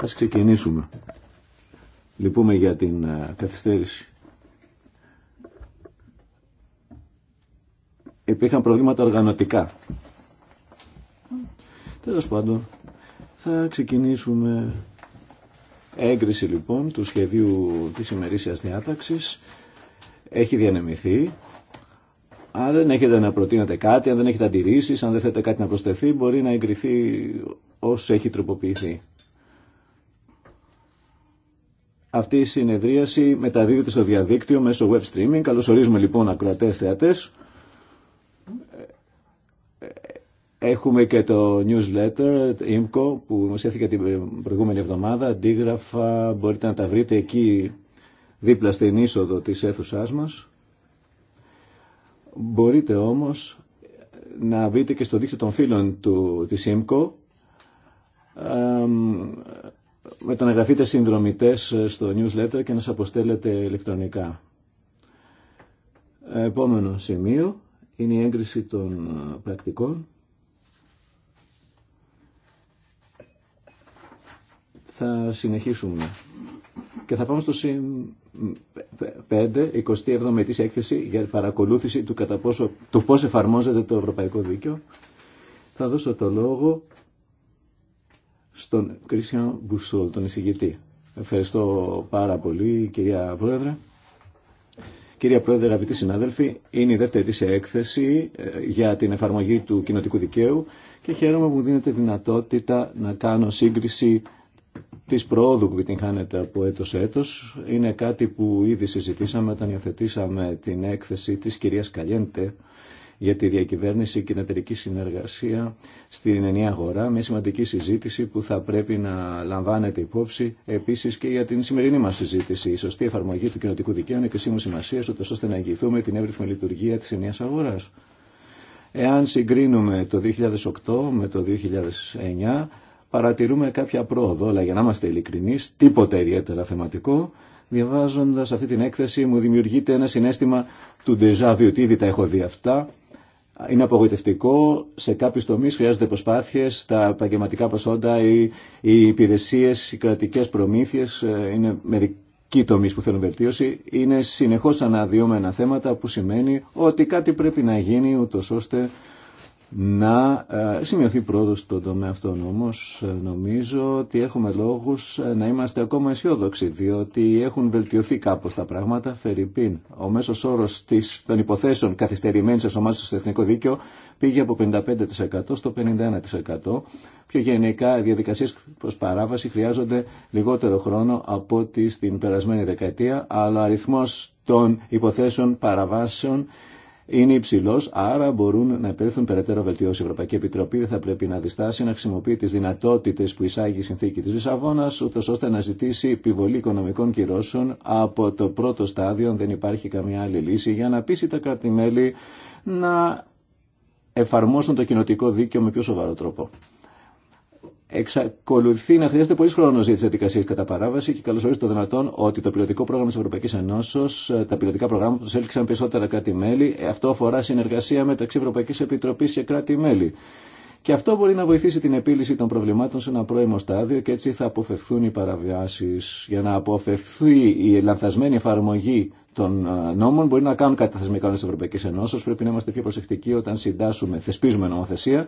Ας ξεκινήσουμε. Λυπούμε για την ε, καθυστέρηση. Υπήρχαν προβλήματα οργανωτικά. Τέλο πάντων, θα ξεκινήσουμε έγκριση λοιπόν του σχεδίου της ημερήσιας διάταξης. Έχει διανεμηθεί αν δεν έχετε να προτείνετε κάτι, αν δεν έχετε αντιρρήσεις, αν δεν θέλετε κάτι να προσθεθεί, μπορεί να εγκριθεί όσο έχει τροποποιηθεί. Αυτή η συνεδρίαση μεταδίδεται στο διαδίκτυο μέσω web streaming. Καλωσορίζουμε λοιπόν ακροατές θεατές. Έχουμε και το newsletter IMCO που δημοσιεύθηκε την προηγούμενη εβδομάδα. Αντίγραφα μπορείτε να τα βρείτε εκεί δίπλα στην είσοδο της αίθουσάς μας. Μπορείτε όμως να μπείτε και στο δίκτυο των φίλων του, της ΕΜΚΟ με το να γραφείτε συνδρομητές στο newsletter και να σας αποστέλλετε ηλεκτρονικά. Επόμενο σημείο είναι η έγκριση των πρακτικών. Θα συνεχίσουμε και θα πάμε στο 5, 27η της έκθεση για παρακολούθηση του, κατά πόσο, του πώς εφαρμόζεται το ευρωπαϊκό δίκαιο. Θα δώσω το λόγο στον Κρίσιαν Μπουσόλ, τον εισηγητή. Ευχαριστώ πάρα πολύ, κυρία Πρόεδρε. Κυρία Πρόεδρε, αγαπητοί συνάδελφοι, είναι η δεύτερη εκθεση για παρακολουθηση του κατα ποσο το πως εφαρμοζεται το ευρωπαικο δικαιο θα δωσω το λογο στον κρισιαν μπουσολ τον εισηγητη ευχαριστω παρα πολυ κυρια προεδρε κυρια προεδρε αγαπητοι συναδελφοι ειναι η δευτερη της εκθεση για την εφαρμογή του κοινοτικού δικαίου και χαίρομαι που μου δίνεται δυνατότητα να κάνω σύγκριση της προόδου που επιτυγχάνεται από έτος σε έτος είναι κάτι που ήδη συζητήσαμε όταν υιοθετήσαμε την έκθεση της κυρίας Καλιέντε για τη διακυβέρνηση και την εταιρική συνεργασία στην ενιαία αγορά, μια σημαντική συζήτηση που θα πρέπει να λαμβάνεται υπόψη επίση και για την σημερινή μα συζήτηση. Η σωστή εφαρμογή του κοινοτικού δικαίου είναι κρισίμου σημασία, ώστε να εγγυηθούμε την εύρυθμη λειτουργία τη ενιαία αγορά. Εάν συγκρίνουμε το 2008 με το 2009, παρατηρούμε κάποια πρόοδο, αλλά για να είμαστε ειλικρινεί, τίποτα ιδιαίτερα θεματικό. Διαβάζοντα αυτή την έκθεση, μου δημιουργείται ένα συνέστημα του déjà ότι ήδη τα έχω δει αυτά. Είναι απογοητευτικό. Σε κάποιου τομεί χρειάζονται προσπάθειε, τα επαγγελματικά προσόντα, οι, οι υπηρεσίε, οι κρατικέ προμήθειε. Ε, είναι μερικοί τομεί που θέλουν βελτίωση. Είναι συνεχώ αναδυόμενα θέματα που σημαίνει ότι κάτι πρέπει να γίνει ούτω ώστε να ε, σημειωθεί πρόοδος στον τομέα αυτόν. Όμως ε, νομίζω ότι έχουμε λόγους ε, να είμαστε ακόμα αισιόδοξοι, διότι έχουν βελτιωθεί κάπως τα πράγματα. Φερρυπίν, ο μέσος όρος της, των υποθέσεων καθυστερημένης εσωμάτωσης στο Εθνικό Δίκαιο πήγε από 55% στο 51%. Πιο γενικά, οι διαδικασίες προς παράβαση χρειάζονται λιγότερο χρόνο από ό,τι στην περασμένη δεκαετία, αλλά ο αριθμός των υποθέσεων παραβάσεων είναι υψηλό, άρα μπορούν να επέλθουν περαιτέρω βελτιώσει. Η Ευρωπαϊκή Επιτροπή δεν θα πρέπει να διστάσει να χρησιμοποιεί τι δυνατότητε που εισάγει η συνθήκη τη Λισαβόνα, ούτω ώστε να ζητήσει επιβολή οικονομικών κυρώσεων από το πρώτο στάδιο, δεν υπάρχει καμία άλλη λύση, για να πείσει τα κράτη-μέλη να εφαρμόσουν το κοινοτικό δίκαιο με πιο σοβαρό τρόπο. Εξακολουθεί να χρειάζεται πολύ χρόνο για τι διαδικασίε κατά παράβαση και καλωσορίζει το δυνατόν ότι το πιλωτικό πρόγραμμα τη Ευρωπαϊκή Ενώσεω, τα πιλωτικά προγράμματα του έλξαν περισσότερα κράτη-μέλη. Αυτό αφορά συνεργασία μεταξύ Ευρωπαϊκή Επιτροπή και κράτη-μέλη. Και αυτό μπορεί να βοηθήσει την επίλυση των προβλημάτων σε ένα πρώιμο στάδιο και έτσι θα αποφευθούν οι παραβιάσει. Για να αποφευθεί η λανθασμένη εφαρμογή των ε, νόμων, μπορεί να κάνουν κάτι θεσμικά τη Ευρωπαϊκή Πρέπει να είμαστε πιο προσεκτικοί όταν συντάσσουμε, θεσπίζουμε νομοθεσία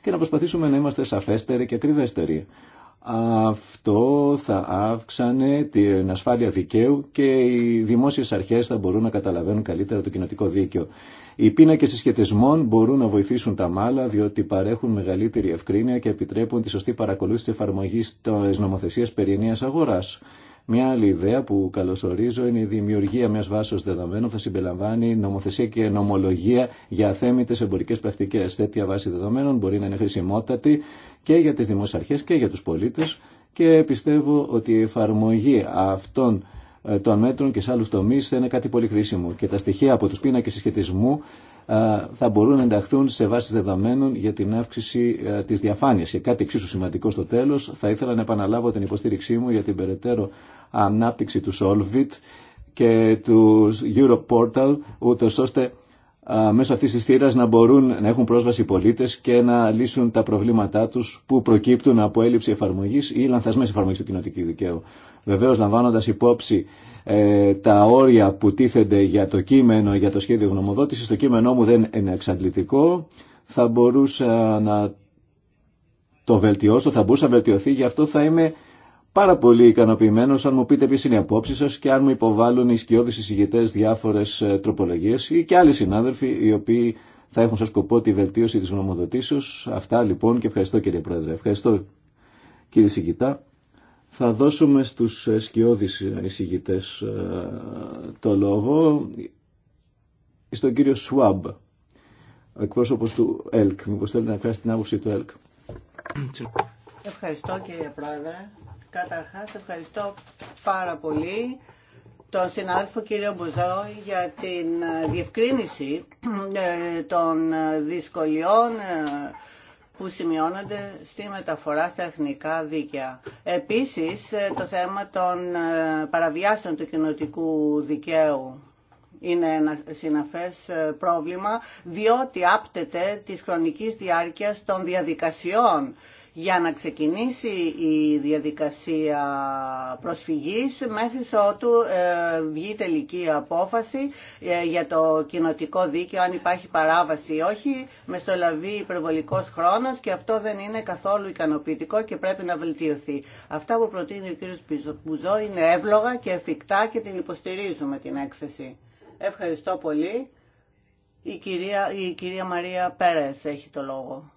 και να προσπαθήσουμε να είμαστε σαφέστεροι και ακριβέστεροι. Αυτό θα αύξανε την ασφάλεια δικαίου και οι δημόσιες αρχές θα μπορούν να καταλαβαίνουν καλύτερα το κοινοτικό δίκαιο. Οι πίνακε συσχετισμών μπορούν να βοηθήσουν τα μάλα διότι παρέχουν μεγαλύτερη ευκρίνεια και επιτρέπουν τη σωστή παρακολούθηση τη εφαρμογή τη νομοθεσία περί αγορά. Μια άλλη ιδέα που καλωσορίζω είναι η δημιουργία μιας βάσης δεδομένων που θα συμπεριλαμβάνει νομοθεσία και νομολογία για θέμητες εμπορικές πρακτικές. Τέτοια βάση δεδομένων μπορεί να είναι χρησιμότατη και για τις δημόσιες αρχές και για τους πολίτες και πιστεύω ότι η εφαρμογή αυτών ε, των μέτρων και σε άλλου τομεί είναι κάτι πολύ χρήσιμο. Και τα στοιχεία από του πίνακε συσχετισμού ε, θα μπορούν να ενταχθούν σε βάσει δεδομένων για την αύξηση ε, τη διαφάνεια. Και κάτι εξίσου σημαντικό στο τέλο, θα ήθελα να επαναλάβω την υποστήριξή μου για την περαιτέρω ανάπτυξη του Solvit και του Europe Portal ούτω ώστε μέσω αυτής της θύρας να μπορούν να έχουν πρόσβαση οι πολίτες και να λύσουν τα προβλήματά τους που προκύπτουν από έλλειψη εφαρμογής ή λανθασμένη εφαρμογής του κοινοτικού δικαίου βεβαίως λαμβάνοντας υπόψη ε, τα όρια που τίθενται για το κείμενο, για το σχέδιο γνωμοδότησης, το κείμενό μου δεν είναι εξαντλητικό, θα μπορούσα να το βελτιώσω, θα μπορούσα να βελτιωθεί, γι' αυτό θα είμαι πάρα πολύ ικανοποιημένο αν μου πείτε ποιε είναι οι απόψει σα και αν μου υποβάλλουν οι σκιώδει εισηγητέ διάφορε τροπολογίε ή και άλλοι συνάδελφοι οι οποίοι θα έχουν σαν σκοπό τη βελτίωση τη γνωμοδοτήσεως. Αυτά λοιπόν και ευχαριστώ κύριε Πρόεδρε. Ευχαριστώ κύριε θα δώσουμε στους σκιώδεις εισηγητές ε, το λόγο στον κύριο Σουάμπ, εκπρόσωπος του ΕΛΚ. Μήπως θέλετε να εκφράσει την άποψη του ΕΛΚ. Ευχαριστώ κύριε Πρόεδρε. Καταρχάς ευχαριστώ πάρα πολύ τον συνάδελφο κύριο Μπουζό για την διευκρίνηση ε, των δυσκολιών ε, που σημειώνονται στη μεταφορά στα εθνικά δίκαια. Επίσης, ε, το θέμα των ε, παραβιάσεων του κοινοτικού δικαίου είναι ένα συναφές ε, πρόβλημα, διότι άπτεται της χρονικής διάρκειας των διαδικασιών για να ξεκινήσει η διαδικασία προσφυγής μέχρι ότου ε, βγει τελική απόφαση ε, για το κοινοτικό δίκαιο αν υπάρχει παράβαση ή όχι λαβή υπερβολικός χρόνος και αυτό δεν είναι καθόλου ικανοποιητικό και πρέπει να βελτιωθεί. Αυτά που προτείνει ο κ. Μπουζό είναι εύλογα και εφικτά και την υποστηρίζουμε την έκθεση. Ευχαριστώ πολύ. Η κυρία, η κυρία Μαρία Πέρες έχει το λόγο.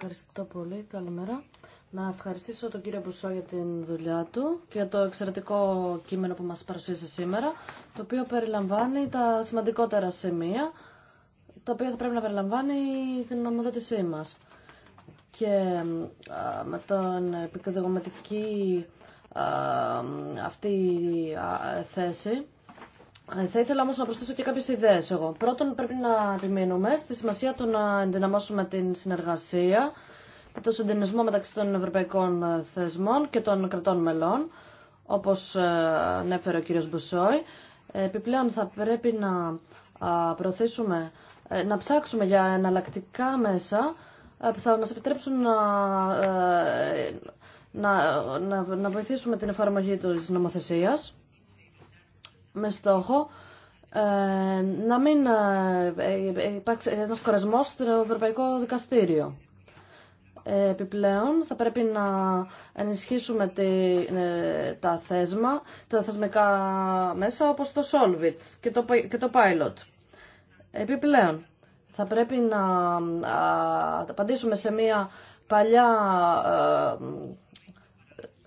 Ευχαριστώ πολύ. Καλημέρα. Να ευχαριστήσω τον κύριο Μπουσό για την δουλειά του και το εξαιρετικό κείμενο που μας παρουσίασε σήμερα, το οποίο περιλαμβάνει τα σημαντικότερα σημεία, τα οποία θα πρέπει να περιλαμβάνει η γνωμοδότησή μας. Και με τον επικοδηγωματική αυτή θέση, ε, θα ήθελα όμω να προσθέσω και κάποιε ιδέε εγώ. Πρώτον, πρέπει να επιμείνουμε στη σημασία του να ενδυναμώσουμε την συνεργασία και το συντονισμό μεταξύ των ευρωπαϊκών ε, θεσμών και των κρατών μελών, όπω ε, ανέφερε ο κ. Μπουσόη. Επιπλέον, θα πρέπει να προωθήσουμε, να ψάξουμε για εναλλακτικά μέσα που θα μας επιτρέψουν να, να, να, να βοηθήσουμε την εφαρμογή της νομοθεσίας με στόχο ε, να μην ε, ε, υπάρξει ένα κορεσμό στο Ευρωπαϊκό Δικαστήριο. Επιπλέον θα πρέπει να ενισχύσουμε τη, τα θέσμα, τα θεσμικά μέσα όπως το Solvit και το, και το Pilot. Επιπλέον θα πρέπει να απαντήσουμε σε μια παλιά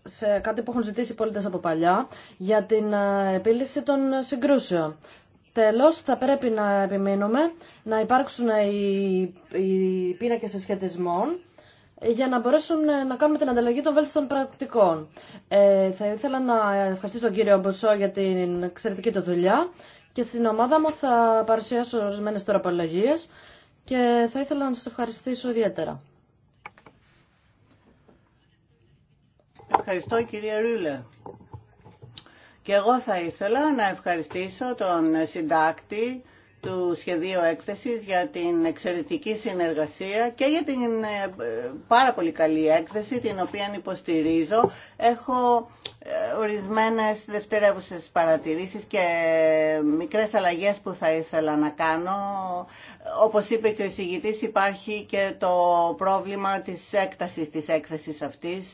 σε κάτι που έχουν ζητήσει οι πολίτες από παλιά για την ε, επίλυση των συγκρούσεων. Τέλος, θα πρέπει να επιμείνουμε να υπάρξουν οι, οι πίνακες συσχετισμών για να μπορέσουν ε, να κάνουμε την ανταλλαγή των βέλτιστων πρακτικών. Ε, θα ήθελα να ευχαριστήσω τον κύριο Μποσό για την εξαιρετική του δουλειά και στην ομάδα μου θα παρουσιάσω ορισμένε τροπολογίε και θα ήθελα να σας ευχαριστήσω ιδιαίτερα. Ευχαριστώ κυρία Ρούλε. Και εγώ θα ήθελα να ευχαριστήσω τον συντάκτη του σχεδίου έκθεσης για την εξαιρετική συνεργασία και για την ε, πάρα πολύ καλή έκθεση την οποία υποστηρίζω. Έχω ε, ορισμένες δευτερεύουσες παρατηρήσεις και μικρές αλλαγές που θα ήθελα να κάνω. Όπως είπε και ο εισηγητής υπάρχει και το πρόβλημα της έκτασης της έκθεσης αυτής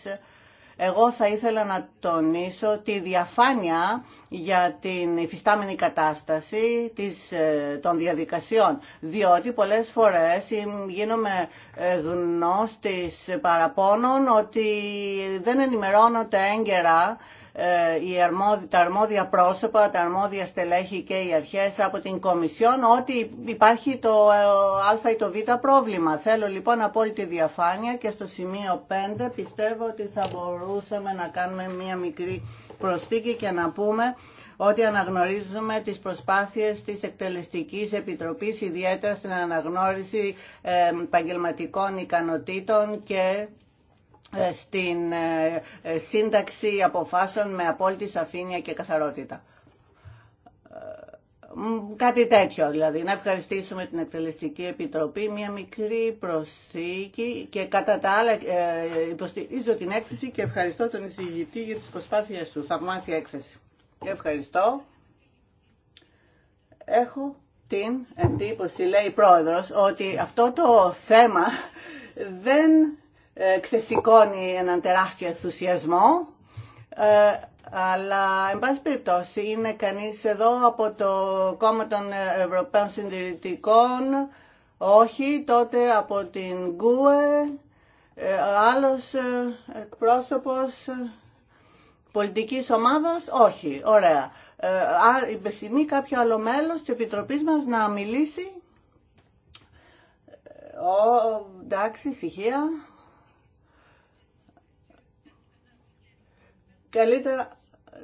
εγώ θα ήθελα να τονίσω τη διαφάνεια για την υφιστάμενη κατάσταση της, ε, των διαδικασιών, διότι πολλές φορές γίνομαι ε, γνώστης παραπώνων ότι δεν ενημερώνονται έγκαιρα ε, τα αρμόδια πρόσωπα, τα αρμόδια στελέχη και οι αρχές από την Κομισιόν ότι υπάρχει το ε, α ή το β πρόβλημα. Θέλω λοιπόν απόλυτη διαφάνεια και στο σημείο 5 πιστεύω ότι θα μπορούσαμε να κάνουμε μία μικρή προσθήκη και να πούμε ότι αναγνωρίζουμε τις προσπάθειες της Εκτελεστικής Επιτροπής ιδιαίτερα στην αναγνώριση ε, επαγγελματικών ικανοτήτων και στην ε, ε, σύνταξη αποφάσεων με απόλυτη σαφήνεια και καθαρότητα. Ε, κάτι τέτοιο, δηλαδή. Να ευχαριστήσουμε την Εκτελεστική Επιτροπή. Μια μικρή προσθήκη και κατά τα άλλα υποστηρίζω την έκθεση και ευχαριστώ τον εισηγητή για τις προσπάθειες του. Θαυμάσια έκθεση. Ευχαριστώ. Έχω την εντύπωση, λέει η Πρόεδρος, ότι αυτό το θέμα δεν ξεσηκώνει έναν τεράστιο ενθουσιασμό ε, αλλά εν πάση περιπτώσει είναι κανείς εδώ από το κόμμα των Ευρωπαίων Συντηρητικών όχι τότε από την ΓΚΟΕ ε, άλλος ε, εκπρόσωπος πολιτικής ομάδας όχι, ωραία υπεσημεί κάποιο άλλο μέλος της Επιτροπής μας να μιλήσει ο, εντάξει, ησυχία Καλύτερα...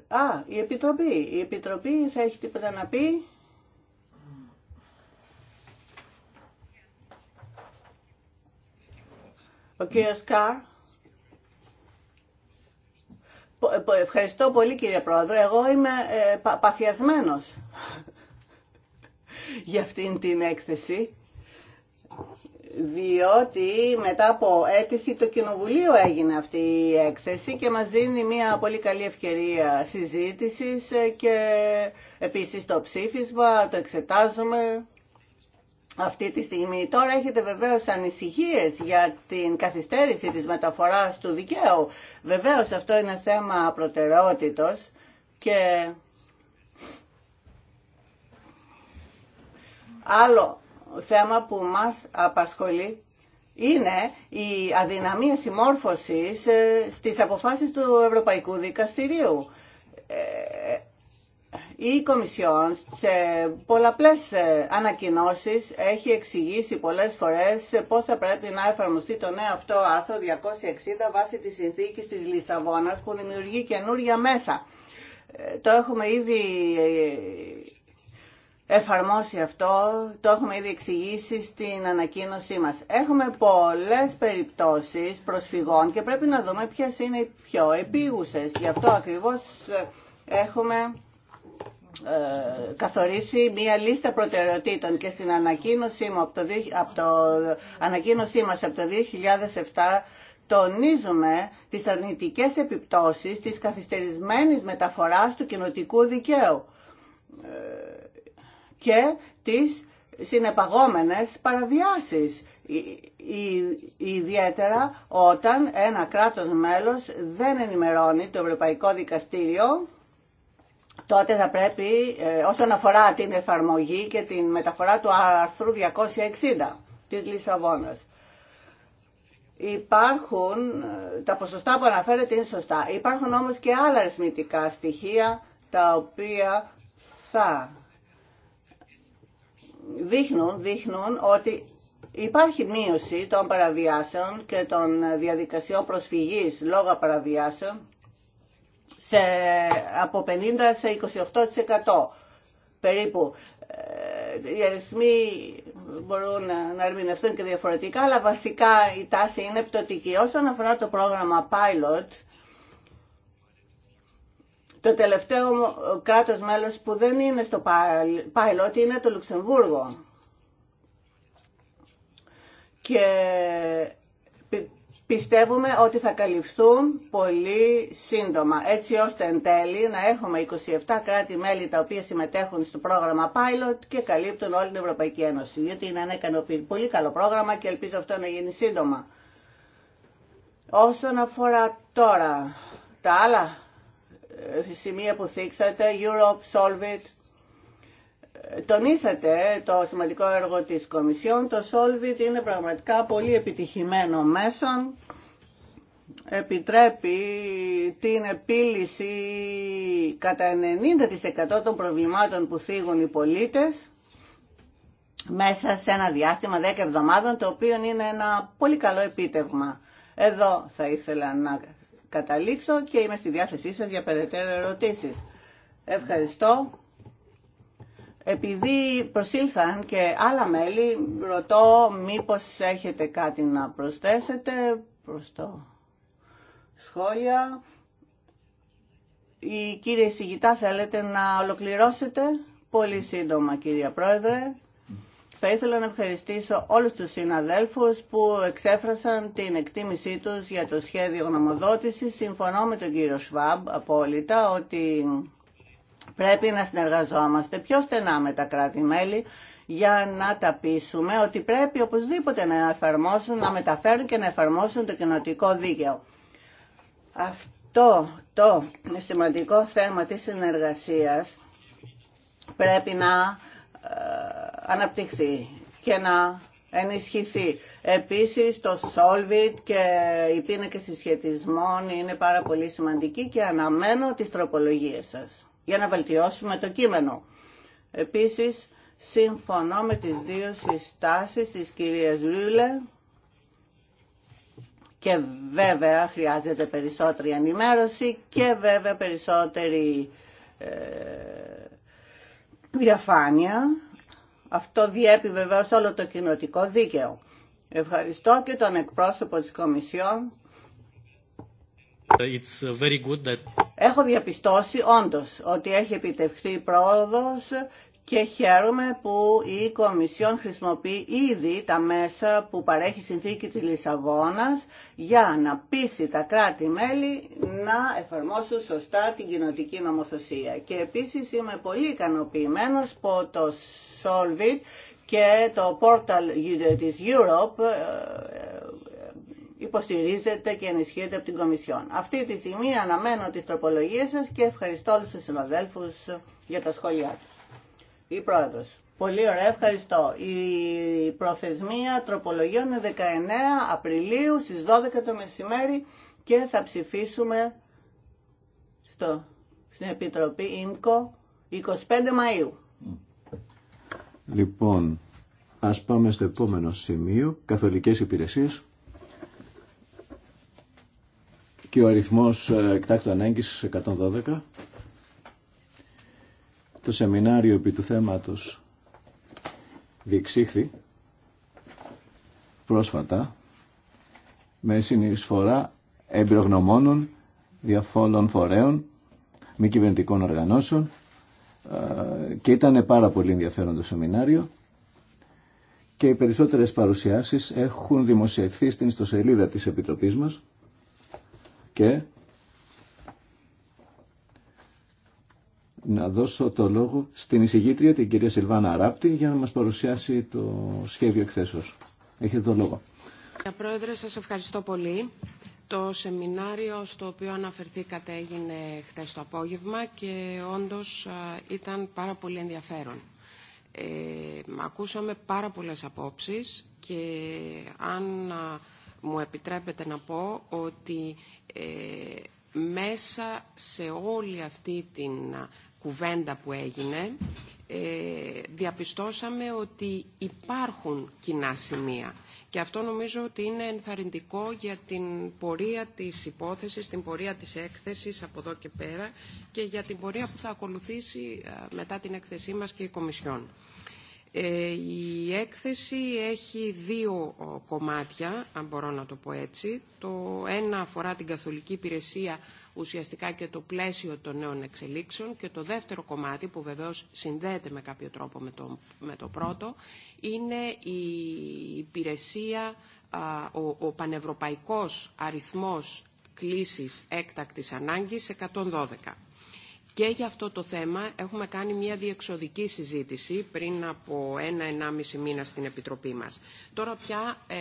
Α, η Επιτροπή. Η Επιτροπή θα έχει τίποτα να πει. Ο κύριος Κάρ. Ε, ευχαριστώ πολύ κύριε Πρόεδρε. Εγώ είμαι ε, παθιασμένος για αυτήν την έκθεση διότι μετά από αίτηση το Κοινοβουλίο έγινε αυτή η έκθεση και μας δίνει μια πολύ καλή ευκαιρία συζήτησης και επίσης το ψήφισμα, το εξετάζουμε αυτή τη στιγμή. Τώρα έχετε βεβαίως ανησυχίες για την καθυστέρηση της μεταφοράς του δικαίου. Βεβαίως αυτό είναι θέμα προτεραιότητος και άλλο θέμα που μας απασχολεί είναι η αδυναμία συμμόρφωσης ε, στις αποφάσεις του Ευρωπαϊκού Δικαστηρίου. Ε, η Κομισιόν σε πολλαπλές ε, ανακοινώσεις έχει εξηγήσει πολλές φορές πώς θα πρέπει να εφαρμοστεί το νέο αυτό άρθρο 260 βάσει της συνθήκης της Λισαβόνας που δημιουργεί καινούρια μέσα. Το έχουμε ήδη εφαρμόσει αυτό, το έχουμε ήδη εξηγήσει στην ανακοίνωσή μας. Έχουμε πολλές περιπτώσεις προσφυγών και πρέπει να δούμε ποιες είναι οι πιο επίγουσες. Γι' αυτό ακριβώς ε, έχουμε ε, καθορίσει μία λίστα προτεραιοτήτων και στην ανακοίνωσή, μου, από το, από το, μας από το 2007 τονίζουμε τις αρνητικές επιπτώσεις της καθυστερισμένης μεταφοράς του κοινοτικού δικαίου. Ε, και τις συνεπαγόμενες παραβιάσεις. Ιδιαίτερα όταν ένα κράτος μέλος δεν ενημερώνει το Ευρωπαϊκό Δικαστήριο τότε θα πρέπει ε, όσον αφορά την εφαρμογή και την μεταφορά του άρθρου 260 της Λισαβόνας. Υπάρχουν, ε, τα ποσοστά που αναφέρεται είναι σωστά. Υπάρχουν όμως και άλλα αριθμητικά στοιχεία τα οποία θα δείχνουν, δείχνουν ότι υπάρχει μείωση των παραβιάσεων και των διαδικασιών προσφυγής λόγω παραβιάσεων σε, από 50% σε 28% περίπου. Ε, οι αριθμοί μπορούν να ερμηνευτούν και διαφορετικά, αλλά βασικά η τάση είναι πτωτική. Όσον αφορά το πρόγραμμα Pilot, το τελευταίο ε, κράτος μέλος που δεν είναι στο pilot είναι το Λουξεμβούργο. Και πιστεύουμε ότι θα καλυφθούν πολύ σύντομα, έτσι ώστε εν τέλει να έχουμε 27 κράτη-μέλη τα οποία συμμετέχουν στο πρόγραμμα Pilot και καλύπτουν όλη την Ευρωπαϊκή Ένωση, γιατί είναι ένα πολύ καλό πρόγραμμα και ελπίζω αυτό να γίνει σύντομα. Όσον αφορά τώρα τα άλλα ε, σημεία που θίξατε, Europe Solve It. Ε, τονίσατε το σημαντικό έργο της Κομισιόν. Το Solve It είναι πραγματικά πολύ επιτυχημένο μέσο. Επιτρέπει την επίλυση κατά 90% των προβλημάτων που θίγουν οι πολίτες μέσα σε ένα διάστημα 10 εβδομάδων, το οποίο είναι ένα πολύ καλό επίτευγμα. Εδώ θα ήθελα να καταλήξω και είμαι στη διάθεσή σας για περαιτέρω ερωτήσεις. Ευχαριστώ. Επειδή προσήλθαν και άλλα μέλη, ρωτώ μήπως έχετε κάτι να προσθέσετε προς το σχόλια. Η κύριε Σιγητά θέλετε να ολοκληρώσετε. Πολύ σύντομα κυρία Πρόεδρε. Θα ήθελα να ευχαριστήσω όλους τους συναδέλφους που εξέφρασαν την εκτίμησή τους για το σχέδιο γνωμοδότησης. Συμφωνώ με τον κύριο Σβάμπ απόλυτα ότι πρέπει να συνεργαζόμαστε πιο στενά με τα κράτη-μέλη για να τα πείσουμε ότι πρέπει οπωσδήποτε να εφαρμόσουν, να μεταφέρουν και να εφαρμόσουν το κοινοτικό δίκαιο. Αυτό το σημαντικό θέμα της συνεργασίας πρέπει να ε, αναπτυχθεί και να ενισχυθεί. Επίσης το Solvit και οι πίνακες συσχετισμών είναι πάρα πολύ σημαντικοί και αναμένω τις τροπολογίες σας για να βελτιώσουμε το κείμενο. Επίσης συμφωνώ με τις δύο συστάσεις της κυρίας Ρούλε και βέβαια χρειάζεται περισσότερη ενημέρωση και βέβαια περισσότερη ε, διαφάνεια αυτό διέπει βεβαίως όλο το κοινοτικό δίκαιο. Ευχαριστώ και τον εκπρόσωπο της Κομισιόν. It's uh, very good that... Έχω διαπιστώσει όντως ότι έχει επιτευχθεί πρόοδος και χαίρομαι που η Κομισιόν χρησιμοποιεί ήδη τα μέσα που παρέχει η συνθήκη της Λισαβόνας για να πείσει τα κράτη-μέλη να εφαρμόσουν σωστά την κοινοτική νομοθεσία. Και επίσης είμαι πολύ ικανοποιημένος που το Solvit και το Portal της Europe ε, ε, υποστηρίζεται και ενισχύεται από την Κομισιόν. Αυτή τη στιγμή αναμένω τις τροπολογίες σας και ευχαριστώ όλους τους για τα σχόλιά τους. Η Πολύ ωραία, ευχαριστώ. Η προθεσμία τροπολογιών είναι 19 Απριλίου στις 12 το μεσημέρι και θα ψηφίσουμε στο, στην Επιτροπή ΙΜΚΟ 25 Μαΐου. Λοιπόν, ας πάμε στο επόμενο σημείο, καθολικές υπηρεσίες και ο αριθμός ε, εκτάκτου ανάγκης 112. Το σεμινάριο επί του θέματος διεξήχθη πρόσφατα με συνεισφορά εμπειρογνωμόνων διαφόλων φορέων, μη κυβερνητικών οργανώσεων ε, και ήταν πάρα πολύ ενδιαφέρον το σεμινάριο και οι περισσότερες παρουσιάσεις έχουν δημοσιευθεί στην ιστοσελίδα της Επιτροπής μας και να δώσω το λόγο στην εισηγήτρια, την κυρία Σιλβάνα Αράπτη για να μας παρουσιάσει το σχέδιο εκθέσεως. Έχετε το λόγο. Κύριε Πρόεδρε, σας ευχαριστώ πολύ. Το σεμινάριο στο οποίο αναφερθήκατε έγινε χτες το απόγευμα και όντως ήταν πάρα πολύ ενδιαφέρον. Ε, ακούσαμε πάρα πολλές απόψεις και αν μου επιτρέπετε να πω ότι ε, μέσα σε όλη αυτή την κουβέντα που έγινε, ε, διαπιστώσαμε ότι υπάρχουν κοινά σημεία. Και αυτό νομίζω ότι είναι ενθαρρυντικό για την πορεία της υπόθεσης, την πορεία της έκθεσης από εδώ και πέρα και για την πορεία που θα ακολουθήσει ε, μετά την έκθεσή μας και η Κομισιόν. Ε, η έκθεση έχει δύο ε, κομμάτια, αν μπορώ να το πω έτσι. Το ένα αφορά την καθολική υπηρεσία ουσιαστικά και το πλαίσιο των νέων εξελίξεων και το δεύτερο κομμάτι που βεβαίως συνδέεται με κάποιο τρόπο με το, με το πρώτο είναι η υπηρεσία, ο, ο πανευρωπαϊκός αριθμός κλήσης έκτακτης ανάγκης 112. Και για αυτό το θέμα έχουμε κάνει μια διεξοδική συζήτηση πριν από ένα-ενάμιση μήνα στην Επιτροπή μας. Τώρα πια ε,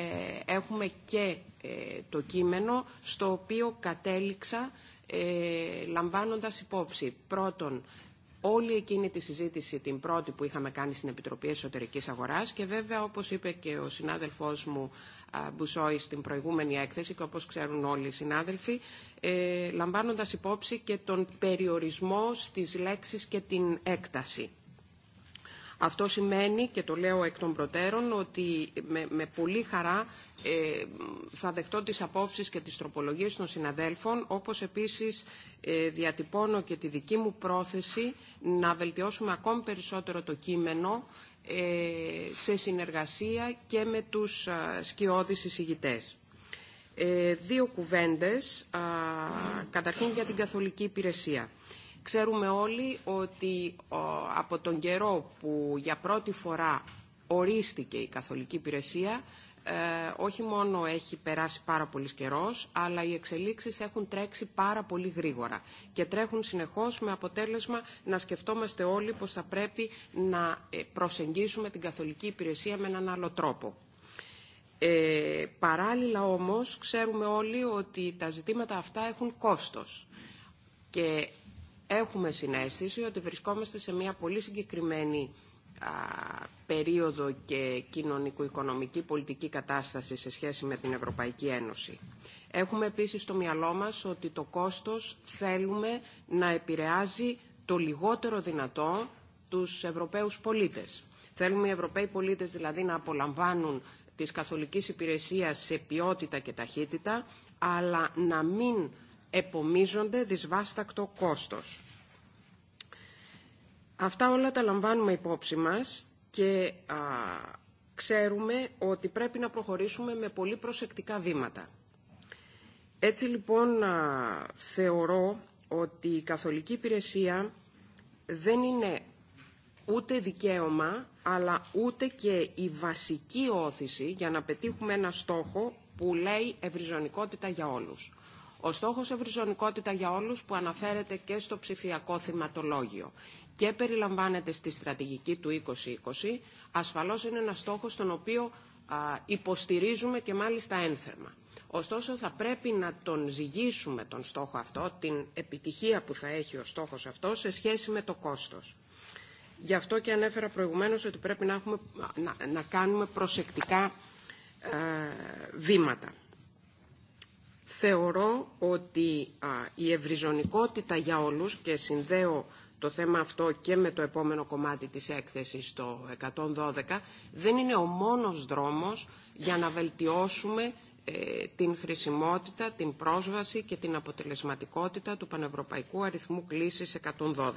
έχουμε και ε, το κείμενο στο οποίο κατέληξα ε, λαμβάνοντας υπόψη πρώτον όλη εκείνη τη συζήτηση την πρώτη που είχαμε κάνει στην Επιτροπή Εσωτερικής Αγοράς και βέβαια όπως είπε και ο συνάδελφός μου Μπουσόη στην προηγούμενη έκθεση και όπως ξέρουν όλοι οι συνάδελφοι ε, λαμβάνοντας υπόψη και τον περιορισμό στις λέξεις και την έκταση. Αυτό σημαίνει, και το λέω εκ των προτέρων, ότι με, με πολύ χαρά ε, θα δεχτώ τις απόψεις και τις τροπολογίες των συναδέλφων, όπως επίσης ε, διατυπώνω και τη δική μου πρόθεση να βελτιώσουμε ακόμη περισσότερο το κείμενο ε, σε συνεργασία και με τους ε, σκιώδεις εισηγητές. Δύο κουβέντες, καταρχήν για την καθολική υπηρεσία. Ξέρουμε όλοι ότι από τον καιρό που για πρώτη φορά ορίστηκε η καθολική υπηρεσία, ε, όχι μόνο έχει περάσει πάρα πολύ καιρός, αλλά οι εξελίξεις έχουν τρέξει πάρα πολύ γρήγορα και τρέχουν συνεχώς με αποτέλεσμα να σκεφτόμαστε όλοι πως θα πρέπει να ε, προσεγγίσουμε την καθολική υπηρεσία με έναν άλλο τρόπο. Ε, παράλληλα όμως ξέρουμε όλοι ότι τα ζητήματα αυτά έχουν κόστος έχουμε συνέστηση ότι βρισκόμαστε σε μια πολύ συγκεκριμένη περίοδο και κοινωνικο-οικονομική πολιτική κατάσταση σε σχέση με την Ευρωπαϊκή Ένωση. Έχουμε επίσης στο μυαλό μας ότι το κόστος θέλουμε να επηρεάζει το λιγότερο δυνατό τους Ευρωπαίους πολίτες. Θέλουμε οι Ευρωπαίοι πολίτες δηλαδή να απολαμβάνουν της καθολικής υπηρεσίας σε ποιότητα και ταχύτητα, αλλά να μην επομίζονται δυσβάστακτο κόστος. Αυτά όλα τα λαμβάνουμε υπόψη μας και ξέρουμε ότι πρέπει να προχωρήσουμε με πολύ προσεκτικά βήματα. Έτσι λοιπόν θεωρώ ότι η καθολική υπηρεσία δεν είναι ούτε δικαίωμα, αλλά ούτε και η βασική όθηση για να πετύχουμε ένα στόχο που λέει ευρυζωνικότητα για όλους. Ο στόχος ευρυζωνικότητα για όλους που αναφέρεται και στο ψηφιακό θυματολόγιο και περιλαμβάνεται στη στρατηγική του 2020, ασφαλώς είναι ένα στόχος τον οποίο υποστηρίζουμε και μάλιστα ένθερμα. Ωστόσο θα πρέπει να τον ζυγίσουμε τον στόχο αυτό, την επιτυχία που θα έχει ο στόχος αυτό σε σχέση με το κόστος. Γι' αυτό και ανέφερα προηγουμένως ότι πρέπει να, να, κάνουμε προσεκτικά ε, βήματα θεωρώ ότι α, η ευρυζωνικότητα για όλους και συνδέω το θέμα αυτό και με το επόμενο κομμάτι της έκθεσης το 112 δεν είναι ο μόνος δρόμος για να βελτιώσουμε ε, την χρησιμότητα, την πρόσβαση και την αποτελεσματικότητα του πανευρωπαϊκού αριθμού κλήσης 112.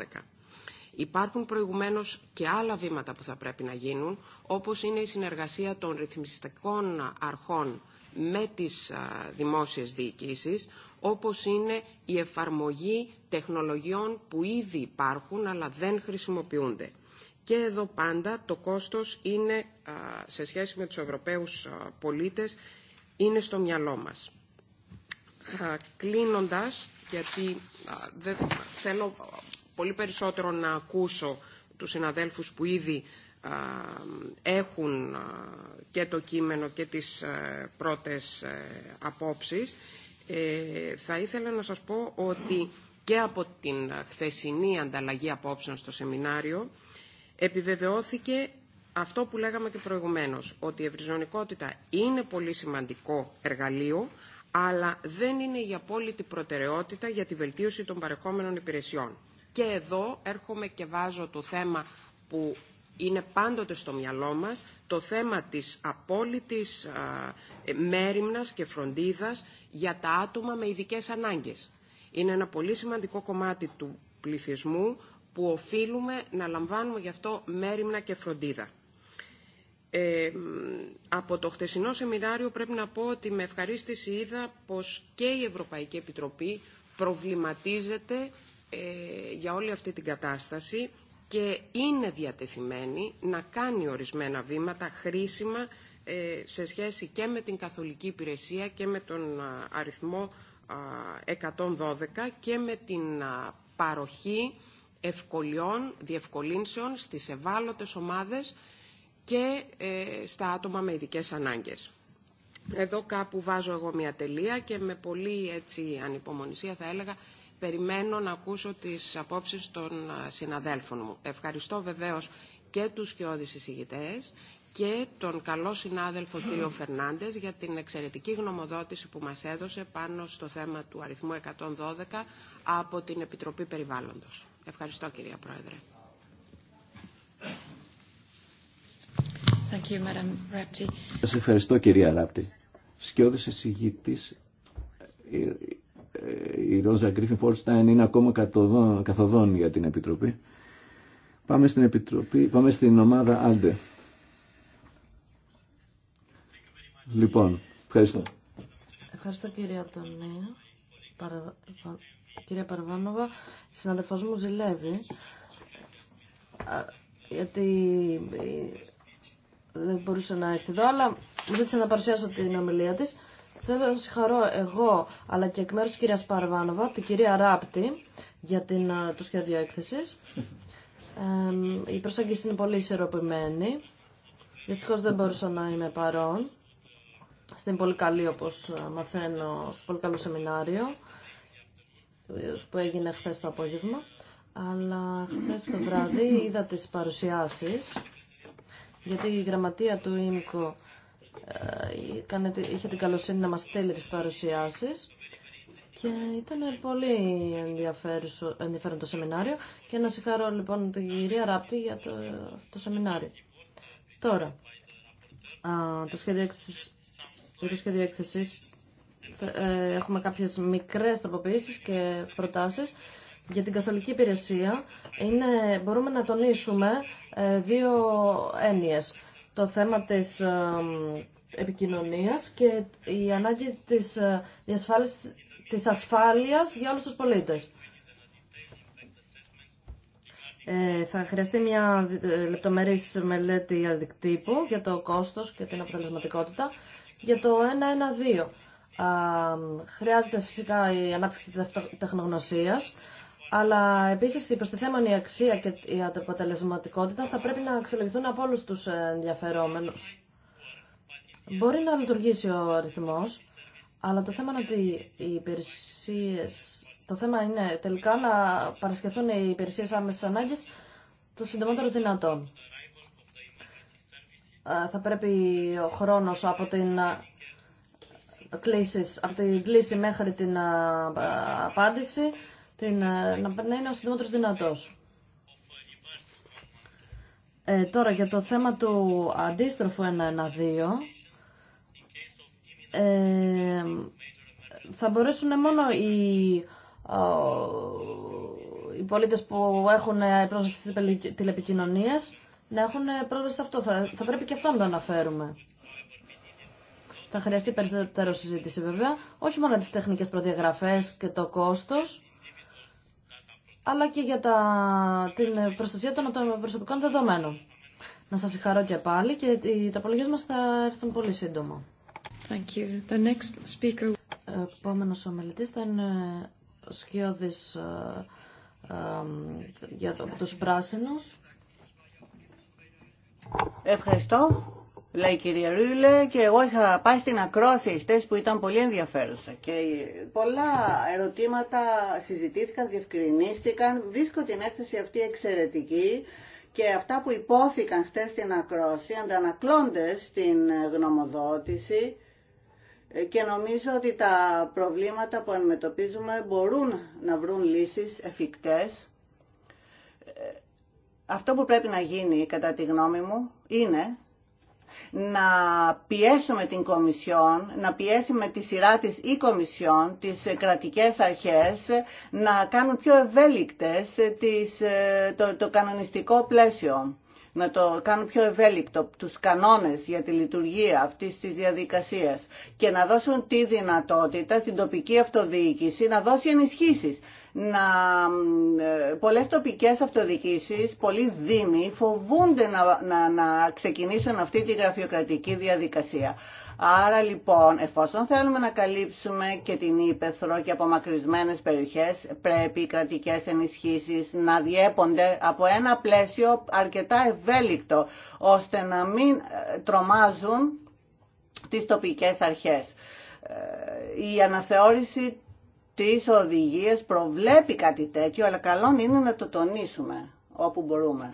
Υπάρχουν προηγουμένως και άλλα βήματα που θα πρέπει να γίνουν, όπως είναι η συνεργασία των ρυθμιστικών αρχών με τις δημόσιες διοικήσεις, όπως είναι η εφαρμογή τεχνολογιών που ήδη υπάρχουν αλλά δεν χρησιμοποιούνται. Και εδώ πάντα το κόστος είναι, σε σχέση με τους Ευρωπαίους πολίτες, είναι στο μυαλό μας. Κλείνοντας, γιατί δεν θέλω πολύ περισσότερο να ακούσω τους συναδέλφους που ήδη έχουν και το κείμενο και τις πρώτες ε, απόψεις. Ε, θα ήθελα να σας πω ότι και από την χθεσινή ανταλλαγή απόψεων στο σεμινάριο επιβεβαιώθηκε αυτό που λέγαμε και προηγουμένως, ότι η ευρυζωνικότητα είναι πολύ σημαντικό εργαλείο, αλλά δεν είναι η απόλυτη προτεραιότητα για τη βελτίωση των παρεχόμενων υπηρεσιών. Και εδώ έρχομαι και βάζω το θέμα που είναι πάντοτε στο μυαλό μας το θέμα της απόλυτης ε, μέρημνας και φροντίδας για τα άτομα με ειδικές ανάγκες. Είναι ένα πολύ σημαντικό κομμάτι του πληθυσμού που οφείλουμε να λαμβάνουμε γι' αυτό μέρημνα και φροντίδα. Ε, από το χτεσινό σεμινάριο πρέπει να πω ότι με ευχαρίστηση είδα πως και η Ευρωπαϊκή Επιτροπή προβληματίζεται ε, για όλη αυτή την κατάσταση και είναι διατεθειμένη να κάνει ορισμένα βήματα χρήσιμα ε, σε σχέση και με την καθολική υπηρεσία και με τον αριθμό 112 και με την παροχή ευκολιών, διευκολύνσεων στις ευάλωτες ομάδες και ε, στα άτομα με ειδικέ ανάγκες. Εδώ κάπου βάζω εγώ μια τελεία και με πολύ έτσι ανυπομονησία θα έλεγα περιμένω να ακούσω τις απόψεις των συναδέλφων μου. Ευχαριστώ βεβαίως και τους σκιώδεις εισηγητές και τον καλό συνάδελφο κ. Φερνάντες για την εξαιρετική γνωμοδότηση που μας έδωσε πάνω στο θέμα του αριθμού 112 από την Επιτροπή Περιβάλλοντος. Ευχαριστώ κυρία Πρόεδρε. Thank you, Madam Σας ευχαριστώ κυρία Ράπτη. Σκιώδης εισηγητής ε, η Ρόζα Γκρίφιν Φόρσταϊν είναι ακόμα καθοδόν για την Επιτροπή. Πάμε στην, επιτροπή, πάμε στην ομάδα Άντε. Λοιπόν, ευχαριστώ. Ευχαριστώ κύριε Αντωνία. Παρα... Κύριε Παρβάνοβα, η συναδελφός μου ζηλεύει γιατί ε, δεν μπορούσε να έρθει εδώ, αλλά ζήτησε να παρουσιάσω την ομιλία της. Θέλω να συγχαρώ εγώ, αλλά και εκ μέρους της κυρίας Παρβάνοβα, την κυρία Ράπτη, για την, ε, το σχέδιο έκθεσης. η προσέγγιση είναι πολύ ισορροπημένη. Δυστυχώς δεν μπορούσα να είμαι παρόν. Στην πολύ καλή, όπως ε, μαθαίνω, στο πολύ καλό σεμινάριο που έγινε χθε το απόγευμα. Αλλά χθε το βράδυ είδα τις παρουσιάσεις, γιατί η γραμματεία του ΙΜΚΟ ε, είχε την καλοσύνη να μας στέλνει τις παρουσιάσεις και ήταν πολύ ενδιαφέρον το σεμινάριο και να συγχαρώ λοιπόν την κυρία Ράπτη για το, το σεμινάριο. Τώρα, α, το σχέδιο έκθεσης, για το σχέδιο έκθεσης ε, έχουμε κάποιες μικρές τροποποιήσεις και προτάσεις. Για την καθολική υπηρεσία είναι, μπορούμε να τονίσουμε ε, δύο έννοιες το θέμα της ε, επικοινωνίας και η ανάγκη της, ε, της ασφάλειας για όλους τους πολίτες. Ε, θα χρειαστεί μια λεπτομερής μελέτη αδικτύπου για το κόστος και την αποτελεσματικότητα για το 112. Χρειάζεται φυσικά η ανάπτυξη τεχνογνωσίας αλλά επίση η αξία και η αποτελεσματικότητα θα πρέπει να αξιολογηθούν από όλου του ενδιαφερόμενου. Μπορεί να λειτουργήσει ο αριθμό, αλλά το θέμα είναι ότι οι υπηρεσίε. Το θέμα είναι τελικά να παρασκευθούν οι υπηρεσίε άμεση ανάγκη το συντομότερο δυνατόν. Ε, θα πρέπει ο χρόνο ε, από την κλήση, από κλήση μέχρι την ε, απάντηση την, ε, να είναι ο συντομότερος δυνατός. Ε, τώρα για το θέμα του αντίστροφου 112 ε, θα μπορέσουν μόνο οι, οι πολίτες που έχουν πρόσβαση στις τηλεπικοινωνίες να έχουν πρόσβαση σε αυτό. Θα, θα πρέπει και αυτό να το αναφέρουμε. Θα χρειαστεί περισσότερο συζήτηση βέβαια, όχι μόνο τις τεχνικές προδιαγραφές και το κόστος, αλλά και για τα, την προστασία των προσωπικών δεδομένων. Να σας συγχαρώ και πάλι και οι τροπολογίες μας θα έρθουν πολύ σύντομα. Thank you. The next speaker... Επόμενος ομιλητής θα είναι ο Σκιώδης ε, ε, για το, τους πράσινους. Ευχαριστώ λέει η κυρία Ρούλε, και εγώ είχα πάει στην ακρόαση χτες που ήταν πολύ ενδιαφέρουσα. Και πολλά ερωτήματα συζητήθηκαν, διευκρινίστηκαν. Βρίσκω την έκθεση αυτή εξαιρετική και αυτά που υπόθηκαν χτες στην ακρόαση αντανακλώνται στην γνωμοδότηση ε, και νομίζω ότι τα προβλήματα που αντιμετωπίζουμε μπορούν να βρουν λύσεις εφικτές. Ε, αυτό που πρέπει να γίνει, κατά τη γνώμη μου, είναι να πιέσουμε την Κομισιόν, να πιέσουμε τη σειρά της η Κομισιόν, τις κρατικές αρχές, να κάνουν πιο ευέλικτες τις, ε, το, κανονιστικό πλαίσιο να το κάνουν πιο ευέλικτο τους κανόνες για τη λειτουργία αυτής της διαδικασίας και να δώσουν τη δυνατότητα στην τοπική αυτοδιοίκηση να δώσει ενισχύσεις να ε, πολλές τοπικές αυτοδιοίκησεις, πολλοί δήμοι φοβούνται να, να, να ξεκινήσουν αυτή τη γραφειοκρατική διαδικασία. Άρα λοιπόν, εφόσον θέλουμε να καλύψουμε και την Ήπεθρο και απομακρυσμένες περιοχές, πρέπει οι κρατικές ενισχύσεις να διέπονται από ένα πλαίσιο αρκετά ευέλικτο, ώστε να μην ε, τρομάζουν τις τοπικές αρχές. Ε, η αναθεώρηση Τις οδηγίες προβλέπει κάτι τέτοιο, αλλά καλό είναι να το τονίσουμε όπου μπορούμε.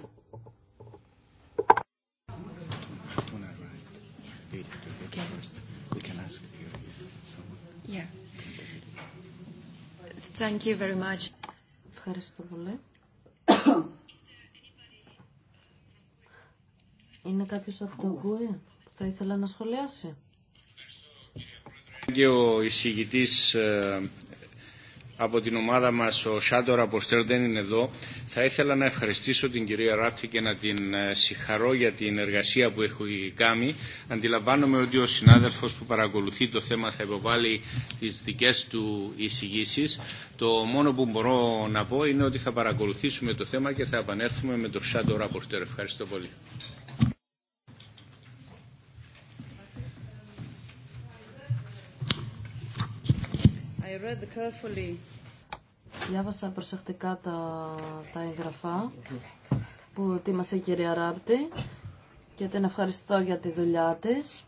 Thank you very much. Ευχαριστώ πολύ. Είναι κάποιος από τον που θα ήθελα να σχολιάσει. Και ο εισηγητής ε, από την ομάδα μας ο Σάντορ Αποστέρ δεν είναι εδώ. Θα ήθελα να ευχαριστήσω την κυρία Ράπτη και να την ε, συγχαρώ για την εργασία που έχει κάνει. Αντιλαμβάνομαι ότι ο συνάδελφος που παρακολουθεί το θέμα θα υποβάλει τις δικές του εισηγήσει. Το μόνο που μπορώ να πω είναι ότι θα παρακολουθήσουμε το θέμα και θα επανέλθουμε με τον Σάντορ Αποστέρ. Ευχαριστώ πολύ. Διάβασα προσεκτικά τα, τα εγγραφά που ετοίμασε η κυρία Ράπτη και την ευχαριστώ για τη δουλειά της.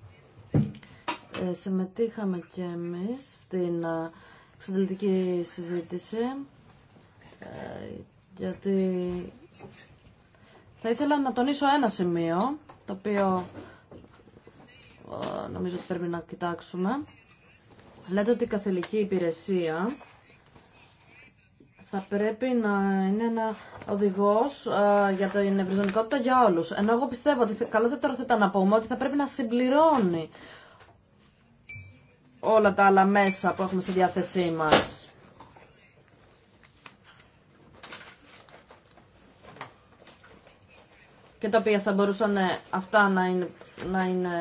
Ε, συμμετείχαμε και εμείς στην ε, εξαντλητική συζήτηση ε, γιατί θα ήθελα να τονίσω ένα σημείο το οποίο ε, νομίζω ότι πρέπει να κοιτάξουμε λέτε ότι η καθελική υπηρεσία θα πρέπει να είναι ένα οδηγό ε, για την ευρυζωνικότητα για όλους. Ενώ εγώ πιστεύω ότι καλό θα ήταν να πούμε ότι θα πρέπει να συμπληρώνει όλα τα άλλα μέσα που έχουμε στη διάθεσή μας. και τα οποία θα μπορούσαν ε, αυτά να είναι, να είναι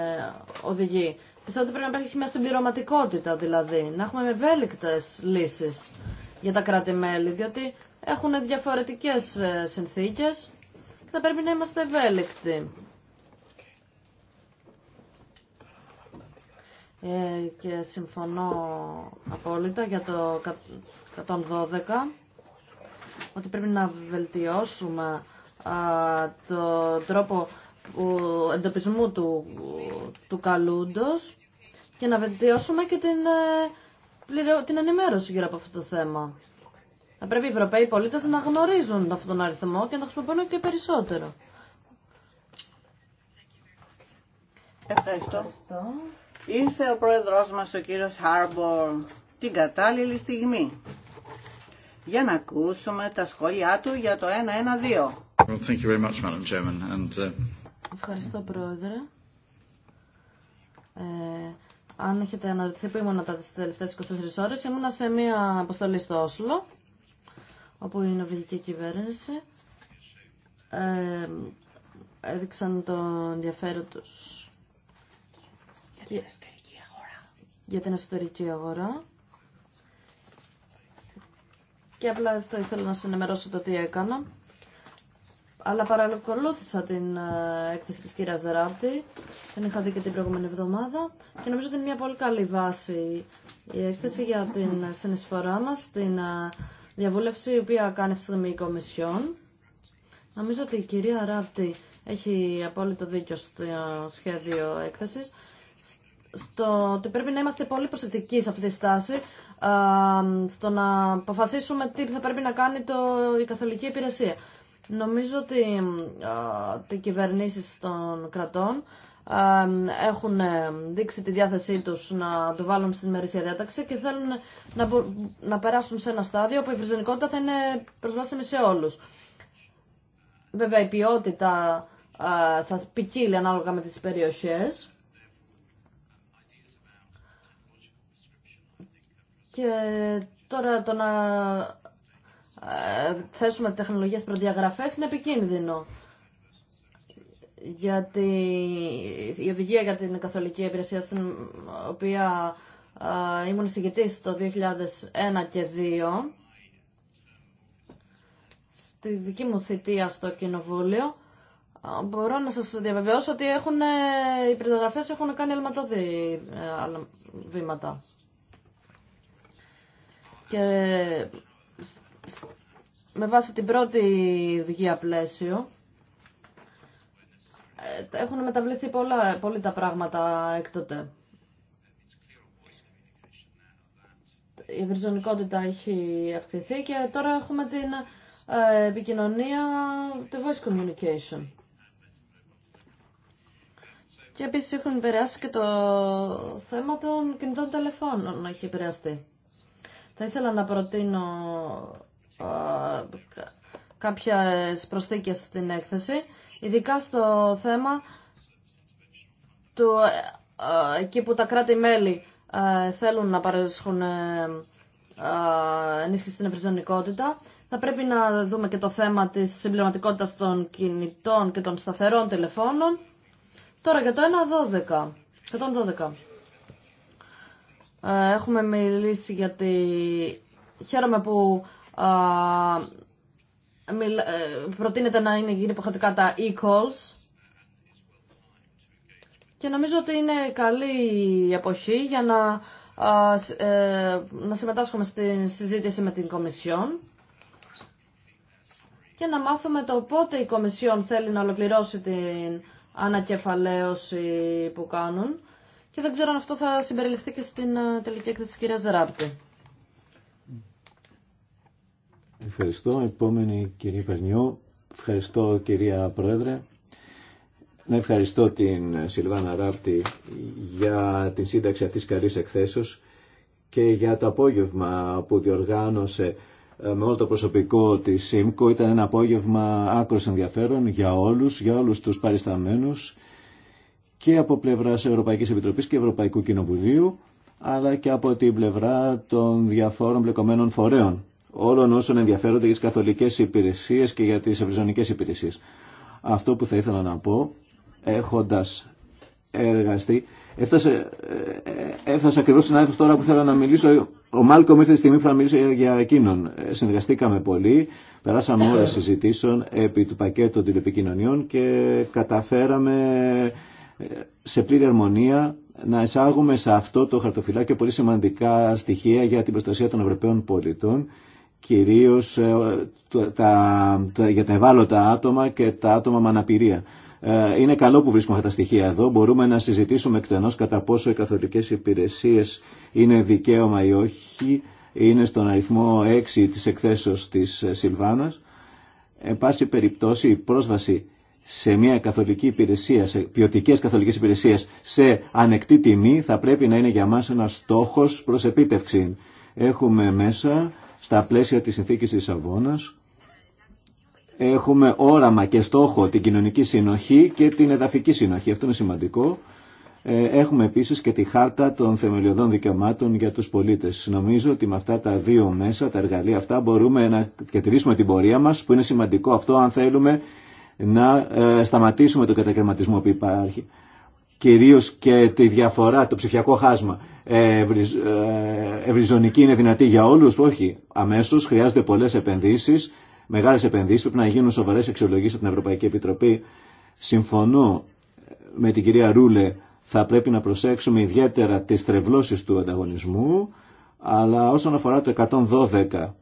οδηγοί. Πιστεύω ότι πρέπει να υπάρχει μια συμπληρωματικότητα δηλαδή, να έχουμε ευέλικτε λύσει για τα κράτη-μέλη, διότι έχουν διαφορετικέ ε, συνθήκε και θα πρέπει να είμαστε ευέλικτοι. Ε, και συμφωνώ απόλυτα για το 112 ότι πρέπει να βελτιώσουμε τον το τρόπο εντοπισμού του, του καλούντος και να βελτιώσουμε και την, ε, την ενημέρωση γύρω από αυτό το θέμα. Θα πρέπει οι Ευρωπαίοι πολίτες να γνωρίζουν αυτόν τον αριθμό και να το χρησιμοποιούν και περισσότερο. Ευχαριστώ. Ευχαριστώ. Ήρθε ο πρόεδρός μας ο κύριος Χάρμπορ την κατάλληλη στιγμή για να ακούσουμε τα σχόλιά του για το 112. Well, thank you very much, Madam Chairman, and, uh, Ευχαριστώ, Πρόεδρε. Ε, αν έχετε αναρωτηθεί που ήμουν τα τελευταίες 24 ώρες, ήμουνα σε μία αποστολή στο Όσλο, όπου η νοβηγική κυβέρνηση ε, έδειξαν το ενδιαφέρον τους για την εσωτερική αγορά. Για την εσωτερική αγορά. Και απλά αυτό ήθελα να σας ενημερώσω το τι έκανα αλλά παρακολούθησα την ε, έκθεση της κυρία Ζεράπτη, την είχα δει και την προηγούμενη εβδομάδα και νομίζω ότι είναι μια πολύ καλή βάση η έκθεση για την συνεισφορά μας στην ε, διαβούλευση η οποία κάνει αυτή τη στιγμή η Κομισιόν. Νομίζω ότι η κυρία Ράπτη έχει απόλυτο δίκιο στο σχέδιο έκθεσης στο ότι πρέπει να είμαστε πολύ προσεκτικοί σε αυτή τη στάση ε, στο να αποφασίσουμε τι θα πρέπει να κάνει το, η Καθολική Υπηρεσία. Νομίζω ότι οι κυβερνήσεις των κρατών έχουν ε, δείξει τη διάθεσή τους να το βάλουν στην μερίσια διάταξη και θέλουν να, να περάσουν σε ένα στάδιο όπου η φρυζενικότητα θα είναι προσβάσιμη σε όλους. Βέβαια η ποιότητα θα ποικίλει ανάλογα με τις περιοχές. Και τώρα το να ε, θέσουμε τεχνολογίες προδιαγραφέ είναι επικίνδυνο. Γιατί η οδηγία για την καθολική υπηρεσία στην οποία ε, ήμουν συγκεκριτή το 2001 και 2002 στη δική μου θητεία στο κοινοβούλιο ε, μπορώ να σας διαβεβαιώσω ότι έχουν, οι περιγραφές έχουν κάνει αλματώδη βήματα. Και με βάση την πρώτη δουλειά πλαίσιο ε, έχουν μεταβληθεί πολλά, πολύ τα πράγματα τότε. Η ευρυζωνικότητα έχει αυξηθεί και τώρα έχουμε την ε, επικοινωνία, τη voice communication. Και επίσης έχουν επηρεάσει και το θέμα των κινητών τηλεφώνων έχει επηρεαστεί. Θα ήθελα να προτείνω κάποιες προσθήκες στην έκθεση, ειδικά στο θέμα του, ε, εκεί που τα κράτη-μέλη ε, θέλουν να παρέσχουν ε, ενίσχυση στην ευρυζωνικότητα. Θα πρέπει να δούμε και το θέμα της συμπληρωματικότητας των κινητών και των σταθερών τηλεφώνων. Τώρα για το 1.12. 112. Έχουμε μιλήσει γιατί χαίρομαι που ε, προτείνεται να είναι, γίνει υποχρεωτικά τα e-calls και νομίζω ότι είναι καλή η εποχή για να, ε, να συμμετάσχουμε στη συζήτηση με την Κομισιόν και να μάθουμε το πότε η Κομισιόν θέλει να ολοκληρώσει την ανακεφαλαίωση που κάνουν. Και δεν ξέρω αν αυτό θα συμπεριληφθεί και στην ε, τελική έκθεση της κυρίας Ζεράπτη. Ευχαριστώ. Επόμενη κυρία Περνιού. Ευχαριστώ κυρία Πρόεδρε. Να ευχαριστώ την Σιλβάνα Ράπτη για την σύνταξη αυτής της καλής εκθέσεως και για το απόγευμα που διοργάνωσε ε, με όλο το προσωπικό της ΣΥΜΚΟ. Ήταν ένα απόγευμα άκρως ενδιαφέρον για όλους, για όλους τους παρισταμένους και από πλευράς Ευρωπαϊκής Επιτροπής και Ευρωπαϊκού Κοινοβουλίου αλλά και από την πλευρά των διαφόρων μπλεκομένων φορέων όλων όσων ενδιαφέρονται για τις καθολικές υπηρεσίες και για τις ευρυζωνικές υπηρεσίες. Αυτό που θα ήθελα να πω, έχοντας εργαστεί, έφτασε, ε, έφτασε στην άδεια τώρα που θέλω να μιλήσω, ο Μάλκομ ήρθε τη στιγμή που θα μιλήσω για εκείνον. Ε, συνεργαστήκαμε πολύ, περάσαμε ώρες συζητήσεων επί του πακέτου των τηλεπικοινωνιών και καταφέραμε ε, σε πλήρη αρμονία να εισάγουμε σε αυτό το χαρτοφυλάκιο πολύ σημαντικά στοιχεία για την προστασία των Ευρωπαίων πολιτών κυρίως ε, τα, τα, για τα ευάλωτα άτομα και τα άτομα με αναπηρία. Ε, είναι καλό που βρίσκουμε αυτά τα στοιχεία εδώ. Μπορούμε να συζητήσουμε εκτενώς κατά πόσο οι καθολικές υπηρεσίες είναι δικαίωμα ή όχι. Είναι στον αριθμό 6 της εκθέσεως της ε, Σιλβάνας. Εν πάση περιπτώσει η πρόσβαση σε μια καθολική υπηρεσία, σε ποιοτικές καθολικές υπηρεσίες σε ανεκτή τιμή θα πρέπει να είναι για μας ένας στόχος προς επίτευξη. Έχουμε μέσα στα πλαίσια της συνθήκης της Αβώνας έχουμε όραμα και στόχο την κοινωνική συνοχή και την εδαφική συνοχή. Αυτό είναι σημαντικό. Ε, έχουμε επίσης και τη χάρτα των θεμελιωδών δικαιωμάτων για τους πολίτες. Νομίζω ότι με αυτά τα δύο μέσα, τα εργαλεία αυτά, μπορούμε να κερδίσουμε την πορεία μας, που είναι σημαντικό αυτό αν θέλουμε να ε, σταματήσουμε τον κατακαιρματισμό που υπάρχει. Κυρίως και τη διαφορά, το ψηφιακό χάσμα. Ε, ευρυζωνική είναι δυνατή για όλους. Όχι, αμέσως χρειάζονται πολλές επενδύσεις, μεγάλες επενδύσεις, πρέπει να γίνουν σοβαρές αξιολογήσει από την Ευρωπαϊκή Επιτροπή. Συμφωνώ με την κυρία Ρούλε, θα πρέπει να προσέξουμε ιδιαίτερα τις τρευλώσει του ανταγωνισμού, αλλά όσον αφορά το 112,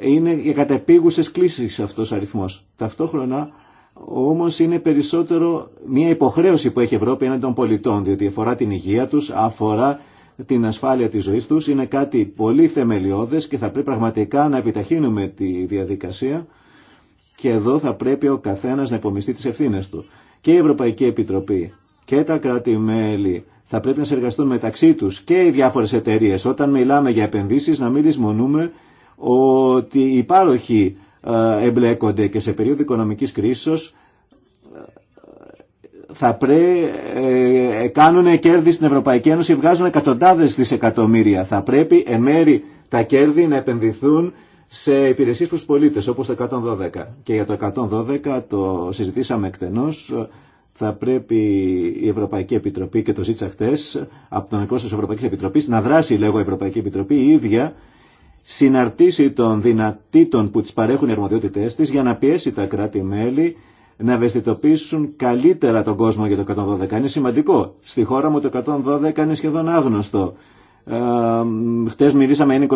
είναι για κατεπίγουσες κλήσεις αυτός ο αριθμός. Ταυτόχρονα Όμω είναι περισσότερο μια υποχρέωση που έχει η Ευρώπη έναντι των πολιτών, διότι αφορά την υγεία του, αφορά την ασφάλεια τη ζωή του, είναι κάτι πολύ θεμελιώδε και θα πρέπει πραγματικά να επιταχύνουμε τη διαδικασία και εδώ θα πρέπει ο καθένα να υπομειστεί τι ευθύνε του. Και η Ευρωπαϊκή Επιτροπή και τα κράτη-μέλη θα πρέπει να συνεργαστούν μεταξύ του και οι διάφορε εταιρείε Όταν μιλάμε για επενδύσει, να μην λησμονούμε ότι υπάρχει πάροχοι ε, εμπλέκονται και σε περίοδο οικονομικής κρίσης ε, θα πρέπει ε, κάνουν κέρδη στην Ευρωπαϊκή Ένωση, βγάζουν εκατοντάδες δισεκατομμύρια. Θα πρέπει εν μέρη τα κέρδη να επενδυθούν σε υπηρεσίες προς πολίτες όπως το 112. Και για το 112 το συζητήσαμε εκτενώς. Θα πρέπει η Ευρωπαϊκή Επιτροπή και το ζήτησα χτες από τον εκπρόσωπο της Ευρωπαϊκής Επιτροπής να δράσει λέγω Ευρωπαϊκή Επιτροπή η ίδια συναρτήσει των δυνατήτων που τις παρέχουν οι αρμοδιότητές της για να πιέσει τα κράτη-μέλη να ευαισθητοποιήσουν καλύτερα τον κόσμο για το 112. Είναι σημαντικό. Στη χώρα μου το 112 είναι σχεδόν άγνωστο. Ε, χτες μιλήσαμε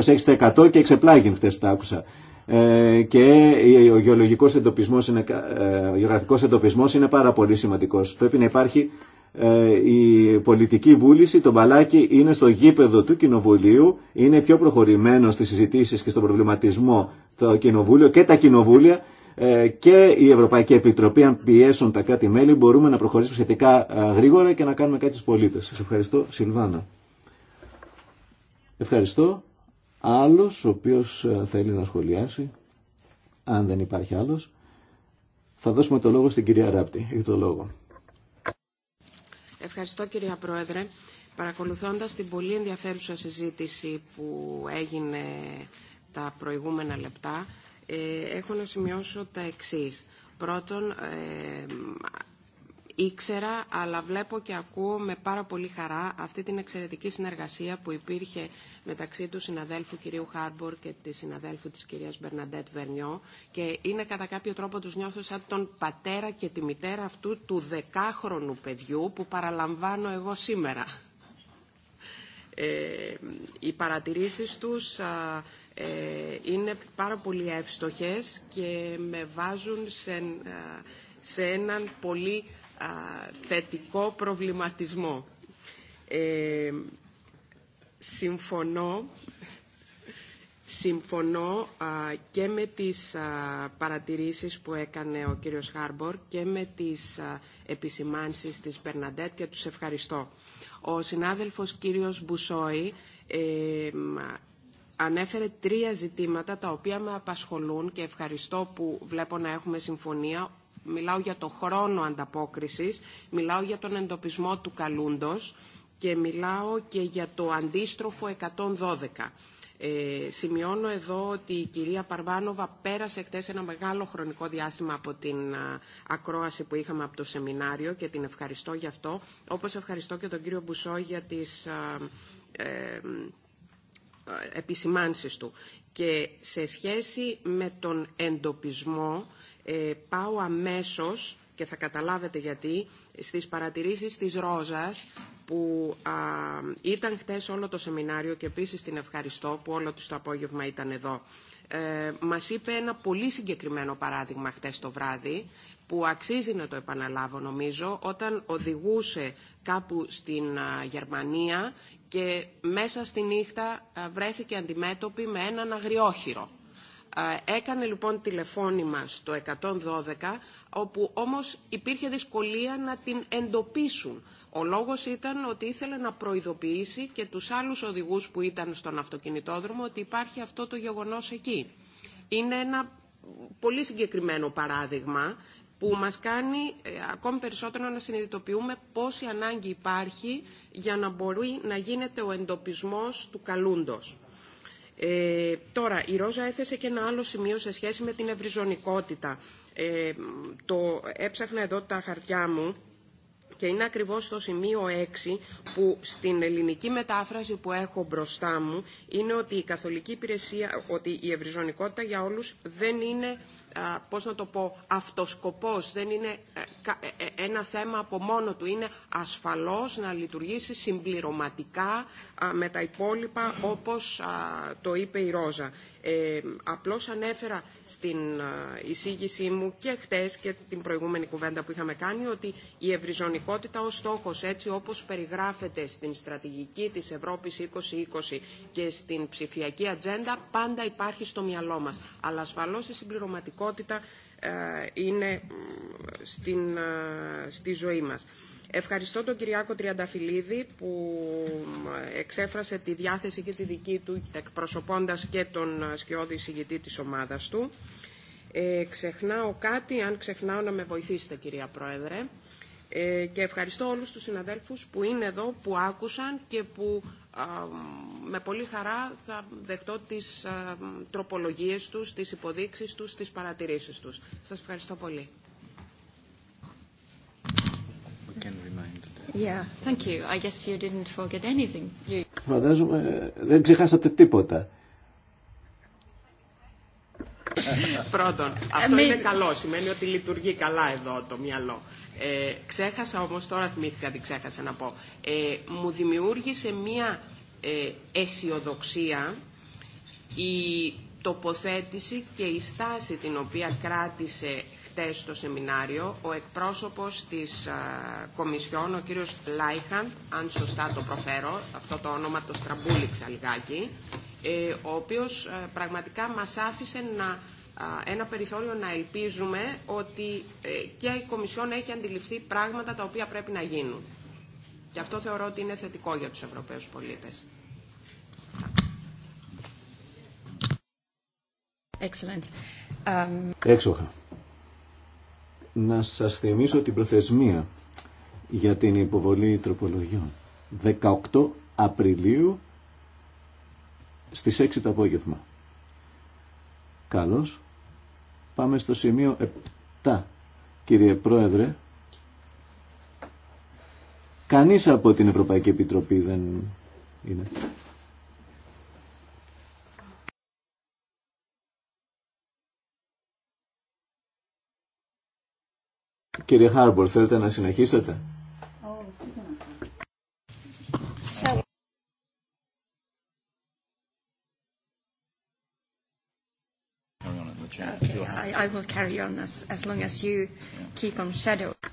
26% και εξεπλάγει χτες τα άκουσα. Ε, και ο γεωλογικός εντοπισμός είναι, ε, ο γεωγραφικός εντοπισμός είναι πάρα πολύ σημαντικός. Πρέπει να υπάρχει ε, η πολιτική βούληση, το μπαλάκι είναι στο γήπεδο του Κοινοβουλίου, είναι πιο προχωρημένο στις συζητήσεις και στον προβληματισμό το Κοινοβούλιο και τα Κοινοβούλια ε, και η Ευρωπαϊκή Επιτροπή, αν πιέσουν τα κάτι μελη μπορούμε να προχωρήσουμε σχετικά ε, γρήγορα και να κάνουμε κάτι στους πολίτες. Σας ευχαριστώ, Σιλβάνα. Ευχαριστώ. Άλλος, ο οποίος θέλει να σχολιάσει, αν δεν υπάρχει άλλος, θα δώσουμε το λόγο στην κυρία Ράπτη. Έχει το λόγο. Ευχαριστώ κυρία Πρόεδρε. Παρακολουθώντας την πολύ ενδιαφέρουσα συζήτηση που έγινε τα προηγούμενα λεπτά, ε, έχω να σημειώσω τα εξής. Πρώτον, ε, ήξερα, αλλά βλέπω και ακούω με πάρα πολύ χαρά αυτή την εξαιρετική συνεργασία που υπήρχε μεταξύ του συναδέλφου κυρίου Χάρμπορ και της συναδέλφου της κυρίας Μπερναντέτ Βερνιό και είναι κατά κάποιο τρόπο τους νιώθω σαν τον πατέρα και τη μητέρα αυτού του δεκάχρονου παιδιού που παραλαμβάνω εγώ σήμερα. Ε, οι παρατηρήσεις τους ε, είναι πάρα πολύ εύστοχες και με βάζουν σε έναν πολύ θετικό προβληματισμό. Ε, συμφωνώ συμφωνώ και με τις παρατηρήσεις που έκανε ο κύριος Χάρμπορ και με τις επισημάνσεις της Περναντέτ και τους ευχαριστώ. Ο συνάδελφος κύριος Μπουσόη ε, ανέφερε τρία ζητήματα τα οποία με απασχολούν και ευχαριστώ που βλέπω να έχουμε συμφωνία μιλάω για το χρόνο ανταπόκρισης, μιλάω για τον εντοπισμό του καλούντος και μιλάω και για το αντίστροφο 112. Ε, σημειώνω εδώ ότι η κυρία Παρβάνοβα πέρασε εκτές ένα μεγάλο χρονικό διάστημα από την ακρόαση που είχαμε από το σεμινάριο και την ευχαριστώ γι' αυτό, όπως ευχαριστώ και τον κύριο Μπουσό για τις ε, ε, επισημάνσεις του. Και σε σχέση με τον εντοπισμό ε, πάω αμέσως και θα καταλάβετε γιατί, στις παρατηρήσεις της Ρόζας που α, ήταν χτες όλο το σεμινάριο και επίσης την ευχαριστώ που όλο του το απόγευμα ήταν εδώ. Ε, μας είπε ένα πολύ συγκεκριμένο παράδειγμα χτες το βράδυ που αξίζει να το επαναλάβω νομίζω όταν οδηγούσε κάπου στην Γερμανία και μέσα στη νύχτα α, βρέθηκε αντιμέτωπη με έναν αγριόχειρο Έκανε λοιπόν τηλεφώνημα στο 112, όπου όμως υπήρχε δυσκολία να την εντοπίσουν. Ο λόγος ήταν ότι ήθελε να προειδοποιήσει και τους άλλους οδηγούς που ήταν στον αυτοκινητόδρομο ότι υπάρχει αυτό το γεγονός εκεί. Είναι ένα πολύ συγκεκριμένο παράδειγμα που μας κάνει ε, ακόμη περισσότερο να συνειδητοποιούμε πόση ανάγκη υπάρχει για να μπορεί να γίνεται ο εντοπισμός του καλούντος. Ε, τώρα, η Ρόζα έθεσε και ένα άλλο σημείο σε σχέση με την ευρυζωνικότητα. Ε, το έψαχνα εδώ τα χαρτιά μου και είναι ακριβώς στο σημείο 6 που στην ελληνική μετάφραση που έχω μπροστά μου είναι ότι η καθολική υπηρεσία, ότι η ευρυζωνικότητα για όλους δεν είναι, πώς να το πω, αυτοσκοπός, δεν είναι ε, ε, ε, ένα θέμα από μόνο του. Είναι ασφαλώς να λειτουργήσει συμπληρωματικά με τα υπόλοιπα, όπως το είπε η Ρόζα. Ε, απλώς ανέφερα στην εισήγησή μου και χτες και την προηγούμενη κουβέντα που είχαμε κάνει ότι η ευρυζωνικότητα ως στόχος έτσι όπως περιγράφεται στην στρατηγική της Ευρώπης 2020 στην ψηφιακή ατζέντα πάντα υπάρχει στο μυαλό μας. Αλλά ασφαλώς η συμπληρωματικότητα ε, είναι στην, ε, στη ζωή μας. Ευχαριστώ τον Κυριάκο Τριανταφυλλίδη που εξέφρασε τη διάθεση και τη δική του εκπροσωπώντας και τον σκιώδη συγητή της ομάδας του. Ε, ξεχνάω κάτι, αν ξεχνάω να με βοηθήσετε κυρία Πρόεδρε. Ε, και ευχαριστώ όλους τους συναδέλφους που είναι εδώ, που άκουσαν και που με πολύ χαρά θα δεχτώ τις τροπολογίες τους, τις υποδείξεις τους, τις παρατηρήσεις τους. Σας ευχαριστώ πολύ. Φαντάζομαι δεν ξεχάσατε τίποτα. Πρώτον, αυτό είναι καλό. Σημαίνει ότι λειτουργεί καλά εδώ το μυαλό. Ε, ξέχασα όμως, τώρα θυμήθηκα τι ξέχασα να πω, ε, μου δημιούργησε μία ε, αισιοδοξία η τοποθέτηση και η στάση την οποία κράτησε χτες στο σεμινάριο ο εκπρόσωπος της ε, Κομισιόν, ο κύριος Λάιχαν, αν σωστά το προφέρω, αυτό το όνομα το στραμπούληξα λιγάκι, ε, ο οποίος πραγματικά μας άφησε να ένα περιθώριο να ελπίζουμε ότι ε, και η Κομισιόν έχει αντιληφθεί πράγματα τα οποία πρέπει να γίνουν. Και αυτό θεωρώ ότι είναι θετικό για τους Ευρωπαίους πολίτες. Excellent. Um, Έξοχα. Να σας θυμίσω την προθεσμία για την υποβολή τροπολογιών. 18 Απριλίου στις 6 το απόγευμα. Καλώς. Πάμε στο σημείο 7, κύριε Πρόεδρε. Κανείς από την Ευρωπαϊκή Επιτροπή δεν είναι. Κύριε Χάρμπορ, θέλετε να συνεχίσετε.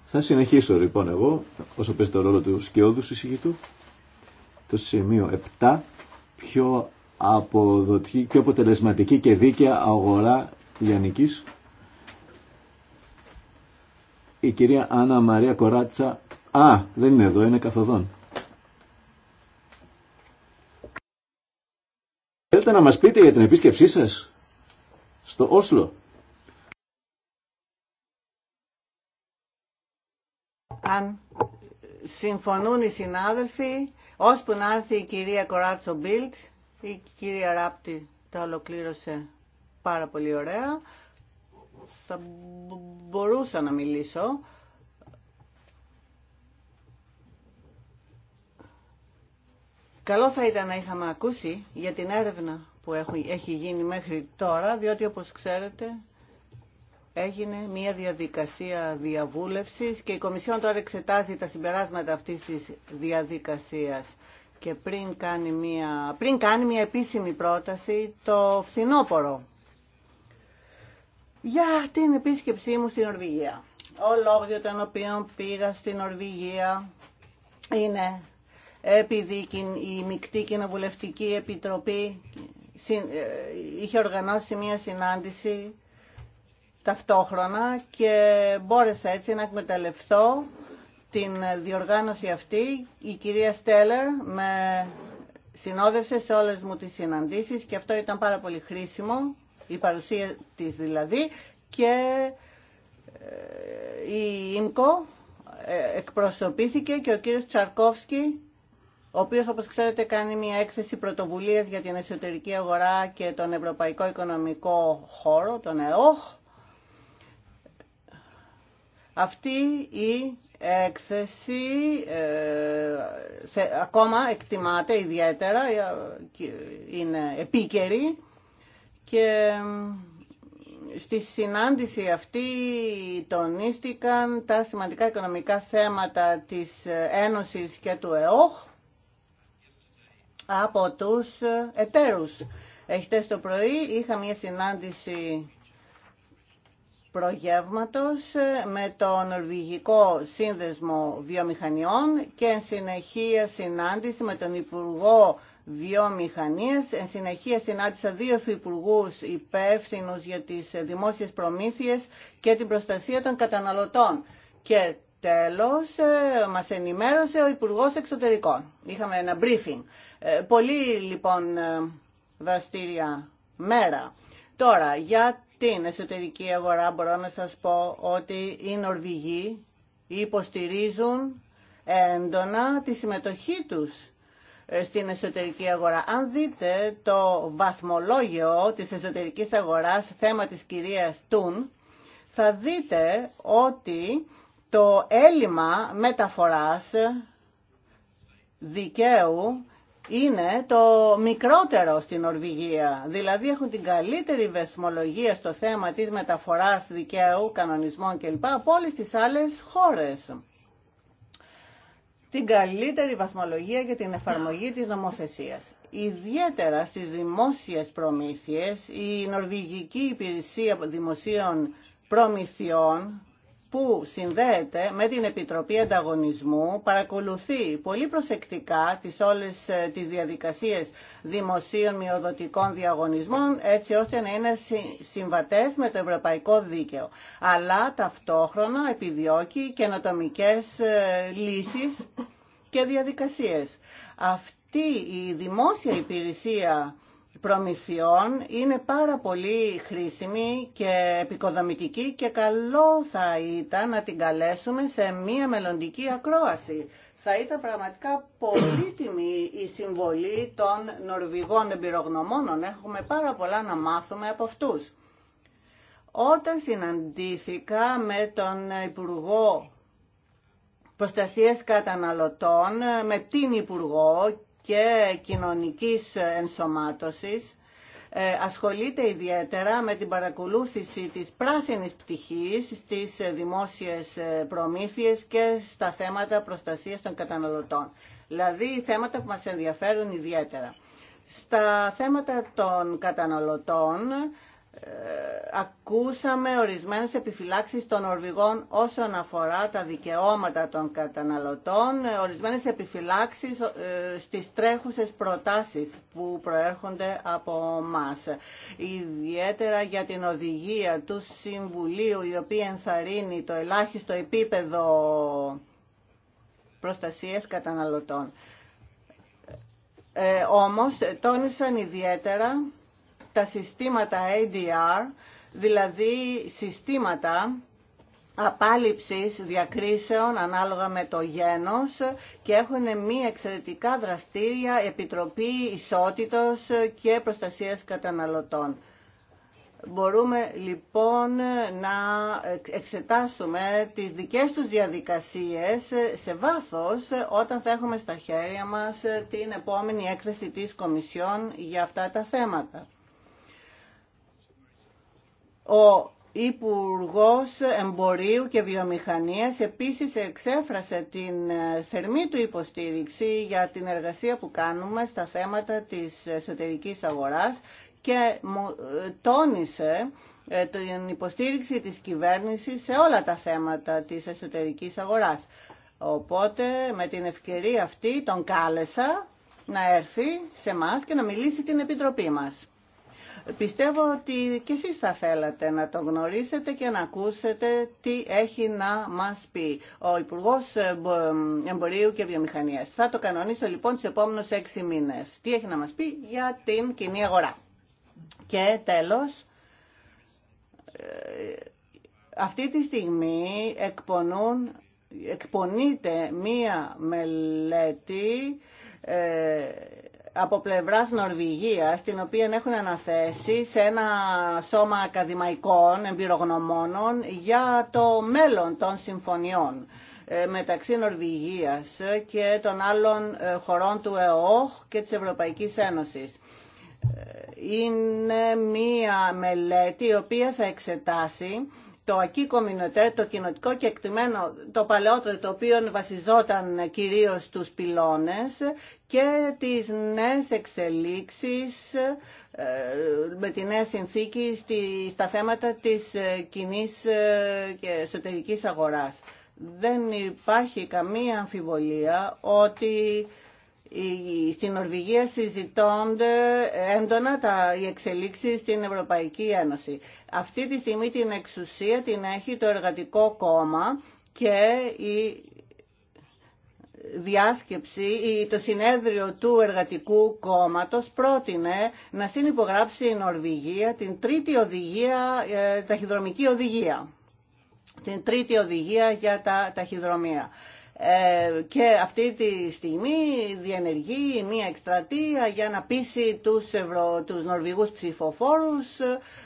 Θα συνεχίσω λοιπόν εγώ, όσο παίζει το ρόλο του σκιώδου συζητητού, το σημείο 7, πιο αποδοτική, πιο αποτελεσματική και δίκαια αγορά λιανικής. Η κυρία Άννα Μαρία Κοράτσα, α, δεν είναι εδώ, είναι καθοδόν. Θέλετε να μας πείτε για την επίσκεψή σας στο Όσλο. Αν συμφωνούν οι συνάδελφοι, ώσπου να έρθει η κυρία Κοράτσο Μπίλτ, η κυρία Ράπτη τα ολοκλήρωσε πάρα πολύ ωραία. Θα μπορούσα να μιλήσω. Καλό θα ήταν να είχαμε ακούσει για την έρευνα που έχει γίνει μέχρι τώρα, διότι όπως ξέρετε έγινε μια διαδικασία διαβούλευσης και η Κομισιόν τώρα εξετάζει τα συμπεράσματα αυτής της διαδικασίας και πριν κάνει μια, πριν κάνει μια επίσημη πρόταση το φθινόπωρο για την επίσκεψή μου στην Ορβηγία. Ο λόγος για τον οποίο πήγα στην Ορβηγία είναι επειδή η Μικτή Κοινοβουλευτική Επιτροπή ε, είχε οργανώσει μία συνάντηση ταυτόχρονα και μπόρεσα έτσι να εκμεταλλευθώ την διοργάνωση αυτή. Η κυρία Στέλλερ με συνόδευσε σε όλες μου τις συναντήσεις και αυτό ήταν πάρα πολύ χρήσιμο, η παρουσία της δηλαδή, και ε, η ΙΜΚΟ ε, εκπροσωπήθηκε και ο κύριος Τσαρκόφσκι ο οποίος όπως ξέρετε κάνει μια έκθεση πρωτοβουλίας για την εσωτερική αγορά και τον Ευρωπαϊκό Οικονομικό Χώρο, τον ΕΟΧ. Αυτή η έκθεση ε, σε, ακόμα εκτιμάται ιδιαίτερα, ε, είναι επίκαιρη και ε, στη συνάντηση αυτή τονίστηκαν τα σημαντικά οικονομικά θέματα της Ένωσης και του ΕΟΧ από τους εταίρους. Εχθές το πρωί είχα μια συνάντηση προγεύματος με τον Νορβηγικό Σύνδεσμο Βιομηχανιών και εν συνεχεία συνάντηση με τον Υπουργό Βιομηχανίας. Εν συνεχεία συνάντησα δύο υπουργού υπεύθυνου για τις δημόσιες προμήθειες και την προστασία των καταναλωτών. Και Τέλος, ε, μας ενημέρωσε ο Υπουργός Εξωτερικών. Είχαμε ένα briefing. Ε, πολύ, λοιπόν, ε, δραστήρια μέρα. Τώρα, για την εσωτερική αγορά μπορώ να σας πω ότι οι Νορβηγοί υποστηρίζουν έντονα τη συμμετοχή τους στην εσωτερική αγορά. Αν δείτε το βαθμολόγιο της εσωτερικής αγοράς, θέμα της κυρίας Τούν, θα δείτε ότι το έλλειμμα μεταφοράς δικαίου είναι το μικρότερο στην Νορβηγία. Δηλαδή έχουν την καλύτερη βεσμολογία στο θέμα της μεταφοράς δικαίου, κανονισμών κλπ. από όλες τις άλλες χώρες. Την καλύτερη βασμολογία για την εφαρμογή της νομοθεσίας. Ιδιαίτερα στις δημόσιες προμήθειες, η Νορβηγική Υπηρεσία Δημοσίων Προμηθειών, που συνδέεται με την Επιτροπή Ανταγωνισμού παρακολουθεί πολύ προσεκτικά τις όλες ε, τις διαδικασίες δημοσίων μειοδοτικών διαγωνισμών έτσι ώστε να είναι συμβατές με το ευρωπαϊκό δίκαιο. Αλλά ταυτόχρονα επιδιώκει καινοτομικές ε, λύσεις και διαδικασίες. Αυτή η δημόσια υπηρεσία προμηθειών είναι πάρα πολύ χρήσιμη και επικοδομητική και καλό θα ήταν να την καλέσουμε σε μία μελλοντική ακρόαση. Θα ήταν πραγματικά πολύτιμη η συμβολή των Νορβηγών εμπειρογνωμόνων. Έχουμε πάρα πολλά να μάθουμε από αυτούς. Όταν συναντήθηκα με τον Υπουργό Προστασίας Καταναλωτών, με την Υπουργό και κοινωνικής ενσωμάτωσης ε, ασχολείται ιδιαίτερα με την παρακολούθηση της πράσινης πτυχής στις δημόσιες ε, προμήθειες και στα θέματα προστασίας των καταναλωτών. Δηλαδή θέματα που μας ενδιαφέρουν ιδιαίτερα. Στα θέματα των καταναλωτών ε, ακούσαμε ορισμένες επιφυλάξεις των Ορβηγών όσον αφορά τα δικαιώματα των καταναλωτών, ε, ορισμένες επιφυλάξεις ε, στις τρέχουσες προτάσεις που προέρχονται από μας. Ιδιαίτερα για την οδηγία του Συμβουλίου, η οποία ενθαρρύνει το ελάχιστο επίπεδο προστασίας καταναλωτών. Ε, όμως τόνισαν ιδιαίτερα τα συστήματα ADR, δηλαδή συστήματα απάλληψης διακρίσεων ανάλογα με το γένος και έχουν μία εξαιρετικά δραστήρια Επιτροπή Ισότητος και Προστασίας Καταναλωτών. Μπορούμε λοιπόν να εξετάσουμε τις δικές τους διαδικασίες σε βάθος όταν θα έχουμε στα χέρια μας την επόμενη έκθεση της Κομισιόν για αυτά τα θέματα. Ο Υπουργό Εμπορίου και Βιομηχανίας επίσης εξέφρασε την ε, θερμή του υποστήριξη για την εργασία που κάνουμε στα θέματα της εσωτερικής αγοράς και μου ε, τόνισε ε, την υποστήριξη της κυβέρνησης σε όλα τα θέματα της εσωτερικής αγοράς. Οπότε με την ευκαιρία αυτή τον κάλεσα να έρθει σε μας και να μιλήσει την Επιτροπή μας. Πιστεύω ότι και εσείς θα θέλατε να το γνωρίσετε και να ακούσετε τι έχει να μας πει ο Υπουργό ε, Εμπορίου και Βιομηχανίας. Θα το κανονίσω λοιπόν τις επόμενες έξι μήνες. Τι έχει να μας πει για την κοινή αγορά. Και τέλος, ε, αυτή τη στιγμή εκπονούν, εκπονείται μία μελέτη ε, από πλευράς Νορβηγίας, την οποία έχουν αναθέσει σε ένα σώμα ακαδημαϊκών εμπειρογνωμόνων για το μέλλον των συμφωνιών ε, μεταξύ Νορβηγίας και των άλλων ε, χωρών του ΕΟΧ και της Ευρωπαϊκής Ένωσης. Ε, είναι μία μελέτη η οποία θα εξετάσει το ακίκο το κοινοτικό και εκτιμένο, το παλαιότερο, το οποίο βασιζόταν κυρίως στους πυλώνες και τις νέες εξελίξεις ε, με τη νέα συνθήκη στα θέματα της ε, κοινή ε, και εσωτερικής αγοράς. Δεν υπάρχει καμία αμφιβολία ότι Στη Νορβηγία συζητώνται έντονα τα, οι εξελίξεις στην Ευρωπαϊκή Ένωση. Αυτή τη στιγμή την εξουσία την έχει το Εργατικό Κόμμα και η διάσκεψη, το συνέδριο του Εργατικού Κόμματος πρότεινε να συνυπογράψει η Νορβηγία την τρίτη οδηγία, ε, ταχυδρομική οδηγία. Την τρίτη οδηγία για τα ταχυδρομεία. Ε, και αυτή τη στιγμή διενεργεί μια εκστρατεία για να πείσει τους, ευρω... τους νορβηγούς ψηφοφόρους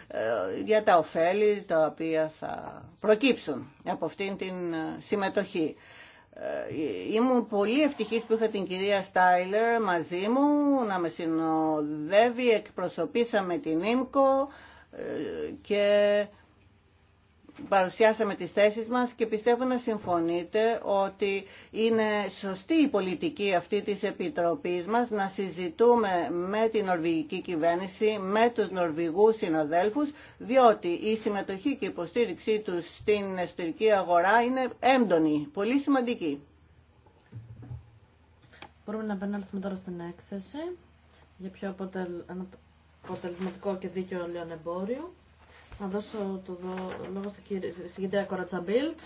ε, για τα ωφέλη τα οποία θα προκύψουν από αυτήν την ε, συμμετοχή. Ήμουν πολύ ευτυχής που είχα την κυρία Στάιλερ μαζί μου να με συνοδεύει, εκπροσωπήσαμε την ΙΜΚΟ και παρουσιάσαμε τις θέσεις μας και πιστεύω να συμφωνείτε ότι είναι σωστή η πολιτική αυτή της Επιτροπής μας να συζητούμε με την νορβηγική κυβέρνηση, με τους νορβηγούς συναδέλφους, διότι η συμμετοχή και η υποστήριξή τους στην εσωτερική αγορά είναι έντονη, πολύ σημαντική. Μπορούμε να επανέλθουμε τώρα στην έκθεση για πιο αποτελεσματικό και δίκαιο λιονεμπόριο. Να δώσω το λόγο στη συγκεντρία Κορατσαμπίλτ.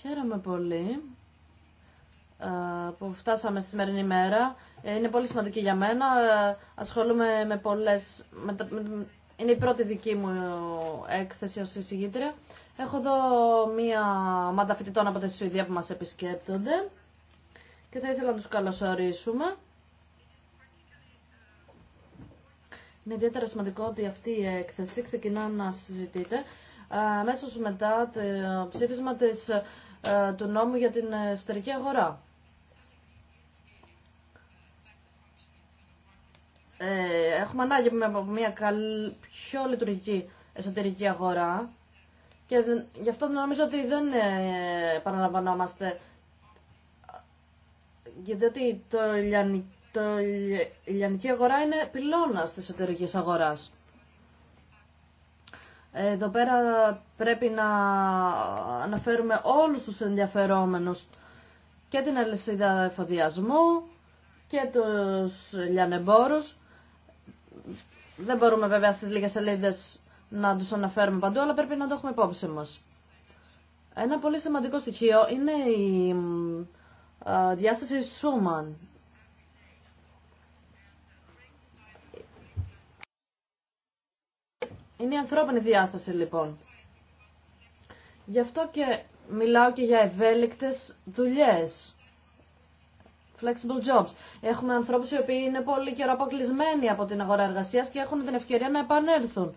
Χαίρομαι πολύ ε, που φτάσαμε στη σημερινή μέρα. Ε, είναι πολύ σημαντική για μένα. Ε, ασχολούμαι με πολλές... Είναι η πρώτη δική μου έκθεση ως εισηγήτρια. Έχω εδώ μία μάδα φοιτητών από τη Σουηδία που μας επισκέπτονται και θα ήθελα να τους καλωσορίσουμε. Είναι ιδιαίτερα σημαντικό ότι αυτή η έκθεση ξεκινά να συζητείται ε, αμέσως μετά το ψήφισμα ε, του νόμου για την εσωτερική αγορά. Ε, έχουμε ανάγκη από μια πιο λειτουργική εσωτερική αγορά και γι' αυτό νομίζω ότι δεν επαναλαμβανόμαστε γιατί το, το λιανική αγορά είναι πυλώνας της εταιρική αγοράς. Εδώ πέρα πρέπει να αναφέρουμε όλους τους ενδιαφερόμενους και την αλυσίδα εφοδιασμού και τους λιανεμπόρους. Δεν μπορούμε βέβαια στις λίγες σελίδε να τους αναφέρουμε παντού, αλλά πρέπει να το έχουμε υπόψη μας. Ένα πολύ σημαντικό στοιχείο είναι η διάσταση Σούμαν. Είναι η ανθρώπινη διάσταση λοιπόν. Γι' αυτό και μιλάω και για ευέλικτες δουλειές. Flexible jobs. Έχουμε ανθρώπους οι οποίοι είναι πολύ καιρό αποκλεισμένοι από την αγορά εργασίας και έχουν την ευκαιρία να επανέλθουν.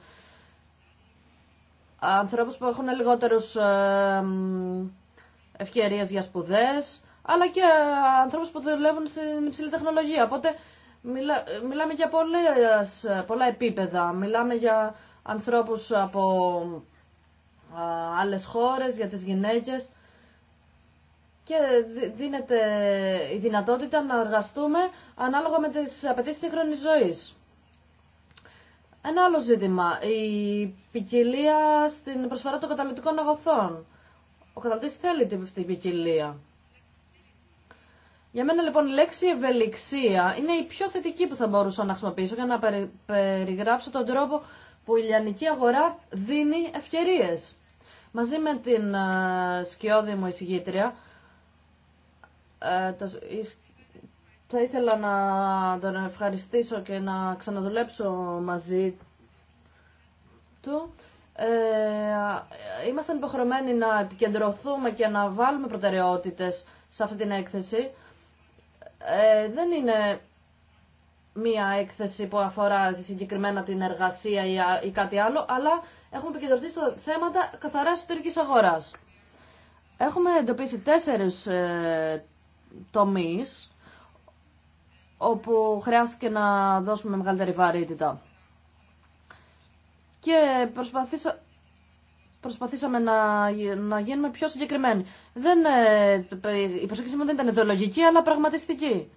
Ανθρώπους που έχουν λιγότερους ευκαιρίες για σπουδές, αλλά και ε, ανθρώπους που δουλεύουν στην υψηλή τεχνολογία. Οπότε ε, μιλάμε για πολλές, ε, πολλά επίπεδα. Μιλάμε για ανθρώπους από άλλες χώρες, για τις γυναίκες και δίνεται η δυνατότητα να εργαστούμε ανάλογα με τις απαιτήσεις σύγχρονης ζωής. Ένα άλλο ζήτημα, η ποικιλία στην προσφορά των καταναλωτικών αγωθών. Ο καταλύτης θέλει αυτή ποικιλία. Για μένα λοιπόν η λέξη ευελιξία είναι η πιο θετική που θα μπορούσα να χρησιμοποιήσω για να περιγράψω τον τρόπο που η λιανική αγορά δίνει ευκαιρίες. Μαζί με την ε, σκιώδη μου εισηγήτρια, ε, θα ήθελα να τον ευχαριστήσω και να ξαναδουλέψω μαζί του. Είμαστε υποχρεωμένοι να επικεντρωθούμε και να βάλουμε προτεραιότητες σε αυτή την έκθεση. Ε, δεν είναι μία έκθεση που αφορά συγκεκριμένα την εργασία ή κάτι άλλο, αλλά έχουμε επικεντρωθεί στο θέματα καθαρά εσωτερικής αγοράς. Έχουμε εντοπίσει τέσσερι ε, τομείς όπου χρειάστηκε να δώσουμε μεγαλύτερη βαρύτητα. Και προσπαθήσα, προσπαθήσαμε να, να γίνουμε πιο συγκεκριμένοι. Δεν, ε, η προσέγγιση μου δεν ήταν ιδεολογική, αλλά πραγματιστική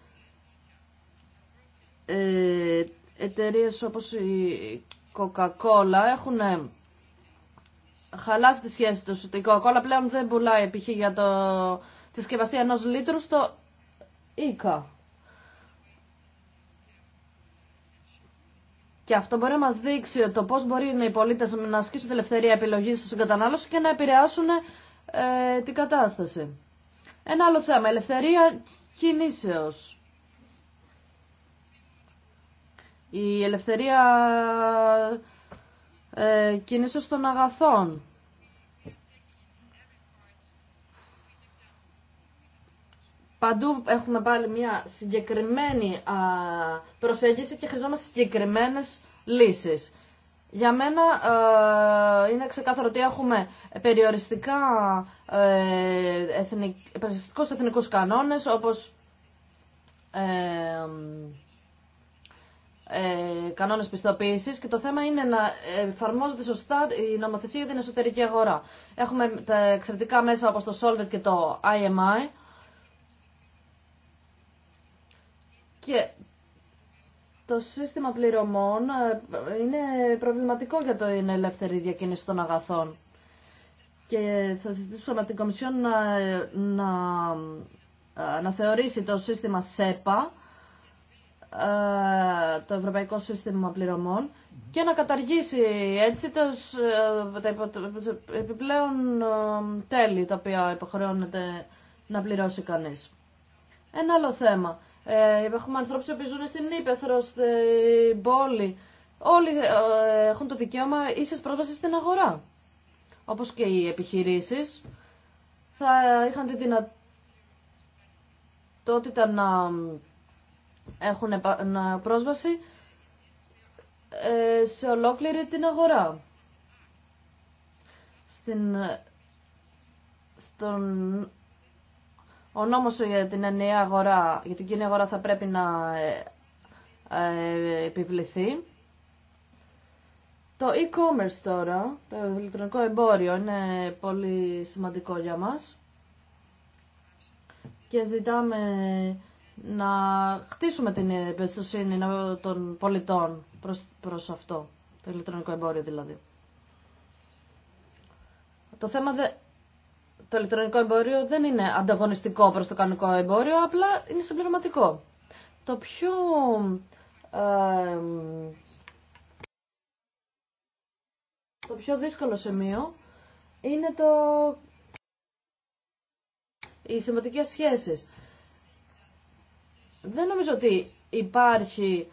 ε, εταιρείες όπως η Coca-Cola έχουν ε, χαλάσει τη σχέση τους. Η Coca-Cola πλέον δεν πουλάει π.χ. για το, τη συσκευασία ενός λίτρου στο ΙΚΑ. Και αυτό μπορεί να μας δείξει το πώς μπορεί να οι πολίτες να ασκήσουν την ελευθερία επιλογής στο κατανάλωση και να επηρεάσουν ε, την κατάσταση. Ένα άλλο θέμα, ελευθερία κινήσεως. η ελευθερία ε, κινήσεως των αγαθών. Παντού έχουμε πάλι μια συγκεκριμένη α, προσέγγιση και χρειαζόμαστε συγκεκριμένες λύσεις. Για μένα ε, είναι ξεκάθαρο ότι έχουμε περιοριστικά ε, εθνικ, περιοριστικούς εθνικούς κανόνες όπως ε, ε, κανόνες πιστοποίησης και το θέμα είναι να εφαρμόζεται σωστά η νομοθεσία για την εσωτερική αγορά. Έχουμε τα εξαιρετικά μέσα όπως το Solvit και το IMI και το σύστημα πληρωμών ε, είναι προβληματικό για την ελεύθερη διακίνηση των αγαθών και θα ζητήσω με την Κομισιόν να, να, ε, να θεωρήσει το σύστημα ΣΕΠΑ ε, το Ευρωπαϊκό Σύστημα Πληρωμών και να καταργήσει έτσι ε, τα επιπλέον ε, τέλη τα οποία υποχρεώνεται να πληρώσει κανείς. Ένα άλλο θέμα. Έχουμε ανθρώπους που ζουν στην Ήπεθρο, στην πόλη. Όλοι έχουν το δικαίωμα ίσες πρόσβαση στην αγορά. Όπως και οι επιχειρήσεις θα είχαν τη δυνατότητα να έχουν πρόσβαση ε, σε ολόκληρη την αγορά. Στην, στον, ο νόμος για την ενιαία αγορά, για την κοινή αγορά θα πρέπει να ε, ε επιβληθεί. Το e-commerce τώρα, το ηλεκτρονικό εμπόριο, είναι πολύ σημαντικό για μας και ζητάμε να χτίσουμε την εμπιστοσύνη των πολιτών προς, αυτό, το ηλεκτρονικό εμπόριο δηλαδή. Το θέμα το ηλεκτρονικό εμπόριο δεν είναι ανταγωνιστικό προς το κανονικό εμπόριο, απλά είναι συμπληρωματικό. Το πιο... το πιο δύσκολο σημείο είναι το... οι σημαντικές σχέσεις. Δεν νομίζω ότι υπάρχει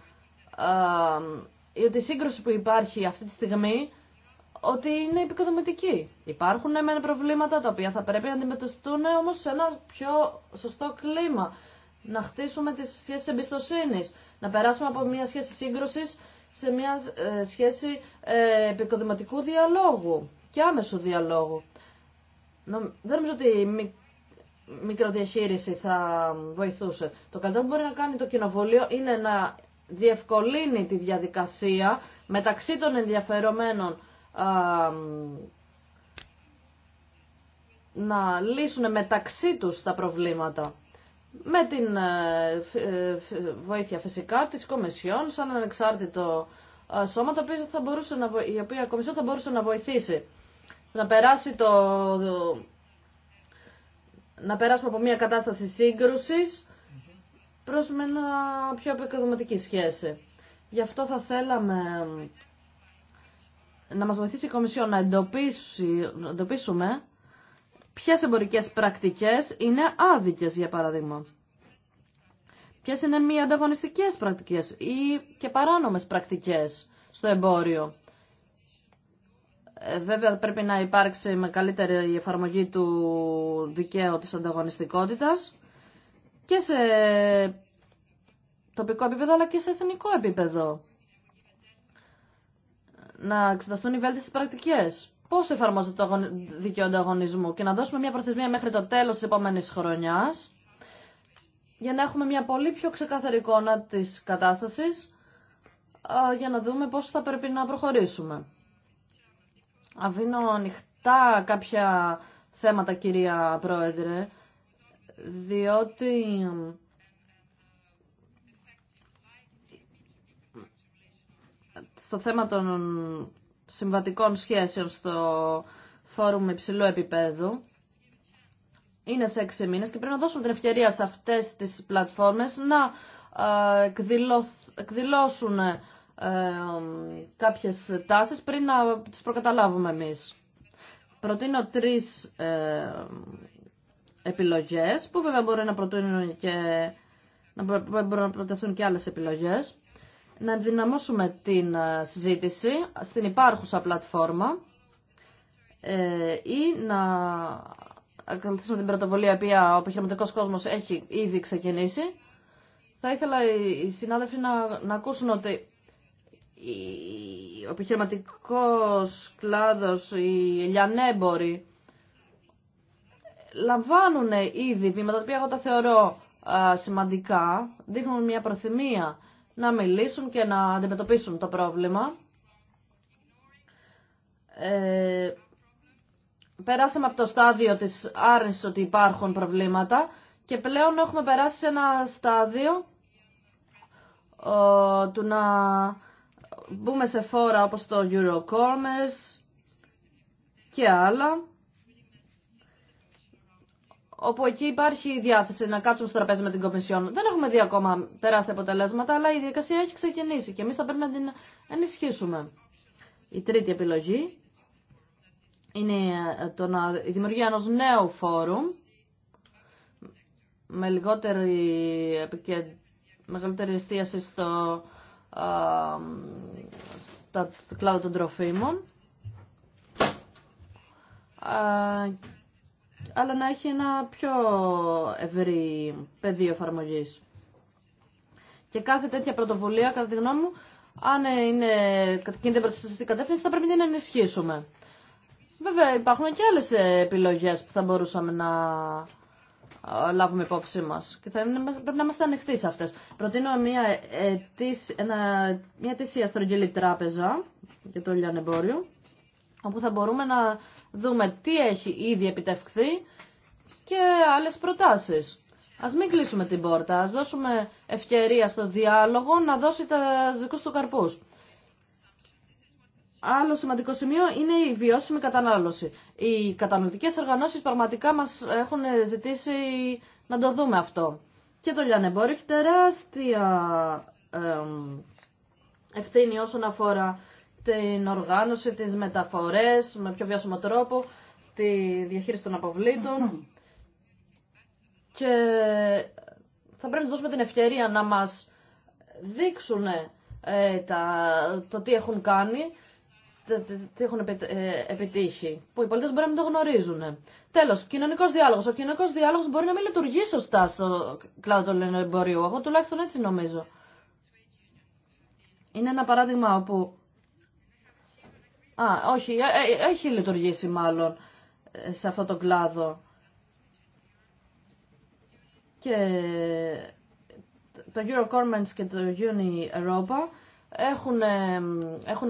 ε, ή ότι η σύγκρουση που υπάρχει αυτή τη στιγμή ότι είναι επικοδομητική. Υπάρχουν εμένα προβλήματα τα οποία θα πρέπει να αντιμετωπιστούν ε, όμως σε ένα πιο σωστό κλίμα. Να χτίσουμε τις σχέσεις εμπιστοσύνης, να περάσουμε από μια σχέση σύγκρουσης σε μια ε, σχέση επικοδηματικού διαλόγου και άμεσου διαλόγου. Δεν νομίζω ότι μικροδιαχείριση θα βοηθούσε. Το καλύτερο που μπορεί να κάνει το κοινοβούλιο είναι να διευκολύνει τη διαδικασία μεταξύ των ενδιαφερομένων α, να λύσουν μεταξύ τους τα προβλήματα. Με την ε, ε, βοήθεια φυσικά της Κομισιόν, σαν ανεξάρτητο ε, σώμα, το οποίο θα μπορούσε να, η οποία Κομισιόν θα μπορούσε να βοηθήσει. Να περάσει το, να περάσουμε από μια κατάσταση σύγκρουσης προς μια πιο επικοδοματική σχέση. Γι' αυτό θα θέλαμε να μας βοηθήσει η Κομισιό να, να εντοπίσουμε ποιες εμπορικές πρακτικές είναι άδικες, για παράδειγμα. Ποιες είναι μη ανταγωνιστικές πρακτικές ή και παράνομες πρακτικές στο εμπόριο. Ε, βέβαια πρέπει να υπάρξει με καλύτερη εφαρμογή του δικαίου της ανταγωνιστικότητας και σε τοπικό επίπεδο αλλά και σε εθνικό επίπεδο. Να εξεταστούν οι βέλτιστες πρακτικές. Πώς εφαρμόζεται το δικαίωμα ανταγωνισμού και να δώσουμε μια προθεσμία μέχρι το τέλος της επόμενης χρονιάς για να έχουμε μια πολύ πιο ξεκάθαρη εικόνα της κατάστασης για να δούμε πώς θα πρέπει να προχωρήσουμε αφήνω ανοιχτά κάποια θέματα κυρία Πρόεδρε, διότι στο θέμα των συμβατικών σχέσεων στο φόρουμ υψηλού επίπεδου, είναι σε έξι μήνες και πρέπει να δώσουμε την ευκαιρία σε αυτές τις πλατφόρμες να εκδηλώσουν κάποιες τάσεις πριν να τις προκαταλάβουμε εμείς. Προτείνω τρεις επιλογές που βέβαια μπορεί να προτείνουν και να να προτεθούν και άλλες επιλογές. Να ενδυναμώσουμε την ε, συζήτηση στην υπάρχουσα πλατφόρμα ε, ή να ακολουθήσουμε την πρωτοβολία που ο επιχειρηματικό κόσμος έχει ήδη ξεκινήσει. Θα ήθελα οι συνάδελφοι να ακούσουν ότι ο επιχειρηματικός κλάδος, οι λιανέμποροι λαμβάνουν ήδη βήματα τα οποία εγώ τα θεωρώ σημαντικά, δείχνουν μια προθυμία να μιλήσουν και να αντιμετωπίσουν το πρόβλημα. Ε, περάσαμε από το στάδιο της άρνησης ότι υπάρχουν προβλήματα και πλέον έχουμε περάσει σε ένα στάδιο ο, του να μπούμε σε φόρα όπως το Eurocommerce και άλλα όπου εκεί υπάρχει η διάθεση να κάτσουμε στο τραπέζι με την Κομισιόν. Δεν έχουμε δει ακόμα τεράστια αποτελέσματα, αλλά η διαδικασία έχει ξεκινήσει και εμείς θα πρέπει να την ενισχύσουμε. Η τρίτη επιλογή είναι ε, το να, η δημιουργία ενός νέου φόρουμ με λιγότερη, μεγαλύτερη εστίαση στο, στα κλάδα των τροφίμων αλλά να έχει ένα πιο ευρύ πεδίο εφαρμογή. Και κάθε τέτοια πρωτοβουλία, κατά τη γνώμη μου, αν είναι, κινείται προ τη κατεύθυνση, θα πρέπει να την ενισχύσουμε. Βέβαια, υπάρχουν και άλλε επιλογέ που θα μπορούσαμε να λάβουμε υπόψη μα. Και θα πρέπει να είμαστε ανοιχτοί σε αυτές. Προτείνω μια, ετήσια, ένα, μια στρογγυλή τράπεζα για το λιανεμπόριο, όπου θα μπορούμε να δούμε τι έχει ήδη επιτευχθεί και άλλες προτάσεις. Ας μην κλείσουμε την πόρτα, ας δώσουμε ευκαιρία στο διάλογο να δώσει τα δικούς του καρπούς. Άλλο σημαντικό σημείο είναι η βιώσιμη κατανάλωση. Οι καταναλωτικές οργανώσεις πραγματικά μας έχουν ζητήσει να το δούμε αυτό. Και το λιανεμπόριο έχει τεράστια ευθύνη όσον αφορά την οργάνωση, τις μεταφορές με πιο βιώσιμο τρόπο, τη διαχείριση των αποβλήτων και θα πρέπει να δώσουμε την ευκαιρία να μας δείξουν ε, τα, το τι έχουν κάνει τι έχουν ε, επιτύχει, που οι πολίτε μπορεί να μην το γνωρίζουν. Τέλο, κοινωνικό διάλογο. Ο κοινωνικό διάλογο μπορεί να μην λειτουργεί σωστά στο κλάδο του εμπορίου. Εγώ τουλάχιστον έτσι νομίζω. Είναι ένα παράδειγμα όπου. Α, όχι, ε, ε, έχει λειτουργήσει μάλλον σε αυτό το κλάδο. Και το Eurocorments και το Uni Europa έχουν, ε, έχουν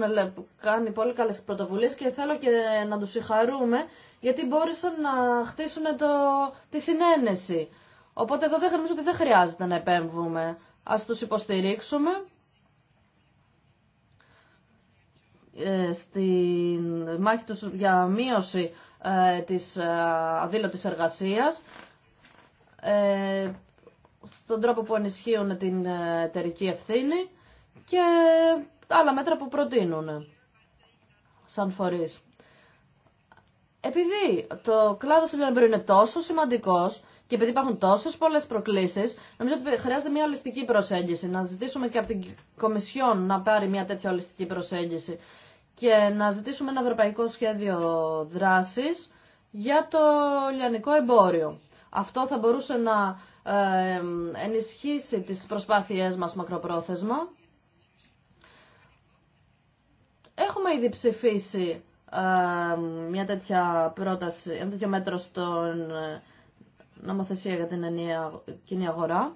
κάνει πολύ καλές πρωτοβουλίες και θέλω και να τους συγχαρούμε γιατί μπόρεσαν να χτίσουν το, τη συνένεση. Οπότε εδώ δεν ότι δεν χρειάζεται να επέμβουμε. Ας τους υποστηρίξουμε ε, στη μάχη τους για μείωση ε, της ε, της εργασίας στον τρόπο που ενισχύουν την εταιρική ευθύνη και άλλα μέτρα που προτείνουν σαν φορείς. Επειδή το κλάδος του λιανεμπορίου είναι τόσο σημαντικός και επειδή υπάρχουν τόσες πολλές προκλήσεις, νομίζω ότι χρειάζεται μια ολιστική προσέγγιση. Να ζητήσουμε και από την Κομισιόν να πάρει μια τέτοια ολιστική προσέγγιση και να ζητήσουμε ένα ευρωπαϊκό σχέδιο δράση για το λιανικό εμπόριο. Αυτό θα μπορούσε να ε, ενισχύσει τις προσπάθειές μας μακροπρόθεσμα Έχουμε ήδη ψηφίσει ε, μια τέτοια πρόταση, ένα τέτοιο μέτρο στον ε, νομοθεσία για την ενιαία κοινή αγορά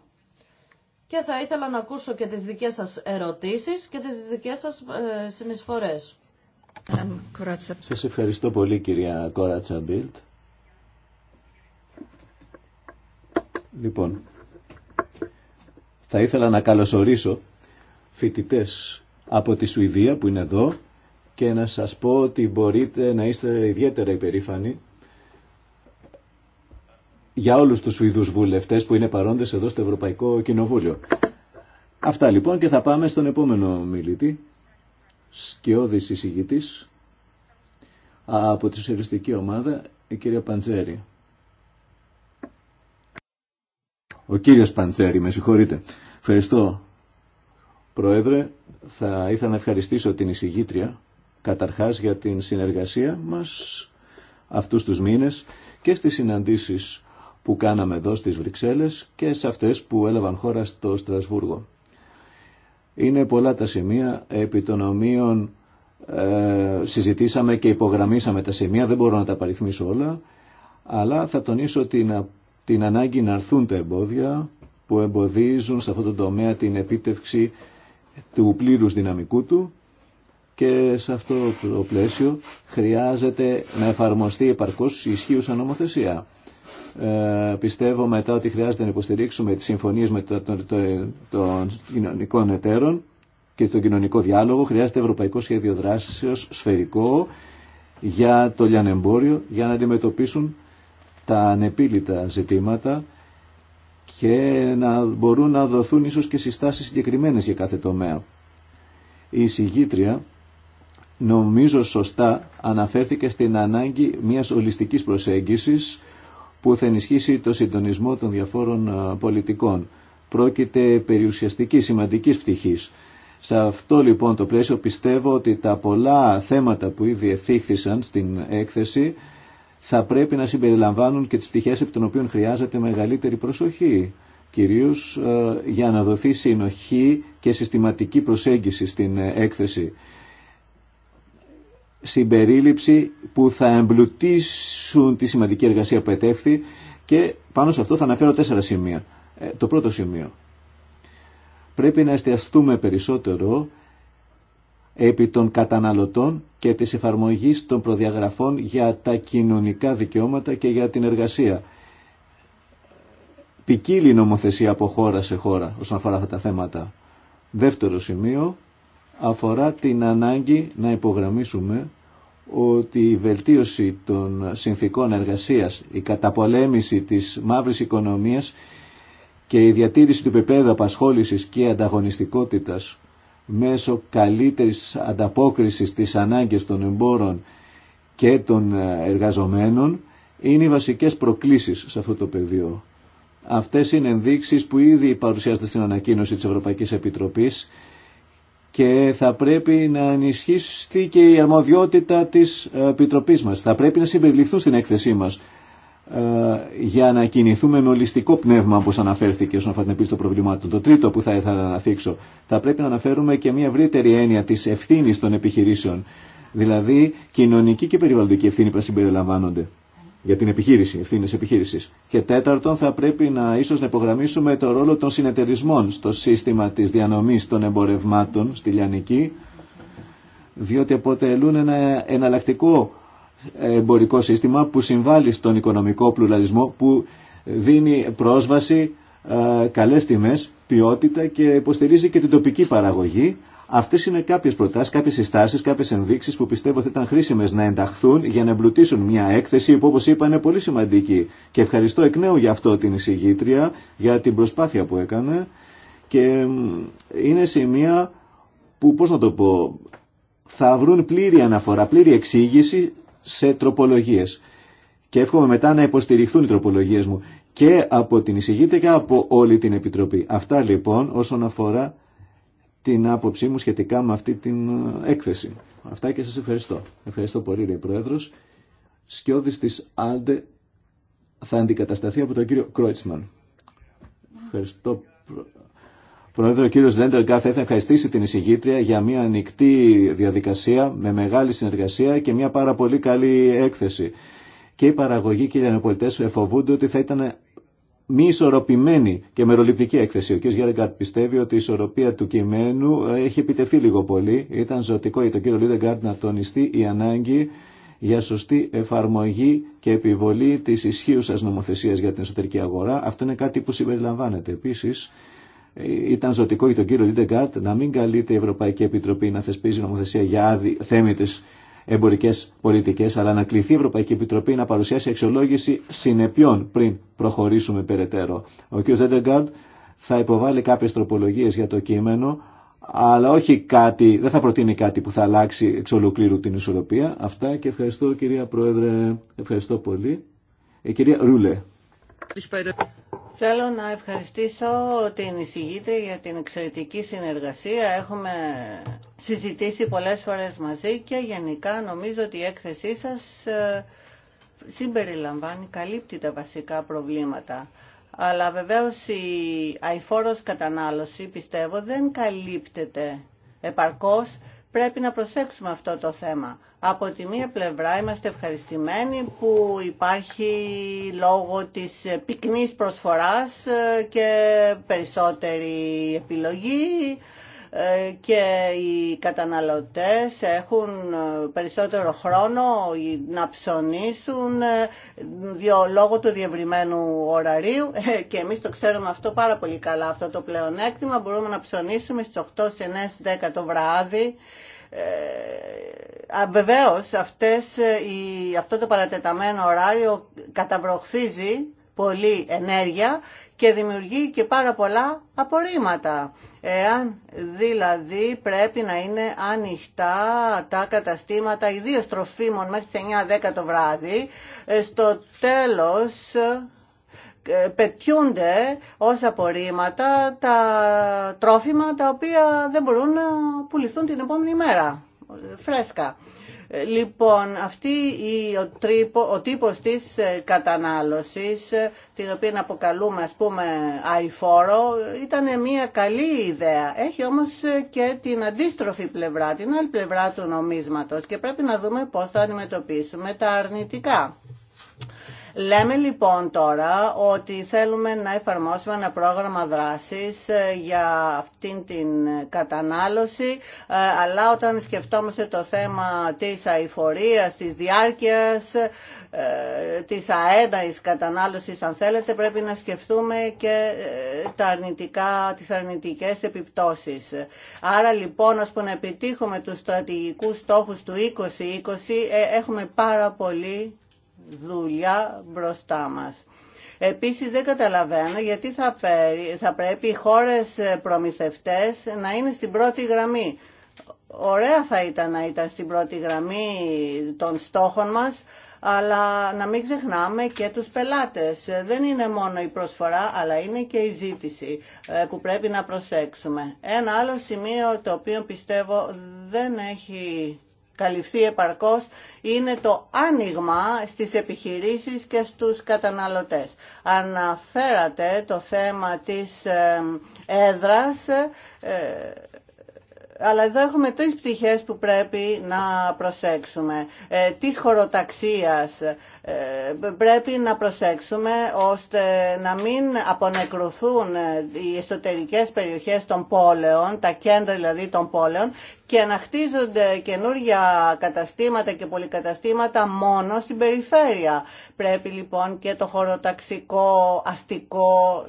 και θα ήθελα να ακούσω και τις δικές σας ερωτήσεις και τις δικές σας ε, συνεισφορές. Σας ευχαριστώ πολύ κυρία Κόρατσα Μπίλτ. Λοιπόν, θα ήθελα να καλωσορίσω φοιτητές από τη Σουηδία που είναι εδώ και να σας πω ότι μπορείτε να είστε ιδιαίτερα υπερήφανοι για όλους τους Σουηδούς βουλευτές που είναι παρόντες εδώ στο Ευρωπαϊκό Κοινοβούλιο. Αυτά λοιπόν και θα πάμε στον επόμενο μιλητή, σκιώδης εισηγητής από τη σοσιαλιστική ομάδα, η κυρία Παντζέρη. Ο κύριος Παντζέρη, με συγχωρείτε. Ευχαριστώ. Πρόεδρε, θα ήθελα να ευχαριστήσω την εισηγήτρια καταρχάς για την συνεργασία μας αυτούς τους μήνες και στις συναντήσεις που κάναμε εδώ στις Βρυξέλλες και σε αυτές που έλαβαν χώρα στο Στρασβούργο. Είναι πολλά τα σημεία επί των ομοίων ε, συζητήσαμε και υπογραμμίσαμε τα σημεία, δεν μπορώ να τα παριθμίσω όλα, αλλά θα τονίσω την, την ανάγκη να αρθούν τα εμπόδια που εμποδίζουν σε αυτό το τομέα την επίτευξη του πλήρους δυναμικού του και σε αυτό το πλαίσιο χρειάζεται να εφαρμοστεί επαρκώς η ισχύουσα νομοθεσία. Ε, πιστεύω μετά ότι χρειάζεται να υποστηρίξουμε τις συμφωνίες με το, το, το, των κοινωνικών και τον κοινωνικό διάλογο. Χρειάζεται ευρωπαϊκό σχέδιο ω σφαιρικό για το λιανεμπόριο για να αντιμετωπίσουν τα ανεπίλητα ζητήματα και να μπορούν να δοθούν ίσως και συστάσεις συγκεκριμένες για κάθε τομέα. Η συγγήτρια νομίζω σωστά αναφέρθηκε στην ανάγκη μιας ολιστικής προσέγγισης που θα ενισχύσει το συντονισμό των διαφόρων πολιτικών. Πρόκειται περιουσιαστική σημαντικής πτυχής. Σε αυτό λοιπόν το πλαίσιο πιστεύω ότι τα πολλά θέματα που ήδη εφήχθησαν στην έκθεση θα πρέπει να συμπεριλαμβάνουν και τις πτυχές από οποίων χρειάζεται μεγαλύτερη προσοχή, κυρίως για να δοθεί συνοχή και συστηματική προσέγγιση στην ε, έκθεση συμπερίληψη που θα εμπλουτίσουν τη σημαντική εργασία που ετεύχθη και πάνω σε αυτό θα αναφέρω τέσσερα σημεία. Ε, το πρώτο σημείο. Πρέπει να εστιαστούμε περισσότερο επί των καταναλωτών και της εφαρμογής των προδιαγραφών για τα κοινωνικά δικαιώματα και για την εργασία. Πικίλη νομοθεσία από χώρα σε χώρα όσον αφορά αυτά τα θέματα. Δεύτερο σημείο, αφορά την ανάγκη να υπογραμμίσουμε ότι η βελτίωση των συνθήκων εργασίας, η καταπολέμηση της μαύρης οικονομίας και η διατήρηση του πεπέδου απασχόλησης και ανταγωνιστικότητας μέσω καλύτερης ανταπόκρισης της ανάγκης των εμπόρων και των εργαζομένων είναι οι βασικές προκλήσεις σε αυτό το πεδίο. Αυτές είναι ενδείξεις που ήδη παρουσιάζονται στην ανακοίνωση της Ευρωπαϊκής Επιτροπής και θα πρέπει να ενισχύσει και η αρμοδιότητα της Επιτροπής μας. Θα πρέπει να συμπεριληφθούν στην έκθεσή μας ε, για να κινηθούμε με ολιστικό πνεύμα όπως αναφέρθηκε όσον αφορά την προβλημάτων. Το τρίτο που θα ήθελα να θίξω, θα πρέπει να αναφέρουμε και μια ευρύτερη έννοια της ευθύνη των επιχειρήσεων. Δηλαδή, κοινωνική και περιβαλλοντική ευθύνη που συμπεριλαμβάνονται για την επιχείρηση, ευθύνη επιχείρηση. Και τέταρτον, θα πρέπει να ίσω να υπογραμμίσουμε το ρόλο των συνεταιρισμών στο σύστημα τη διανομή των εμπορευμάτων στη Λιανική, διότι αποτελούν ένα εναλλακτικό εμπορικό σύστημα που συμβάλλει στον οικονομικό πλουραλισμό, που δίνει πρόσβαση, ε, καλές τιμέ, ποιότητα και υποστηρίζει και την τοπική παραγωγή Αυτέ είναι κάποιε προτάσει, κάποιε συστάσει, κάποιε ενδείξει που πιστεύω ότι ήταν χρήσιμε να ενταχθούν για να εμπλουτίσουν μια έκθεση που, όπω είπα, είναι πολύ σημαντική. Και ευχαριστώ εκ νέου για αυτό την εισηγήτρια, για την προσπάθεια που έκανε. Και είναι σημεία που, πώ να το πω, θα βρουν πλήρη αναφορά, πλήρη εξήγηση σε τροπολογίε. Και εύχομαι μετά να υποστηριχθούν οι τροπολογίε μου και από την εισηγήτρια και από όλη την Επιτροπή. Αυτά λοιπόν όσον αφορά την άποψή μου σχετικά με αυτή την ε, έκθεση. Αυτά και σας ευχαριστώ. Ευχαριστώ πολύ, Ρε Πρόεδρος. Σκιώδης της Άλντε θα αντικατασταθεί από τον κύριο Κρόιτσμαν. Ευχαριστώ. Πρόεδρο, ο κύριο Λέντεργκάρ θα ήθελα ευχαριστήσει την εισηγήτρια για μια ανοιχτή διαδικασία με μεγάλη συνεργασία και μια πάρα πολύ καλή έκθεση. Και οι παραγωγοί και οι λιανοπολιτέ φοβούνται ότι θα ήταν μη ισορροπημένη και μεροληπτική έκθεση. Ο κ. Γέρεγκαρτ πιστεύει ότι η ισορροπία του κειμένου έχει επιτευχθεί λίγο πολύ. Ήταν ζωτικό για τον κ. Λίδεγκαρτ να τονιστεί η ανάγκη για σωστή εφαρμογή και επιβολή της σα νομοθεσία για την εσωτερική αγορά. Αυτό είναι κάτι που συμπεριλαμβάνεται. Επίση, ήταν ζωτικό για τον κύριο Λίντεγκαρτ να μην καλείται η Ευρωπαϊκή Επιτροπή να θεσπίζει νομοθεσία για άδει, εμπορικέ πολιτικέ, αλλά να κληθεί η Ευρωπαϊκή Επιτροπή να παρουσιάσει αξιολόγηση συνεπειών πριν προχωρήσουμε περαιτέρω. Ο κ. Ζέντεγκαρντ θα υποβάλει κάποιε τροπολογίε για το κείμενο, αλλά όχι κάτι, δεν θα προτείνει κάτι που θα αλλάξει εξ ολοκλήρου την ισορροπία. Αυτά και ευχαριστώ κυρία Πρόεδρε, ευχαριστώ πολύ. Η ε, κυρία Ρούλε. Θέλω να ευχαριστήσω την εισηγήτρια για την εξαιρετική συνεργασία. Έχουμε συζητήσει πολλές φορές μαζί και γενικά νομίζω ότι η έκθεσή σας ε, συμπεριλαμβάνει, καλύπτει τα βασικά προβλήματα. Αλλά βεβαίως η αηφόρος κατανάλωση πιστεύω δεν καλύπτεται επαρκώς. Πρέπει να προσέξουμε αυτό το θέμα. Από τη μία πλευρά είμαστε ευχαριστημένοι που υπάρχει λόγω της πυκνής προσφοράς ε, και περισσότερη επιλογή ε, και οι καταναλωτές έχουν περισσότερο χρόνο να ψωνίσουν ε, λόγω του διευρυμένου ωραρίου ε, και εμείς το ξέρουμε αυτό πάρα πολύ καλά αυτό το πλεονέκτημα μπορούμε να ψωνίσουμε στις 8, 9, 10 το βράδυ ε, Βεβαίω αυτό το παρατεταμένο ωράριο καταβροχθίζει Πολύ ενέργεια και δημιουργεί και πάρα πολλά απορρίμματα. Εάν δηλαδή πρέπει να είναι ανοιχτά τα καταστήματα, ιδίω τροφίμων μέχρι τις 9-10 το βράδυ, ε, στο τέλος ε, πετιούνται ως απορρίμματα τα τρόφιμα τα οποία δεν μπορούν να πουληθούν την επόμενη μέρα, φρέσκα. Λοιπόν, αυτή η, ο, τρύπο, ο τύπος της ε, κατανάλωσης, ε, την οποία αποκαλούμε ας πούμε αηφόρο, ήταν μια καλή ιδέα. Έχει όμως ε, και την αντίστροφη πλευρά, την άλλη πλευρά του νομίσματος και πρέπει να δούμε πώς θα αντιμετωπίσουμε τα αρνητικά. Λέμε λοιπόν τώρα ότι θέλουμε να εφαρμόσουμε ένα πρόγραμμα δράσης ε, για αυτήν την κατανάλωση, ε, αλλά όταν σκεφτόμαστε το θέμα της αηφορίας, της διάρκειας, ε, της αένταης κατανάλωσης αν θέλετε, πρέπει να σκεφτούμε και τα αρνητικά, τις αρνητικές επιπτώσεις. Άρα λοιπόν, πούμε να επιτύχουμε τους στρατηγικούς στόχους του 2020, έχουμε πάρα πολύ δουλειά μπροστά μας. Επίσης δεν καταλαβαίνω γιατί θα, πρέπει οι χώρες προμηθευτές να είναι στην πρώτη γραμμή. Ωραία θα ήταν να ήταν στην πρώτη γραμμή των στόχων μας, αλλά να μην ξεχνάμε και τους πελάτες. Δεν είναι μόνο η προσφορά, αλλά είναι και η ζήτηση ε, που πρέπει να προσέξουμε. Ένα άλλο σημείο το οποίο πιστεύω δεν έχει καλυφθεί επαρκώς είναι το άνοιγμα στις επιχειρήσεις και στους καταναλωτές. Αναφέρατε το θέμα της ε, έδρας ε, αλλά εδώ έχουμε τρεις πτυχές που πρέπει να προσέξουμε. Ε, της χωροταξίας ε, πρέπει να προσέξουμε ώστε να μην απονεκρωθούν ε, οι εσωτερικές περιοχές των πόλεων, τα κέντρα δηλαδή των πόλεων και να χτίζονται καινούργια καταστήματα και πολυκαταστήματα μόνο στην περιφέρεια. Πρέπει λοιπόν και το χωροταξικό αστικό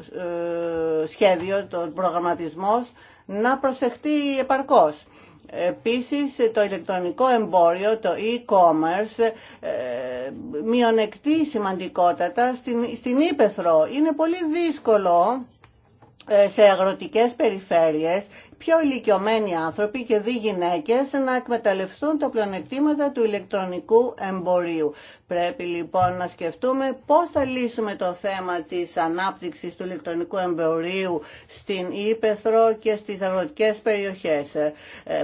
ε, σχέδιο, το προγραμματισμός να προσεχτεί επαρκώς. Επίσης το ηλεκτρονικό εμπόριο, το e-commerce, ε, μειονεκτεί σημαντικότατα στην, στην Ήπεθρο. Είναι πολύ δύσκολο ε, σε αγροτικές περιφέρειες πιο ηλικιωμένοι άνθρωποι και δι γυναίκες να εκμεταλλευτούν τα πλανεκτήματα του ηλεκτρονικού εμπορίου. Πρέπει λοιπόν να σκεφτούμε πώς θα λύσουμε το θέμα της ανάπτυξης του ηλεκτρονικού εμπορίου στην Ήπεθρο και στις αγροτικές περιοχές. Ε,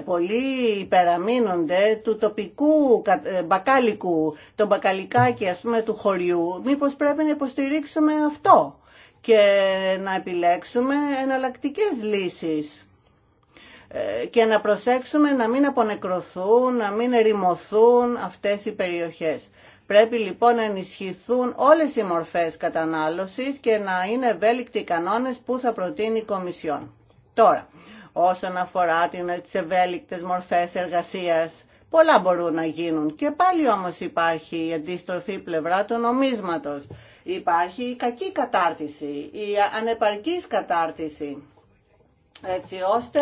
πολλοί υπεραμείνονται του τοπικού ε, μπακάλικου, τον μπακαλικάκι α πούμε του χωριού. Μήπως πρέπει να υποστηρίξουμε αυτό και να επιλέξουμε εναλλακτικές λύσεις ε, και να προσέξουμε να μην απονεκρωθούν, να μην ερημωθούν αυτές οι περιοχές. Πρέπει λοιπόν να ενισχυθούν όλες οι μορφές κατανάλωσης και να είναι ευέλικτοι οι κανόνες που θα προτείνει η Κομισιόν. Τώρα, όσον αφορά τις ευέλικτες μορφές εργασίας, πολλά μπορούν να γίνουν. Και πάλι όμως υπάρχει η αντίστροφη πλευρά του νομίσματος. Υπάρχει η κακή κατάρτιση, η ανεπαρκής κατάρτιση, έτσι ώστε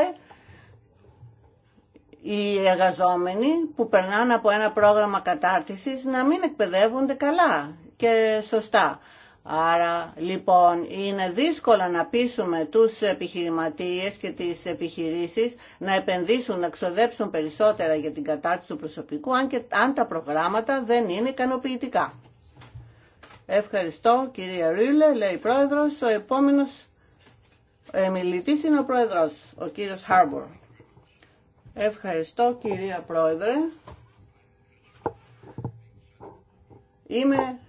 οι εργαζόμενοι που περνάνε από ένα πρόγραμμα κατάρτισης να μην εκπαιδεύονται καλά και σωστά. Άρα λοιπόν είναι δύσκολο να πείσουμε τους επιχειρηματίες και τις επιχειρήσεις να επενδύσουν, να ξοδέψουν περισσότερα για την κατάρτιση του προσωπικού αν, και, αν τα προγράμματα δεν είναι ικανοποιητικά. Ευχαριστώ κυρία Ρίλε, λέει πρόεδρος, ο επόμενος ε, μιλητής είναι ο πρόεδρος, ο κύριος Χάρμπορ. Ευχαριστώ κυρία Πρόεδρε. Είμαι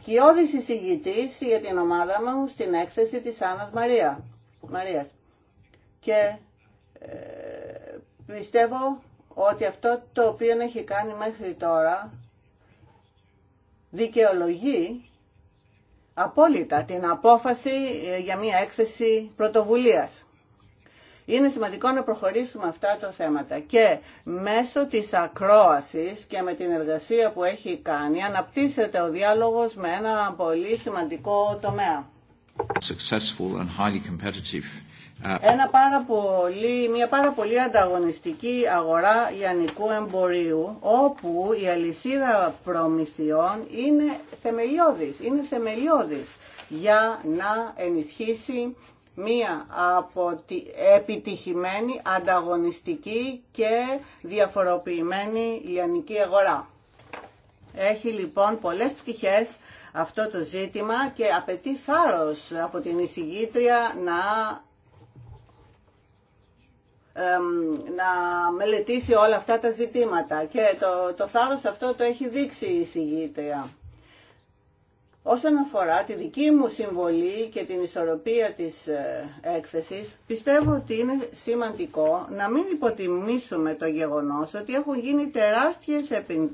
σκιώδης εισηγητής για την ομάδα μου στην έκθεση της Άννας Μαρία. Μαρίας. Και ε, πιστεύω ότι αυτό το οποίο έχει κάνει μέχρι τώρα δικαιολογεί απόλυτα την απόφαση ε, για μια έκθεση πρωτοβουλίας. Είναι σημαντικό να προχωρήσουμε αυτά τα θέματα και μέσω της ακρόασης και με την εργασία που έχει κάνει αναπτύσσεται ο διάλογος με ένα πολύ σημαντικό τομέα. Uh, ένα πάρα πολύ, μια πάρα πολύ ανταγωνιστική αγορά λιανικού εμπορίου όπου η αλυσίδα προμηθειών είναι θεμελιώδης, είναι θεμελιώδης για να ενισχύσει μία από τη επιτυχημένη, ανταγωνιστική και διαφοροποιημένη λιανική αγορά. Έχει λοιπόν πολλές πτυχές αυτό το ζήτημα και απαιτεί θάρρος από την εισηγήτρια να να μελετήσει όλα αυτά τα ζητήματα και το, το θάρρος αυτό το έχει δείξει η εισηγήτρια. Όσον αφορά τη δική μου συμβολή και την ισορροπία της ε, έκθεσης, πιστεύω ότι είναι σημαντικό να μην υποτιμήσουμε το γεγονός ότι έχουν γίνει τεράστιες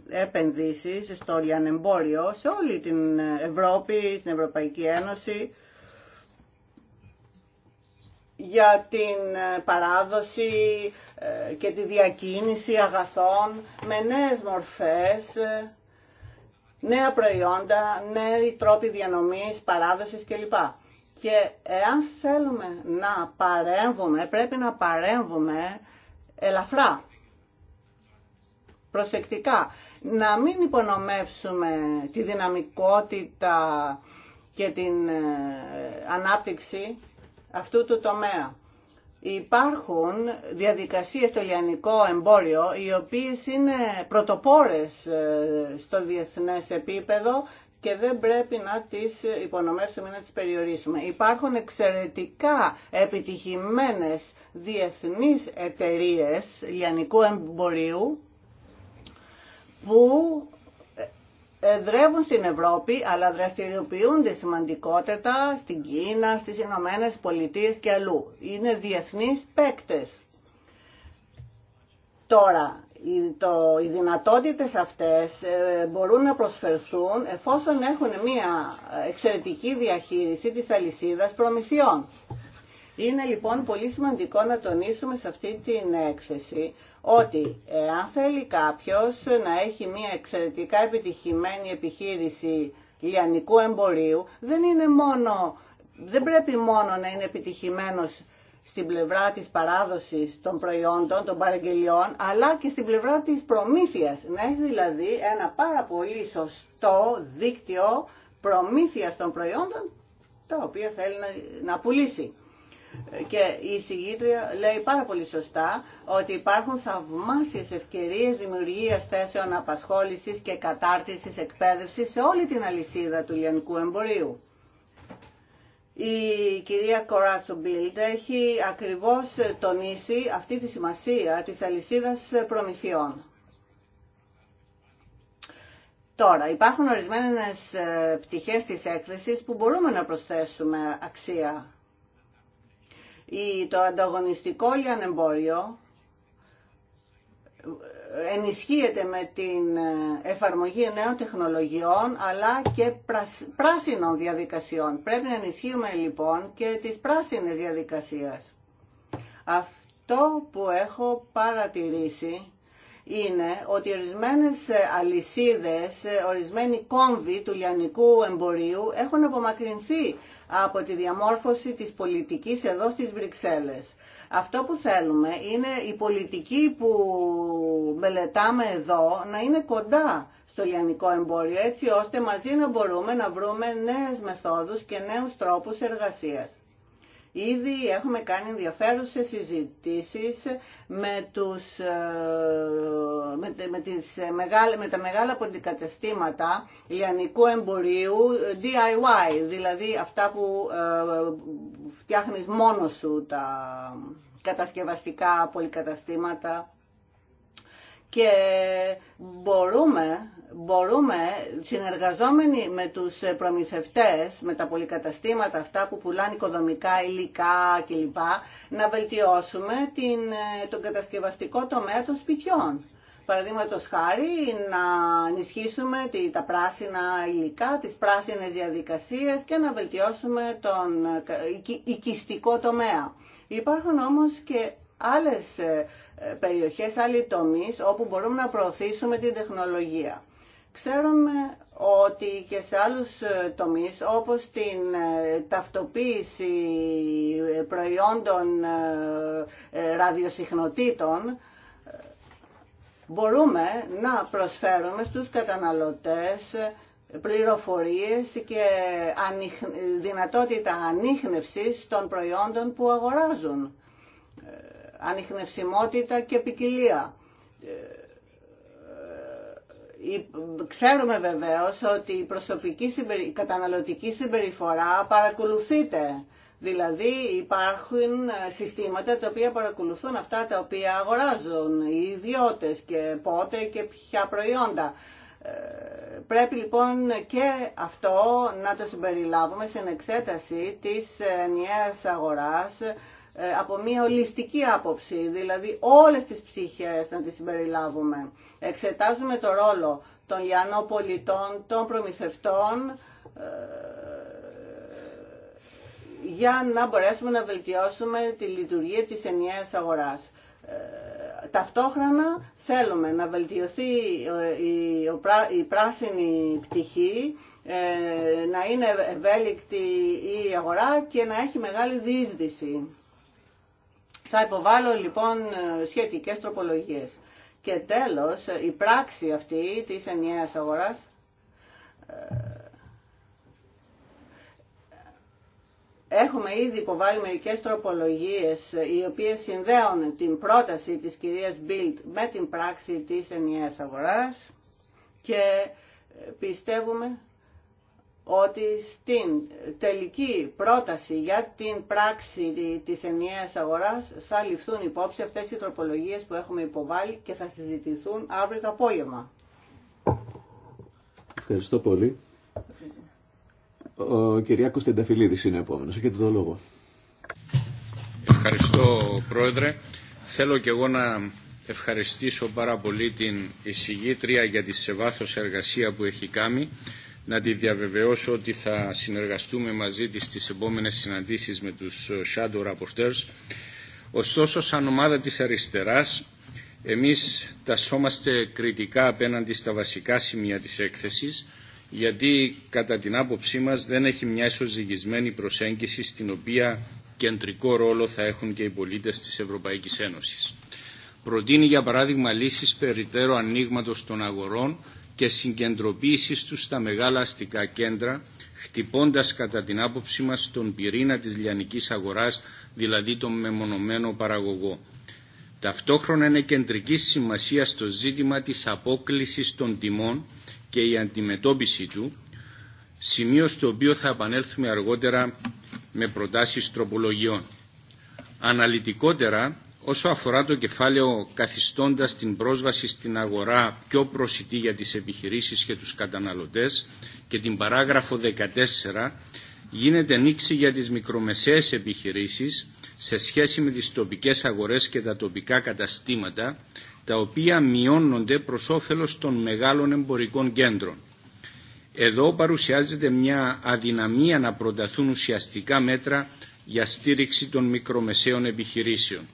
επενδύσεις στο λιανεμπόριο σε όλη την Ευρώπη, στην Ευρωπαϊκή Ένωση, για την ε, παράδοση ε, και τη διακίνηση αγαθών με νέες μορφές νέα προϊόντα, νέοι τρόποι διανομής, παράδοσης κλπ. Και εάν θέλουμε να παρέμβουμε, πρέπει να παρέμβουμε ελαφρά, προσεκτικά. Να μην υπονομεύσουμε τη δυναμικότητα και την ε, ανάπτυξη αυτού του τομέα υπάρχουν διαδικασίες στο λιανικό εμπόριο οι οποίες είναι πρωτοπόρες ε, στο διεθνές επίπεδο και δεν πρέπει να τις υπονομεύσουμε ή να τις περιορίσουμε. Υπάρχουν εξαιρετικά επιτυχημένες διεθνείς εταιρείες λιανικού εμπορίου που εδρεύουν στην Ευρώπη αλλά δραστηριοποιούνται σημαντικότητα στην Κίνα, στις Ηνωμένε Πολιτείες και αλλού. Είναι διεθνείς παίκτες. Τώρα, οι, το, οι δυνατότητες αυτές ε, μπορούν να προσφερθούν εφόσον έχουν μια εξαιρετική διαχείριση της αλυσίδας προμηθειών. Είναι λοιπόν πολύ σημαντικό να τονίσουμε σε αυτή την έκθεση ότι εάν θέλει κάποιος να έχει μια εξαιρετικά επιτυχημένη επιχείρηση λιανικού εμπορίου, δεν είναι μόνο, δεν πρέπει μόνο να είναι επιτυχημένος στην πλευρά της παράδοσης των προϊόντων, των παραγγελιών, αλλά και στην πλευρά της προμήθειας. Να έχει δηλαδή ένα πάρα πολύ σωστό δίκτυο προμήθειας των προϊόντων, τα οποία θέλει να πουλήσει. Και η συγγήτρια λέει πάρα πολύ σωστά ότι υπάρχουν θαυμάσιες ευκαιρίες δημιουργίας θέσεων απασχόλησης και κατάρτισης εκπαίδευσης σε όλη την αλυσίδα του λιανικού εμπορίου. Η κυρία Κοράτσο Μπίλτ έχει ακριβώς τονίσει αυτή τη σημασία της αλυσίδας προμηθειών. Τώρα, υπάρχουν ορισμένες ε, πτυχές της έκθεσης που μπορούμε να προσθέσουμε αξία το ανταγωνιστικό λιανεμπόριο ενισχύεται με την ε, εφαρμογή νέων τεχνολογιών αλλά και πράσινων διαδικασιών. Πρέπει να ενισχύουμε λοιπόν και τις πράσινες διαδικασίες. Αυτό που έχω παρατηρήσει είναι ότι ορισμένες ε, αλυσίδες, ε, ορισμένοι κόμβοι του λιανικού εμπορίου έχουν απομακρυνθεί από τη διαμόρφωση της πολιτικής εδώ στις Βρυξέλλες. Αυτό που θέλουμε είναι η πολιτική που μελετάμε εδώ να είναι κοντά στο λιανικό εμπόριο έτσι ώστε μαζί να μπορούμε να βρούμε νέες μεθόδους και νέους τρόπους εργασίας. Ήδη έχουμε κάνει ενδιαφέρουσες συζητήσεις με, τους, ε, με, με, τις, με τα μεγάλα πολυκαταστήματα λιανικού εμπορίου DIY, δηλαδή αυτά που ε, φτιάχνεις μόνος σου τα κατασκευαστικά πολυκαταστήματα και μπορούμε μπορούμε συνεργαζόμενοι με τους προμηθευτές, με τα πολυκαταστήματα αυτά που πουλάνε οικοδομικά, υλικά κλπ, να βελτιώσουμε την, ε, τον κατασκευαστικό τομέα των σπιτιών. Παραδείγματο χάρη να ενισχύσουμε τα πράσινα υλικά, τις πράσινες διαδικασίες και να βελτιώσουμε τον ε, οικιστικό τομέα. Υπάρχουν όμως και άλλες ε, περιοχές, άλλοι τομείς όπου μπορούμε να προωθήσουμε την τεχνολογία. Ξέρουμε ότι και σε άλλους ε, τομείς όπως την ε, ταυτοποίηση ε, προϊόντων ραδιοσυχνοτήτων μπορούμε να προσφέρουμε στους καταναλωτές πληροφορίες και δυνατότητα ανείχνευσης των προϊόντων που αγοράζουν. Ανιχνευσιμότητα και ποικιλία Ξέρουμε βεβαίως ότι η προσωπική συμπερι... η καταναλωτική συμπεριφορά παρακολουθείται. Δηλαδή υπάρχουν ε, συστήματα τα οποία παρακολουθούν αυτά τα οποία αγοράζουν οι ιδιώτες και πότε και ποια προϊόντα. Ε, πρέπει λοιπόν και αυτό να το συμπεριλάβουμε στην εξέταση της ενιαίας αγοράς ε, από μια ολιστική άποψη, δηλαδή όλες τις ψυχές να τις συμπεριλάβουμε. Εξετάζουμε το ρόλο των λιανών πολιτών, των προμηθευτών, ε, για να μπορέσουμε να βελτιώσουμε τη λειτουργία της ενιαίας αγοράς. Ε, ταυτόχρονα θέλουμε να βελτιωθεί η πράσινη πτυχή, να είναι ευέλικτη η αγορά και να έχει μεγάλη διείσδυση. Θα υποβάλω λοιπόν ε, σχετικές τροπολογίες. Και τέλος, ε, η πράξη αυτή της ενιαίας αγοράς ε, Έχουμε ήδη υποβάλει μερικές τροπολογίες οι οποίες συνδέουν την πρόταση της κυρίας Μπίλτ με την πράξη της ενιαίας αγοράς και πιστεύουμε ότι στην τελική πρόταση για την πράξη της ενιαίας αγοράς θα ληφθούν υπόψη αυτές οι τροπολογίες που έχουμε υποβάλει και θα συζητηθούν αύριο το απόγευμα. Ευχαριστώ πολύ. Ο Κυριάκος Τενταφυλίδης είναι επόμενος. Έχετε το λόγο. Ευχαριστώ Πρόεδρε. Θέλω και εγώ να ευχαριστήσω πάρα πολύ την εισηγήτρια για τη σε εργασία που έχει κάνει να τη διαβεβαιώσω ότι θα συνεργαστούμε μαζί της στις επόμενες συναντήσεις με τους ε, Shadow Rapporteurs. Ωστόσο, σαν ομάδα της αριστεράς, εμείς τασόμαστε κριτικά απέναντι στα βασικά σημεία της έκθεσης, γιατί κατά την άποψή μας δεν έχει μια ισοζυγισμένη προσέγγιση στην οποία κεντρικό ρόλο θα έχουν και οι πολίτες της Ευρωπαϊκής Ένωσης. Προτείνει για παράδειγμα λύσεις περιττέρω ανοίγματο των αγορών και συγκεντρωποίηση τους στα μεγάλα αστικά κέντρα, χτυπώντα κατά την άποψή μας τον πυρήνα της λιανικής αγοράς, δηλαδή τον μεμονωμένο παραγωγό. Ταυτόχρονα είναι κεντρική σημασία στο ζήτημα της απόκληση των τιμών και η αντιμετώπιση του, σημείο στο οποίο θα επανέλθουμε αργότερα με προτάσεις τροπολογιών. Αναλυτικότερα Όσο αφορά το κεφάλαιο καθιστώντας την πρόσβαση στην αγορά πιο προσιτή για τις επιχειρήσεις και τους καταναλωτές και την παράγραφο 14 γίνεται νήξη για τις μικρομεσαίες επιχειρήσεις σε σχέση με τις τοπικές αγορές και τα τοπικά καταστήματα τα οποία μειώνονται προς όφελος των μεγάλων εμπορικών κέντρων. Εδώ παρουσιάζεται μια αδυναμία να προταθούν ουσιαστικά μέτρα για στήριξη των μικρομεσαίων επιχειρήσεων.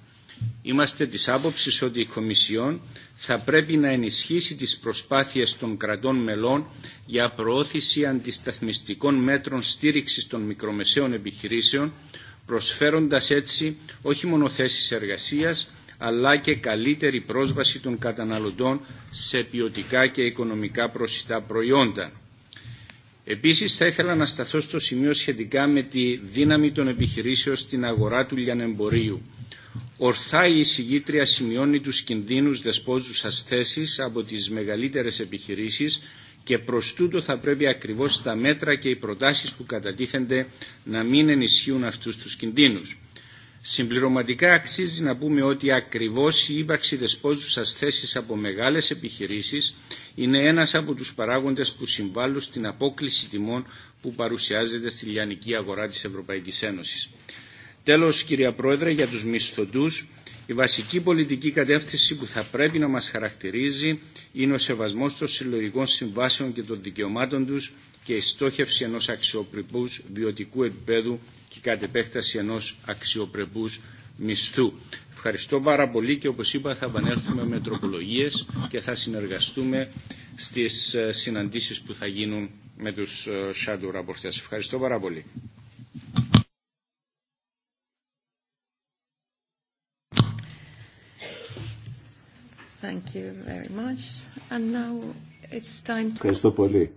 Είμαστε της άποψης ότι η Κομισιόν θα πρέπει να ενισχύσει τις προσπάθειες των κρατών μελών για προώθηση αντισταθμιστικών μέτρων στήριξης των μικρομεσαίων επιχειρήσεων, προσφέροντας έτσι όχι μόνο θέσεις εργασίας, αλλά και καλύτερη πρόσβαση των καταναλωτών σε ποιοτικά και οικονομικά προσιτά προϊόντα. Επίσης θα ήθελα να σταθώ στο σημείο σχετικά με τη δύναμη των επιχειρήσεων στην αγορά του λιανεμπορίου. Ορθά η εισηγήτρια σημειώνει τους κινδύνους δεσπόζουσας θέσης από τις μεγαλύτερες επιχειρήσεις και προς τούτο θα πρέπει ακριβώς τα μέτρα και οι προτάσεις που κατατίθενται να μην ενισχύουν αυτούς τους κινδύνους. Συμπληρωματικά αξίζει να πούμε ότι ακριβώς η ύπαρξη δεσπόζουσας θέσης από μεγάλες επιχειρήσεις είναι ένας από τους παράγοντες που συμβάλλουν στην απόκληση τιμών που παρουσιάζεται στη λιανική αγορά της Ευρωπαϊκής Ένωσης. Τέλος, κυρία Πρόεδρε, για τους μισθωτούς, η βασική πολιτική κατεύθυνση που θα πρέπει να μας χαρακτηρίζει είναι ο σεβασμός των συλλογικών συμβάσεων και των δικαιωμάτων τους και η στόχευση ενός αξιοπρεπούς βιωτικού επίπεδου και κατ' επέκταση ενός αξιοπρεπούς μισθού. Ευχαριστώ πάρα πολύ και όπως είπα θα επανέλθουμε με τροπολογίες και θα συνεργαστούμε στις συναντήσεις που θα γίνουν με τους ε, shadow rapporteurs. Ευχαριστώ πάρα πολύ. Ευχαριστώ πολύ.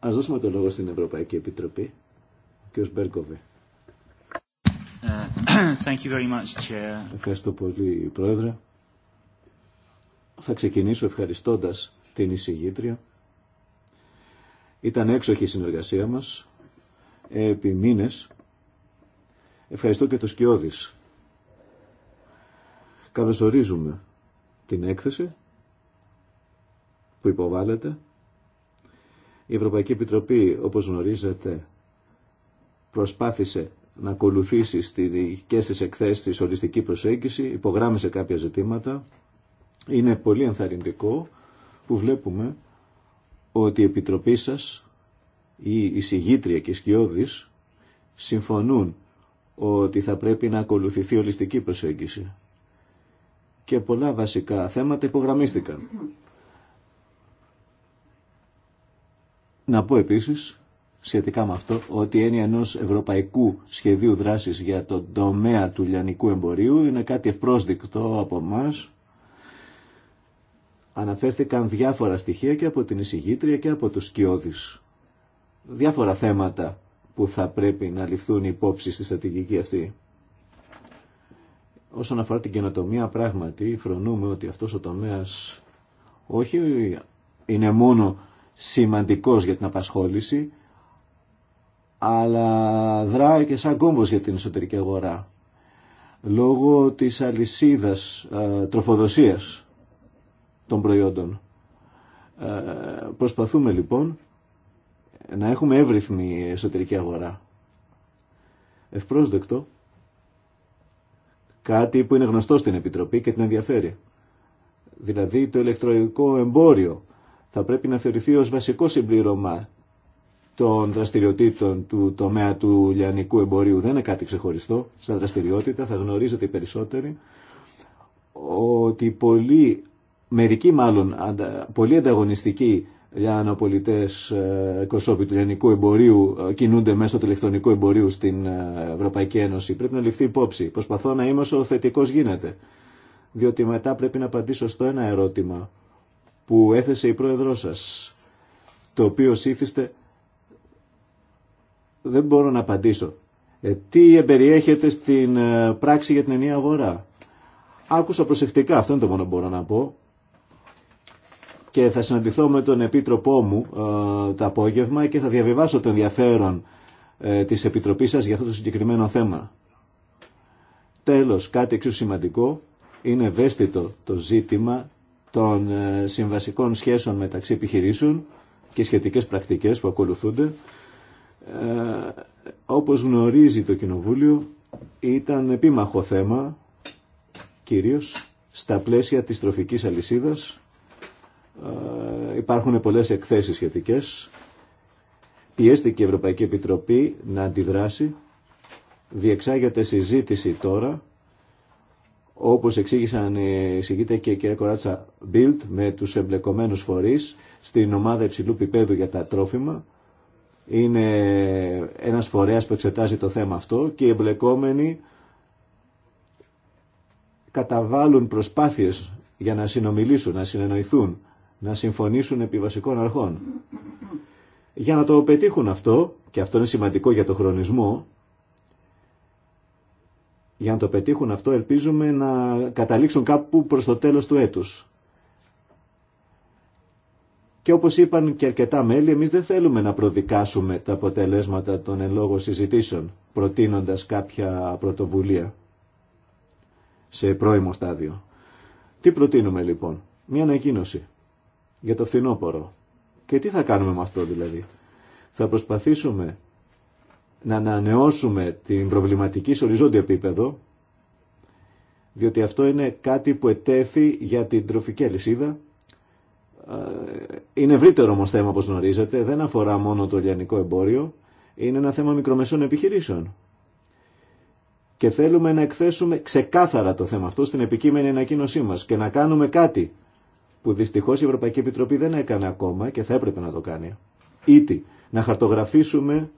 Ας δώσουμε το λόγο στην Ευρωπαϊκή Επιτροπή. Ο κ. Μπέρκοβε. Ε, Ευχαριστώ πολύ, Πρόεδρε. Θα ξεκινήσω ευχαριστώντας την εισηγήτρια. Ήταν έξοχη η συνεργασία μας, επί μήνες. Ευχαριστώ και τους Σκιώδης. Καλωσορίζουμε την έκθεση που υποβάλλεται. Η Ευρωπαϊκή Επιτροπή, όπως γνωρίζετε, προσπάθησε να ακολουθήσει στις δικές της εκθέσεις της ολιστική προσέγγιση, υπογράμμισε κάποια ζητήματα. Είναι πολύ ενθαρρυντικό που βλέπουμε ότι η Επιτροπή σας, η συγήτρια και η σκιώδης, συμφωνούν ότι θα πρέπει να ακολουθηθεί ολιστική προσέγγιση και πολλά βασικά θέματα υπογραμμίστηκαν. Να πω επίσης, σχετικά με αυτό, ότι η έννοια ενό ευρωπαϊκού σχεδίου δράσης για τον τομέα του λιανικού εμπορίου είναι κάτι ευπρόσδεκτο από εμά. Αναφέρθηκαν διάφορα στοιχεία και από την εισηγήτρια και από τους σκιώδεις. Διάφορα θέματα που θα πρέπει να ληφθούν υπόψη στη στρατηγική αυτή. Όσον αφορά την καινοτομία, πράγματι φρονούμε ότι αυτός ο τομέας όχι είναι μόνο σημαντικός για την απασχόληση, αλλά δράει και σαν κόμβος για την εσωτερική αγορά, λόγω της αλυσίδας ε, τροφοδοσίας των προϊόντων. Ε, προσπαθούμε λοιπόν να έχουμε εύρυθμη εσωτερική αγορά. Ευπρόσδεκτο κάτι που είναι γνωστό στην Επιτροπή και την ενδιαφέρει. Δηλαδή το ηλεκτρονικό εμπόριο θα πρέπει να θεωρηθεί ως βασικό συμπλήρωμα των δραστηριοτήτων του τομέα του λιανικού εμπορίου. Δεν είναι κάτι ξεχωριστό στα δραστηριότητα, θα γνωρίζετε οι περισσότεροι ότι πολλοί, μερικοί μάλλον, πολύ ανταγωνιστικοί για πολιτέ ε, εκπροσώποι του ελληνικού εμπορίου ε, κινούνται μέσω του ηλεκτρονικού εμπορίου στην ε, Ευρωπαϊκή Ένωση. Πρέπει να ληφθεί υπόψη. Προσπαθώ να είμαι όσο θετικό γίνεται. Διότι μετά πρέπει να απαντήσω στο ένα ερώτημα που έθεσε η πρόεδρό σα, το οποίο σύθιστε δεν μπορώ να απαντήσω. Ε, τι εμπεριέχεται στην πράξη για την ενιαία αγορά. Άκουσα προσεκτικά, αυτό είναι το μόνο που μπορώ να πω, και θα συναντηθώ με τον Επίτροπό μου ε, το απόγευμα και θα διαβιβάσω το ενδιαφέρον ε, της Επιτροπής σας για αυτό το συγκεκριμένο θέμα. Τέλος, κάτι εξίσου σημαντικό, είναι ευαίσθητο το ζήτημα των ε, συμβασικών σχέσεων μεταξύ επιχειρήσεων και σχετικές πρακτικές που ακολουθούνται. Ε, όπως γνωρίζει το Κοινοβούλιο, ήταν επίμαχο θέμα, κυρίως στα πλαίσια της τροφικής αλυσίδας, ε, υπάρχουν πολλές εκθέσεις σχετικές. Πιέστηκε η Ευρωπαϊκή Επιτροπή να αντιδράσει. Διεξάγεται συζήτηση τώρα, όπως εξήγησαν εξηγείται και η κυρία Κοράτσα Μπίλτ με τους εμπλεκομένους φορείς στην ομάδα υψηλού πιπέδου για τα τρόφιμα. Είναι ένας φορέας που εξετάζει το θέμα αυτό και οι εμπλεκόμενοι καταβάλουν προσπάθειες για να συνομιλήσουν, να συνεννοηθούν να συμφωνήσουν επί βασικών αρχών. Για να το πετύχουν αυτό, και αυτό είναι σημαντικό για το χρονισμό, για να το πετύχουν αυτό ελπίζουμε να καταλήξουν κάπου προς το τέλος του έτους. Και όπως είπαν και αρκετά μέλη, εμείς δεν θέλουμε να προδικάσουμε τα αποτελέσματα των εν λόγω συζητήσεων, προτείνοντας κάποια πρωτοβουλία σε πρώιμο στάδιο. Τι προτείνουμε λοιπόν, μια ανακοίνωση για το φθινόπωρο. Και τι θα κάνουμε με αυτό δηλαδή. Θα προσπαθήσουμε να ανανεώσουμε την προβληματική σε οριζόντιο επίπεδο, διότι αυτό είναι κάτι που ετέθη για την τροφική αλυσίδα. Ε, είναι ευρύτερο όμω θέμα, όπως γνωρίζετε, δεν αφορά μόνο το λιανικό εμπόριο, είναι ένα θέμα μικρομεσών επιχειρήσεων. Και θέλουμε να εκθέσουμε ξεκάθαρα το θέμα αυτό στην επικείμενη ανακοίνωσή μας και να κάνουμε κάτι που δυστυχώ η Ευρωπαϊκή Επιτροπή δεν έκανε ακόμα και θα έπρεπε να το κάνει. Ήτι να χαρτογραφήσουμε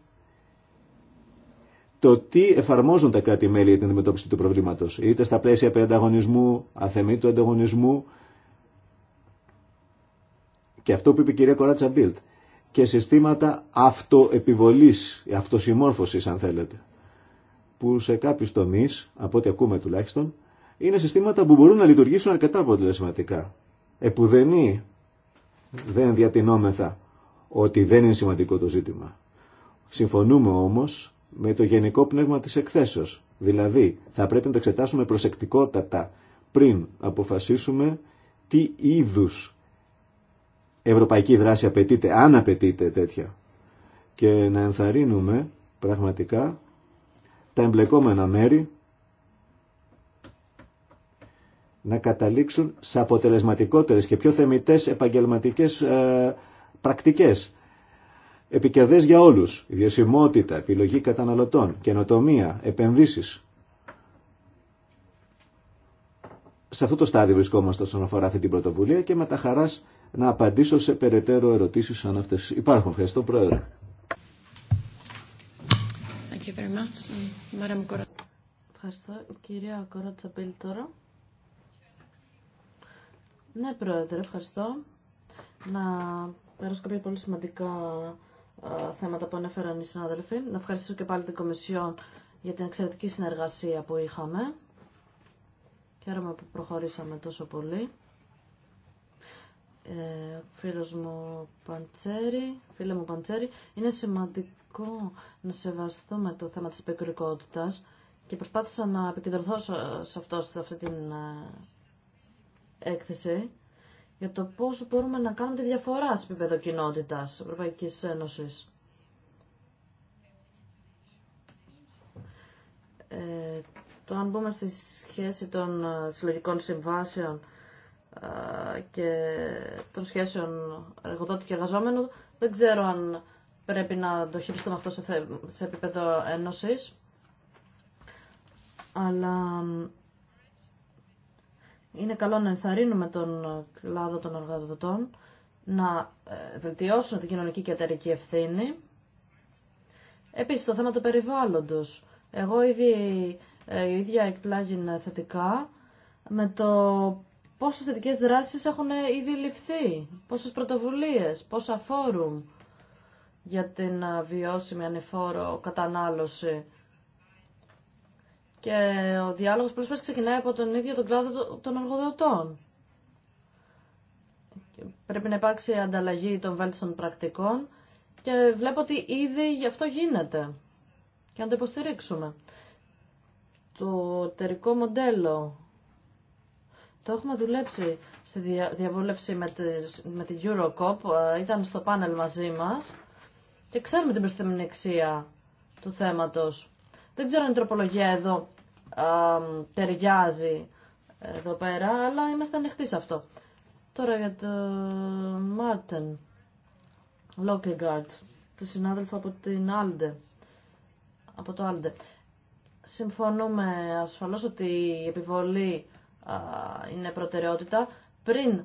το τι εφαρμόζουν τα κράτη-μέλη για την αντιμετώπιση του προβλήματο. Είτε στα πλαίσια περί ανταγωνισμού, αθεμή του ανταγωνισμού και αυτό που είπε η κυρία Κοράτσα Μπίλτ και συστήματα αυτοεπιβολή, αυτοσυμμόρφωσης αν θέλετε που σε κάποιου τομεί, από ό,τι ακούμε τουλάχιστον, είναι συστήματα που μπορούν να λειτουργήσουν αρκετά αποτελεσματικά επουδενή δεν διατηνόμεθα ότι δεν είναι σημαντικό το ζήτημα. Συμφωνούμε όμως με το γενικό πνεύμα της εκθέσεως. Δηλαδή, θα πρέπει να το εξετάσουμε προσεκτικότατα πριν αποφασίσουμε τι είδους ευρωπαϊκή δράση απαιτείται, αν απαιτείται τέτοια. Και να ενθαρρύνουμε πραγματικά τα εμπλεκόμενα μέρη να καταλήξουν σε αποτελεσματικότερες και πιο θεμητές επαγγελματικές ε, πρακτικές. Επικερδές για όλους, βιωσιμότητα, επιλογή καταναλωτών, καινοτομία, επενδύσεις. Σε αυτό το στάδιο βρισκόμαστε όσον αφορά αυτή την πρωτοβουλία και με τα χαράς να απαντήσω σε περαιτέρω ερωτήσεις αν αυτές υπάρχουν. Ευχαριστώ Πρόεδρε. Ευχαριστώ κυρία Κορότσα τώρα. Ναι, Πρόεδρε, ευχαριστώ. Να περάσω κάποια πολύ σημαντικά θέματα που ανέφεραν οι συνάδελφοι. Να ευχαριστήσω και πάλι την Κομισιόν για την εξαιρετική συνεργασία που είχαμε. Χαίρομαι που προχωρήσαμε τόσο πολύ. Ε, φίλος μου Παντσέρη, φίλε μου Παντσέρη, είναι σημαντικό να σεβαστούμε το θέμα της επικουρικότητας και προσπάθησα να επικεντρωθώ σε αυτό, σε την ε, έκθεση για το πώς μπορούμε να κάνουμε τη διαφορά σε επίπεδο κοινότητας Ευρωπαϊκής Ένωσης. Ε, το αν μπούμε στη σχέση των ε, συλλογικών συμβάσεων ε, και των σχέσεων εργοδότη και εργαζόμενου, δεν ξέρω αν πρέπει να το χειριστούμε αυτό σε, σε επίπεδο ένωσης. Αλλά είναι καλό να ενθαρρύνουμε τον κλάδο των εργοδοτών να ε, βελτιώσουν την κοινωνική και εταιρική ευθύνη. Επίσης, το θέμα του περιβάλλοντος. Εγώ ήδη ε, η ίδια εκπλάγει θετικά με το πόσες θετικές δράσεις έχουν ε, ήδη ληφθεί, πόσες πρωτοβουλίες, πόσα φόρουμ για την βιώσιμη ανεφόρο κατανάλωση και ο διάλογος πολλές φορές ξεκινάει από τον ίδιο τον κλάδο των εργοδοτών. Πρέπει να υπάρξει ανταλλαγή των βέλτιστων πρακτικών και βλέπω ότι ήδη γι' αυτό γίνεται. Και να το υποστηρίξουμε. Το εταιρικό μοντέλο το έχουμε δουλέψει στη διαβούλευση με τη, με Eurocop, ε, ήταν στο πάνελ μαζί μας και ξέρουμε την προσθεμινή του θέματος. Δεν ξέρω αν η τροπολογία εδώ α, ταιριάζει εδώ πέρα, αλλά είμαστε ανοιχτοί σε αυτό. Τώρα για το Μάρτεν Λόκεγκάρτ, το συνάδελφο από την Άλντε. Από το Άλντε. Συμφωνούμε ασφαλώς ότι η επιβολή είναι προτεραιότητα. Πριν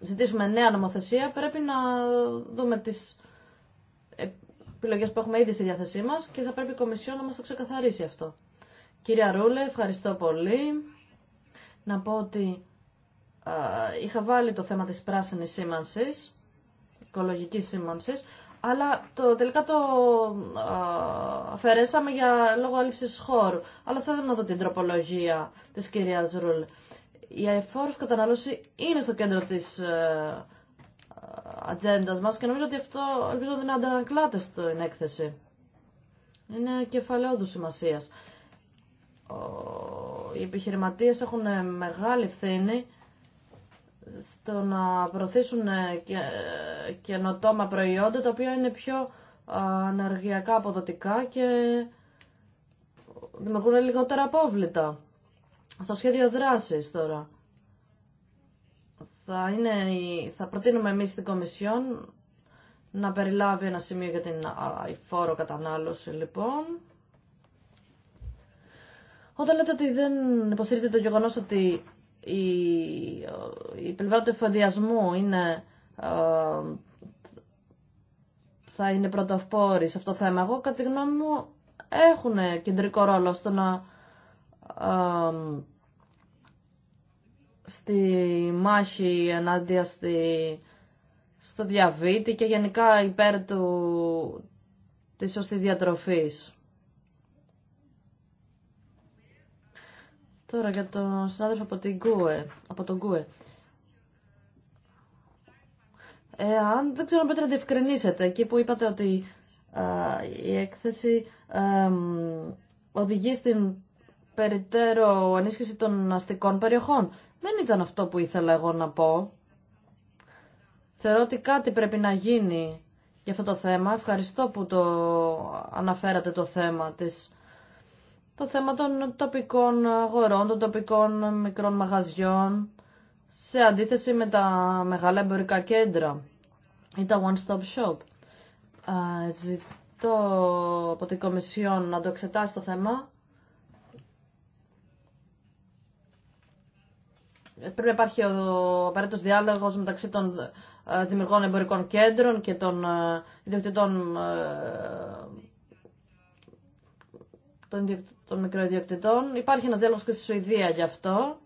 ζητήσουμε νέα νομοθεσία πρέπει να δούμε τις επιλογέ που έχουμε ήδη στη διάθεσή μα και θα πρέπει η Κομισιόν να μα το ξεκαθαρίσει αυτό. Κυρία Ρούλε, ευχαριστώ πολύ. Να πω ότι είχα βάλει το θέμα της πράσινη σήμανση, οικολογική σήμανση, αλλά το, τελικά το αφαιρέσαμε για λόγω έλλειψη χώρου. Αλλά θα ήθελα να δω την τροπολογία της κυρίας Ρούλε. Η αεφόρου κατανάλωση είναι στο κέντρο τη. Ε, ατζέντα και νομίζω ότι αυτό ελπίζω ότι είναι αντανακλάται στην έκθεση. Είναι κεφαλαίου σημασία. Οι επιχειρηματίε έχουν μεγάλη ευθύνη στο να προωθήσουν ε, και, ε, καινοτόμα προϊόντα τα οποία είναι πιο αναργιακά αποδοτικά και δημιουργούν λιγότερα απόβλητα. Στο σχέδιο δράσης τώρα θα, είναι, θα προτείνουμε εμείς στην Κομισιόν να περιλάβει ένα σημείο για την φόρο κατανάλωση λοιπόν. Όταν λέτε ότι δεν υποστηρίζετε το γεγονός ότι η, η πλευρά του εφοδιασμού είναι, ε, θα είναι πρωτοφόρη σε αυτό το θέμα, εγώ κατά τη γνώμη μου έχουν κεντρικό ρόλο στο να ε, στη μάχη ενάντια στη, στο διαβήτη και γενικά υπέρ του, της σωστής διατροφής. Τώρα για τον συνάδελφο από, την από τον ΚΟΕ. Ε, αν δεν ξέρω αν να διευκρινίσετε, εκεί που είπατε ότι η έκθεση οδηγεί στην περιττέρω ενίσχυση των αστικών περιοχών. Δεν ήταν αυτό που ήθελα εγώ να πω. Θεωρώ ότι κάτι πρέπει να γίνει για αυτό το θέμα. Ευχαριστώ που το αναφέρατε το θέμα της το θέμα των τοπικών αγορών, των τοπικών μικρών μαγαζιών σε αντίθεση με τα μεγάλα εμπορικά κέντρα ή τα one-stop shop. Ζητώ από την Κομισιόν να το εξετάσει το θέμα πρέπει να υπάρχει ο απαραίτητο διάλογο μεταξύ των ε, δημιουργών εμπορικών κέντρων και των ε, ε, ιδιοκτητών των, των Υπάρχει ένας διάλογος και στη Σουηδία γι' αυτό.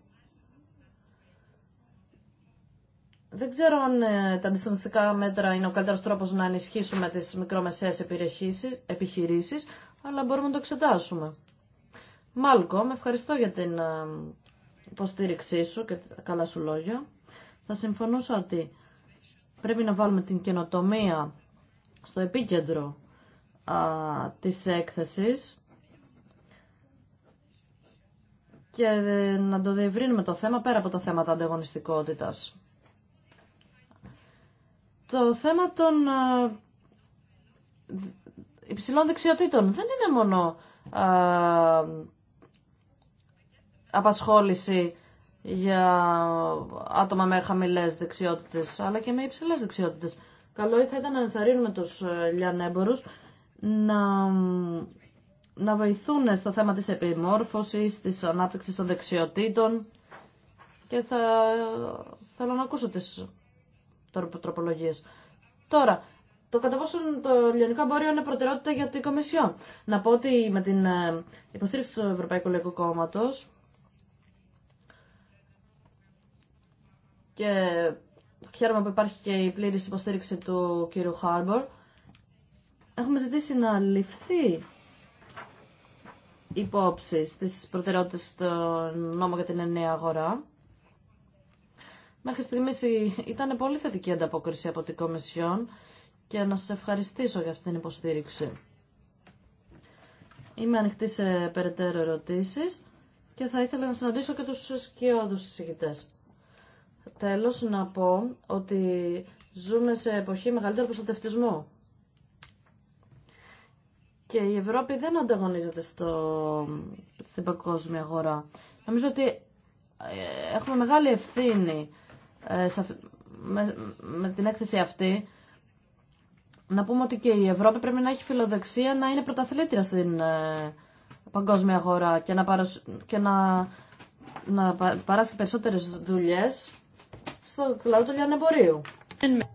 Δεν ξέρω αν τα αντισταθμιστικά μέτρα είναι ο καλύτερος τρόπος να ενισχύσουμε τις μικρομεσαίες επιχειρήσεις, αλλά μπορούμε να το εξετάσουμε. Μάλκο, με ευχαριστώ για την υποστήριξή σου και καλά σου λόγια. Θα συμφωνούσα ότι πρέπει να βάλουμε την καινοτομία στο επίκεντρο α, της έκθεσης και ε, να το διευρύνουμε το θέμα πέρα από τα θέματα ανταγωνιστικότητας. Το θέμα των α, ε, υψηλών δεξιοτήτων δεν είναι μόνο α, ε, απασχόληση για άτομα με χαμηλές δεξιότητες, αλλά και με υψηλές δεξιότητες. Καλό θα ήταν να ενθαρρύνουμε τους ε, λιανέμπορους να, να βοηθούν στο θέμα της επιμόρφωσης, της ανάπτυξης των δεξιοτήτων και θα θέλω να ακούσω τις τροπολογίες. Τώρα, το κατά πόσο το λιανικό εμπόριο είναι προτεραιότητα για την Κομισιόν. Να πω ότι με την ε, υποστήριξη του Ευρωπαϊκού Λαϊκού και χαίρομαι που υπάρχει και η πλήρης υποστήριξη του κύριου Χάρμπορ. Έχουμε ζητήσει να ληφθεί υπόψη στις προτεραιότητες στο νόμο για την εννέα αγορά. Μέχρι στιγμή ήταν πολύ θετική ανταπόκριση από την Κομισιόν και να σας ευχαριστήσω για αυτή την υποστήριξη. Είμαι ανοιχτή σε περαιτέρω ερωτήσεις και θα ήθελα να συναντήσω και τους σκιώδους συζητητές. Τέλος να πω ότι ζούμε σε εποχή μεγαλύτερου προστατευτισμού. Και η Ευρώπη δεν ανταγωνίζεται στο, στην παγκόσμια αγορά. Νομίζω ότι ε, έχουμε μεγάλη ευθύνη ε, με, την έκθεση αυτή να πούμε ότι και η Ευρώπη πρέπει να έχει φιλοδεξία να είναι πρωταθλήτρια στην ε, παγκόσμια αγορά και να, παρασ... και να, να παράσχει περισσότερες δουλειές στο κλάδο του λιανεμπορίου.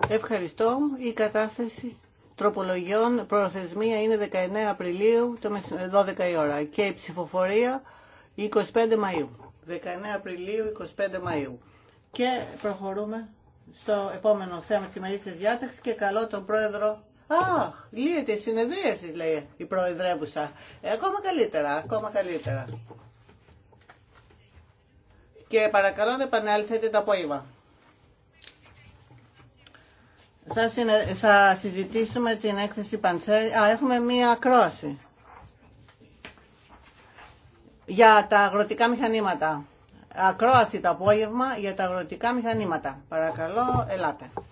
Ευχαριστώ. Η κατάσταση τροπολογιών προθεσμία είναι 19 Απριλίου το 12 η ώρα και η ψηφοφορία 25 Μαΐου. 19 Απριλίου, 25 Μαΐου. Και προχωρούμε στο επόμενο θέμα της ημερήσιας διάταξη και καλό τον πρόεδρο Α, λύεται η συνεδρίαση, λέει η προεδρεύουσα. Ε, ακόμα καλύτερα, ακόμα καλύτερα. Και παρακαλώ να επανέλθετε το απόγευμα. Θα, συζητήσουμε την έκθεση Παντσέρη. Α, έχουμε μία ακρόαση. Για τα αγροτικά μηχανήματα. Ακρόαση το απόγευμα για τα αγροτικά μηχανήματα. Παρακαλώ, ελάτε.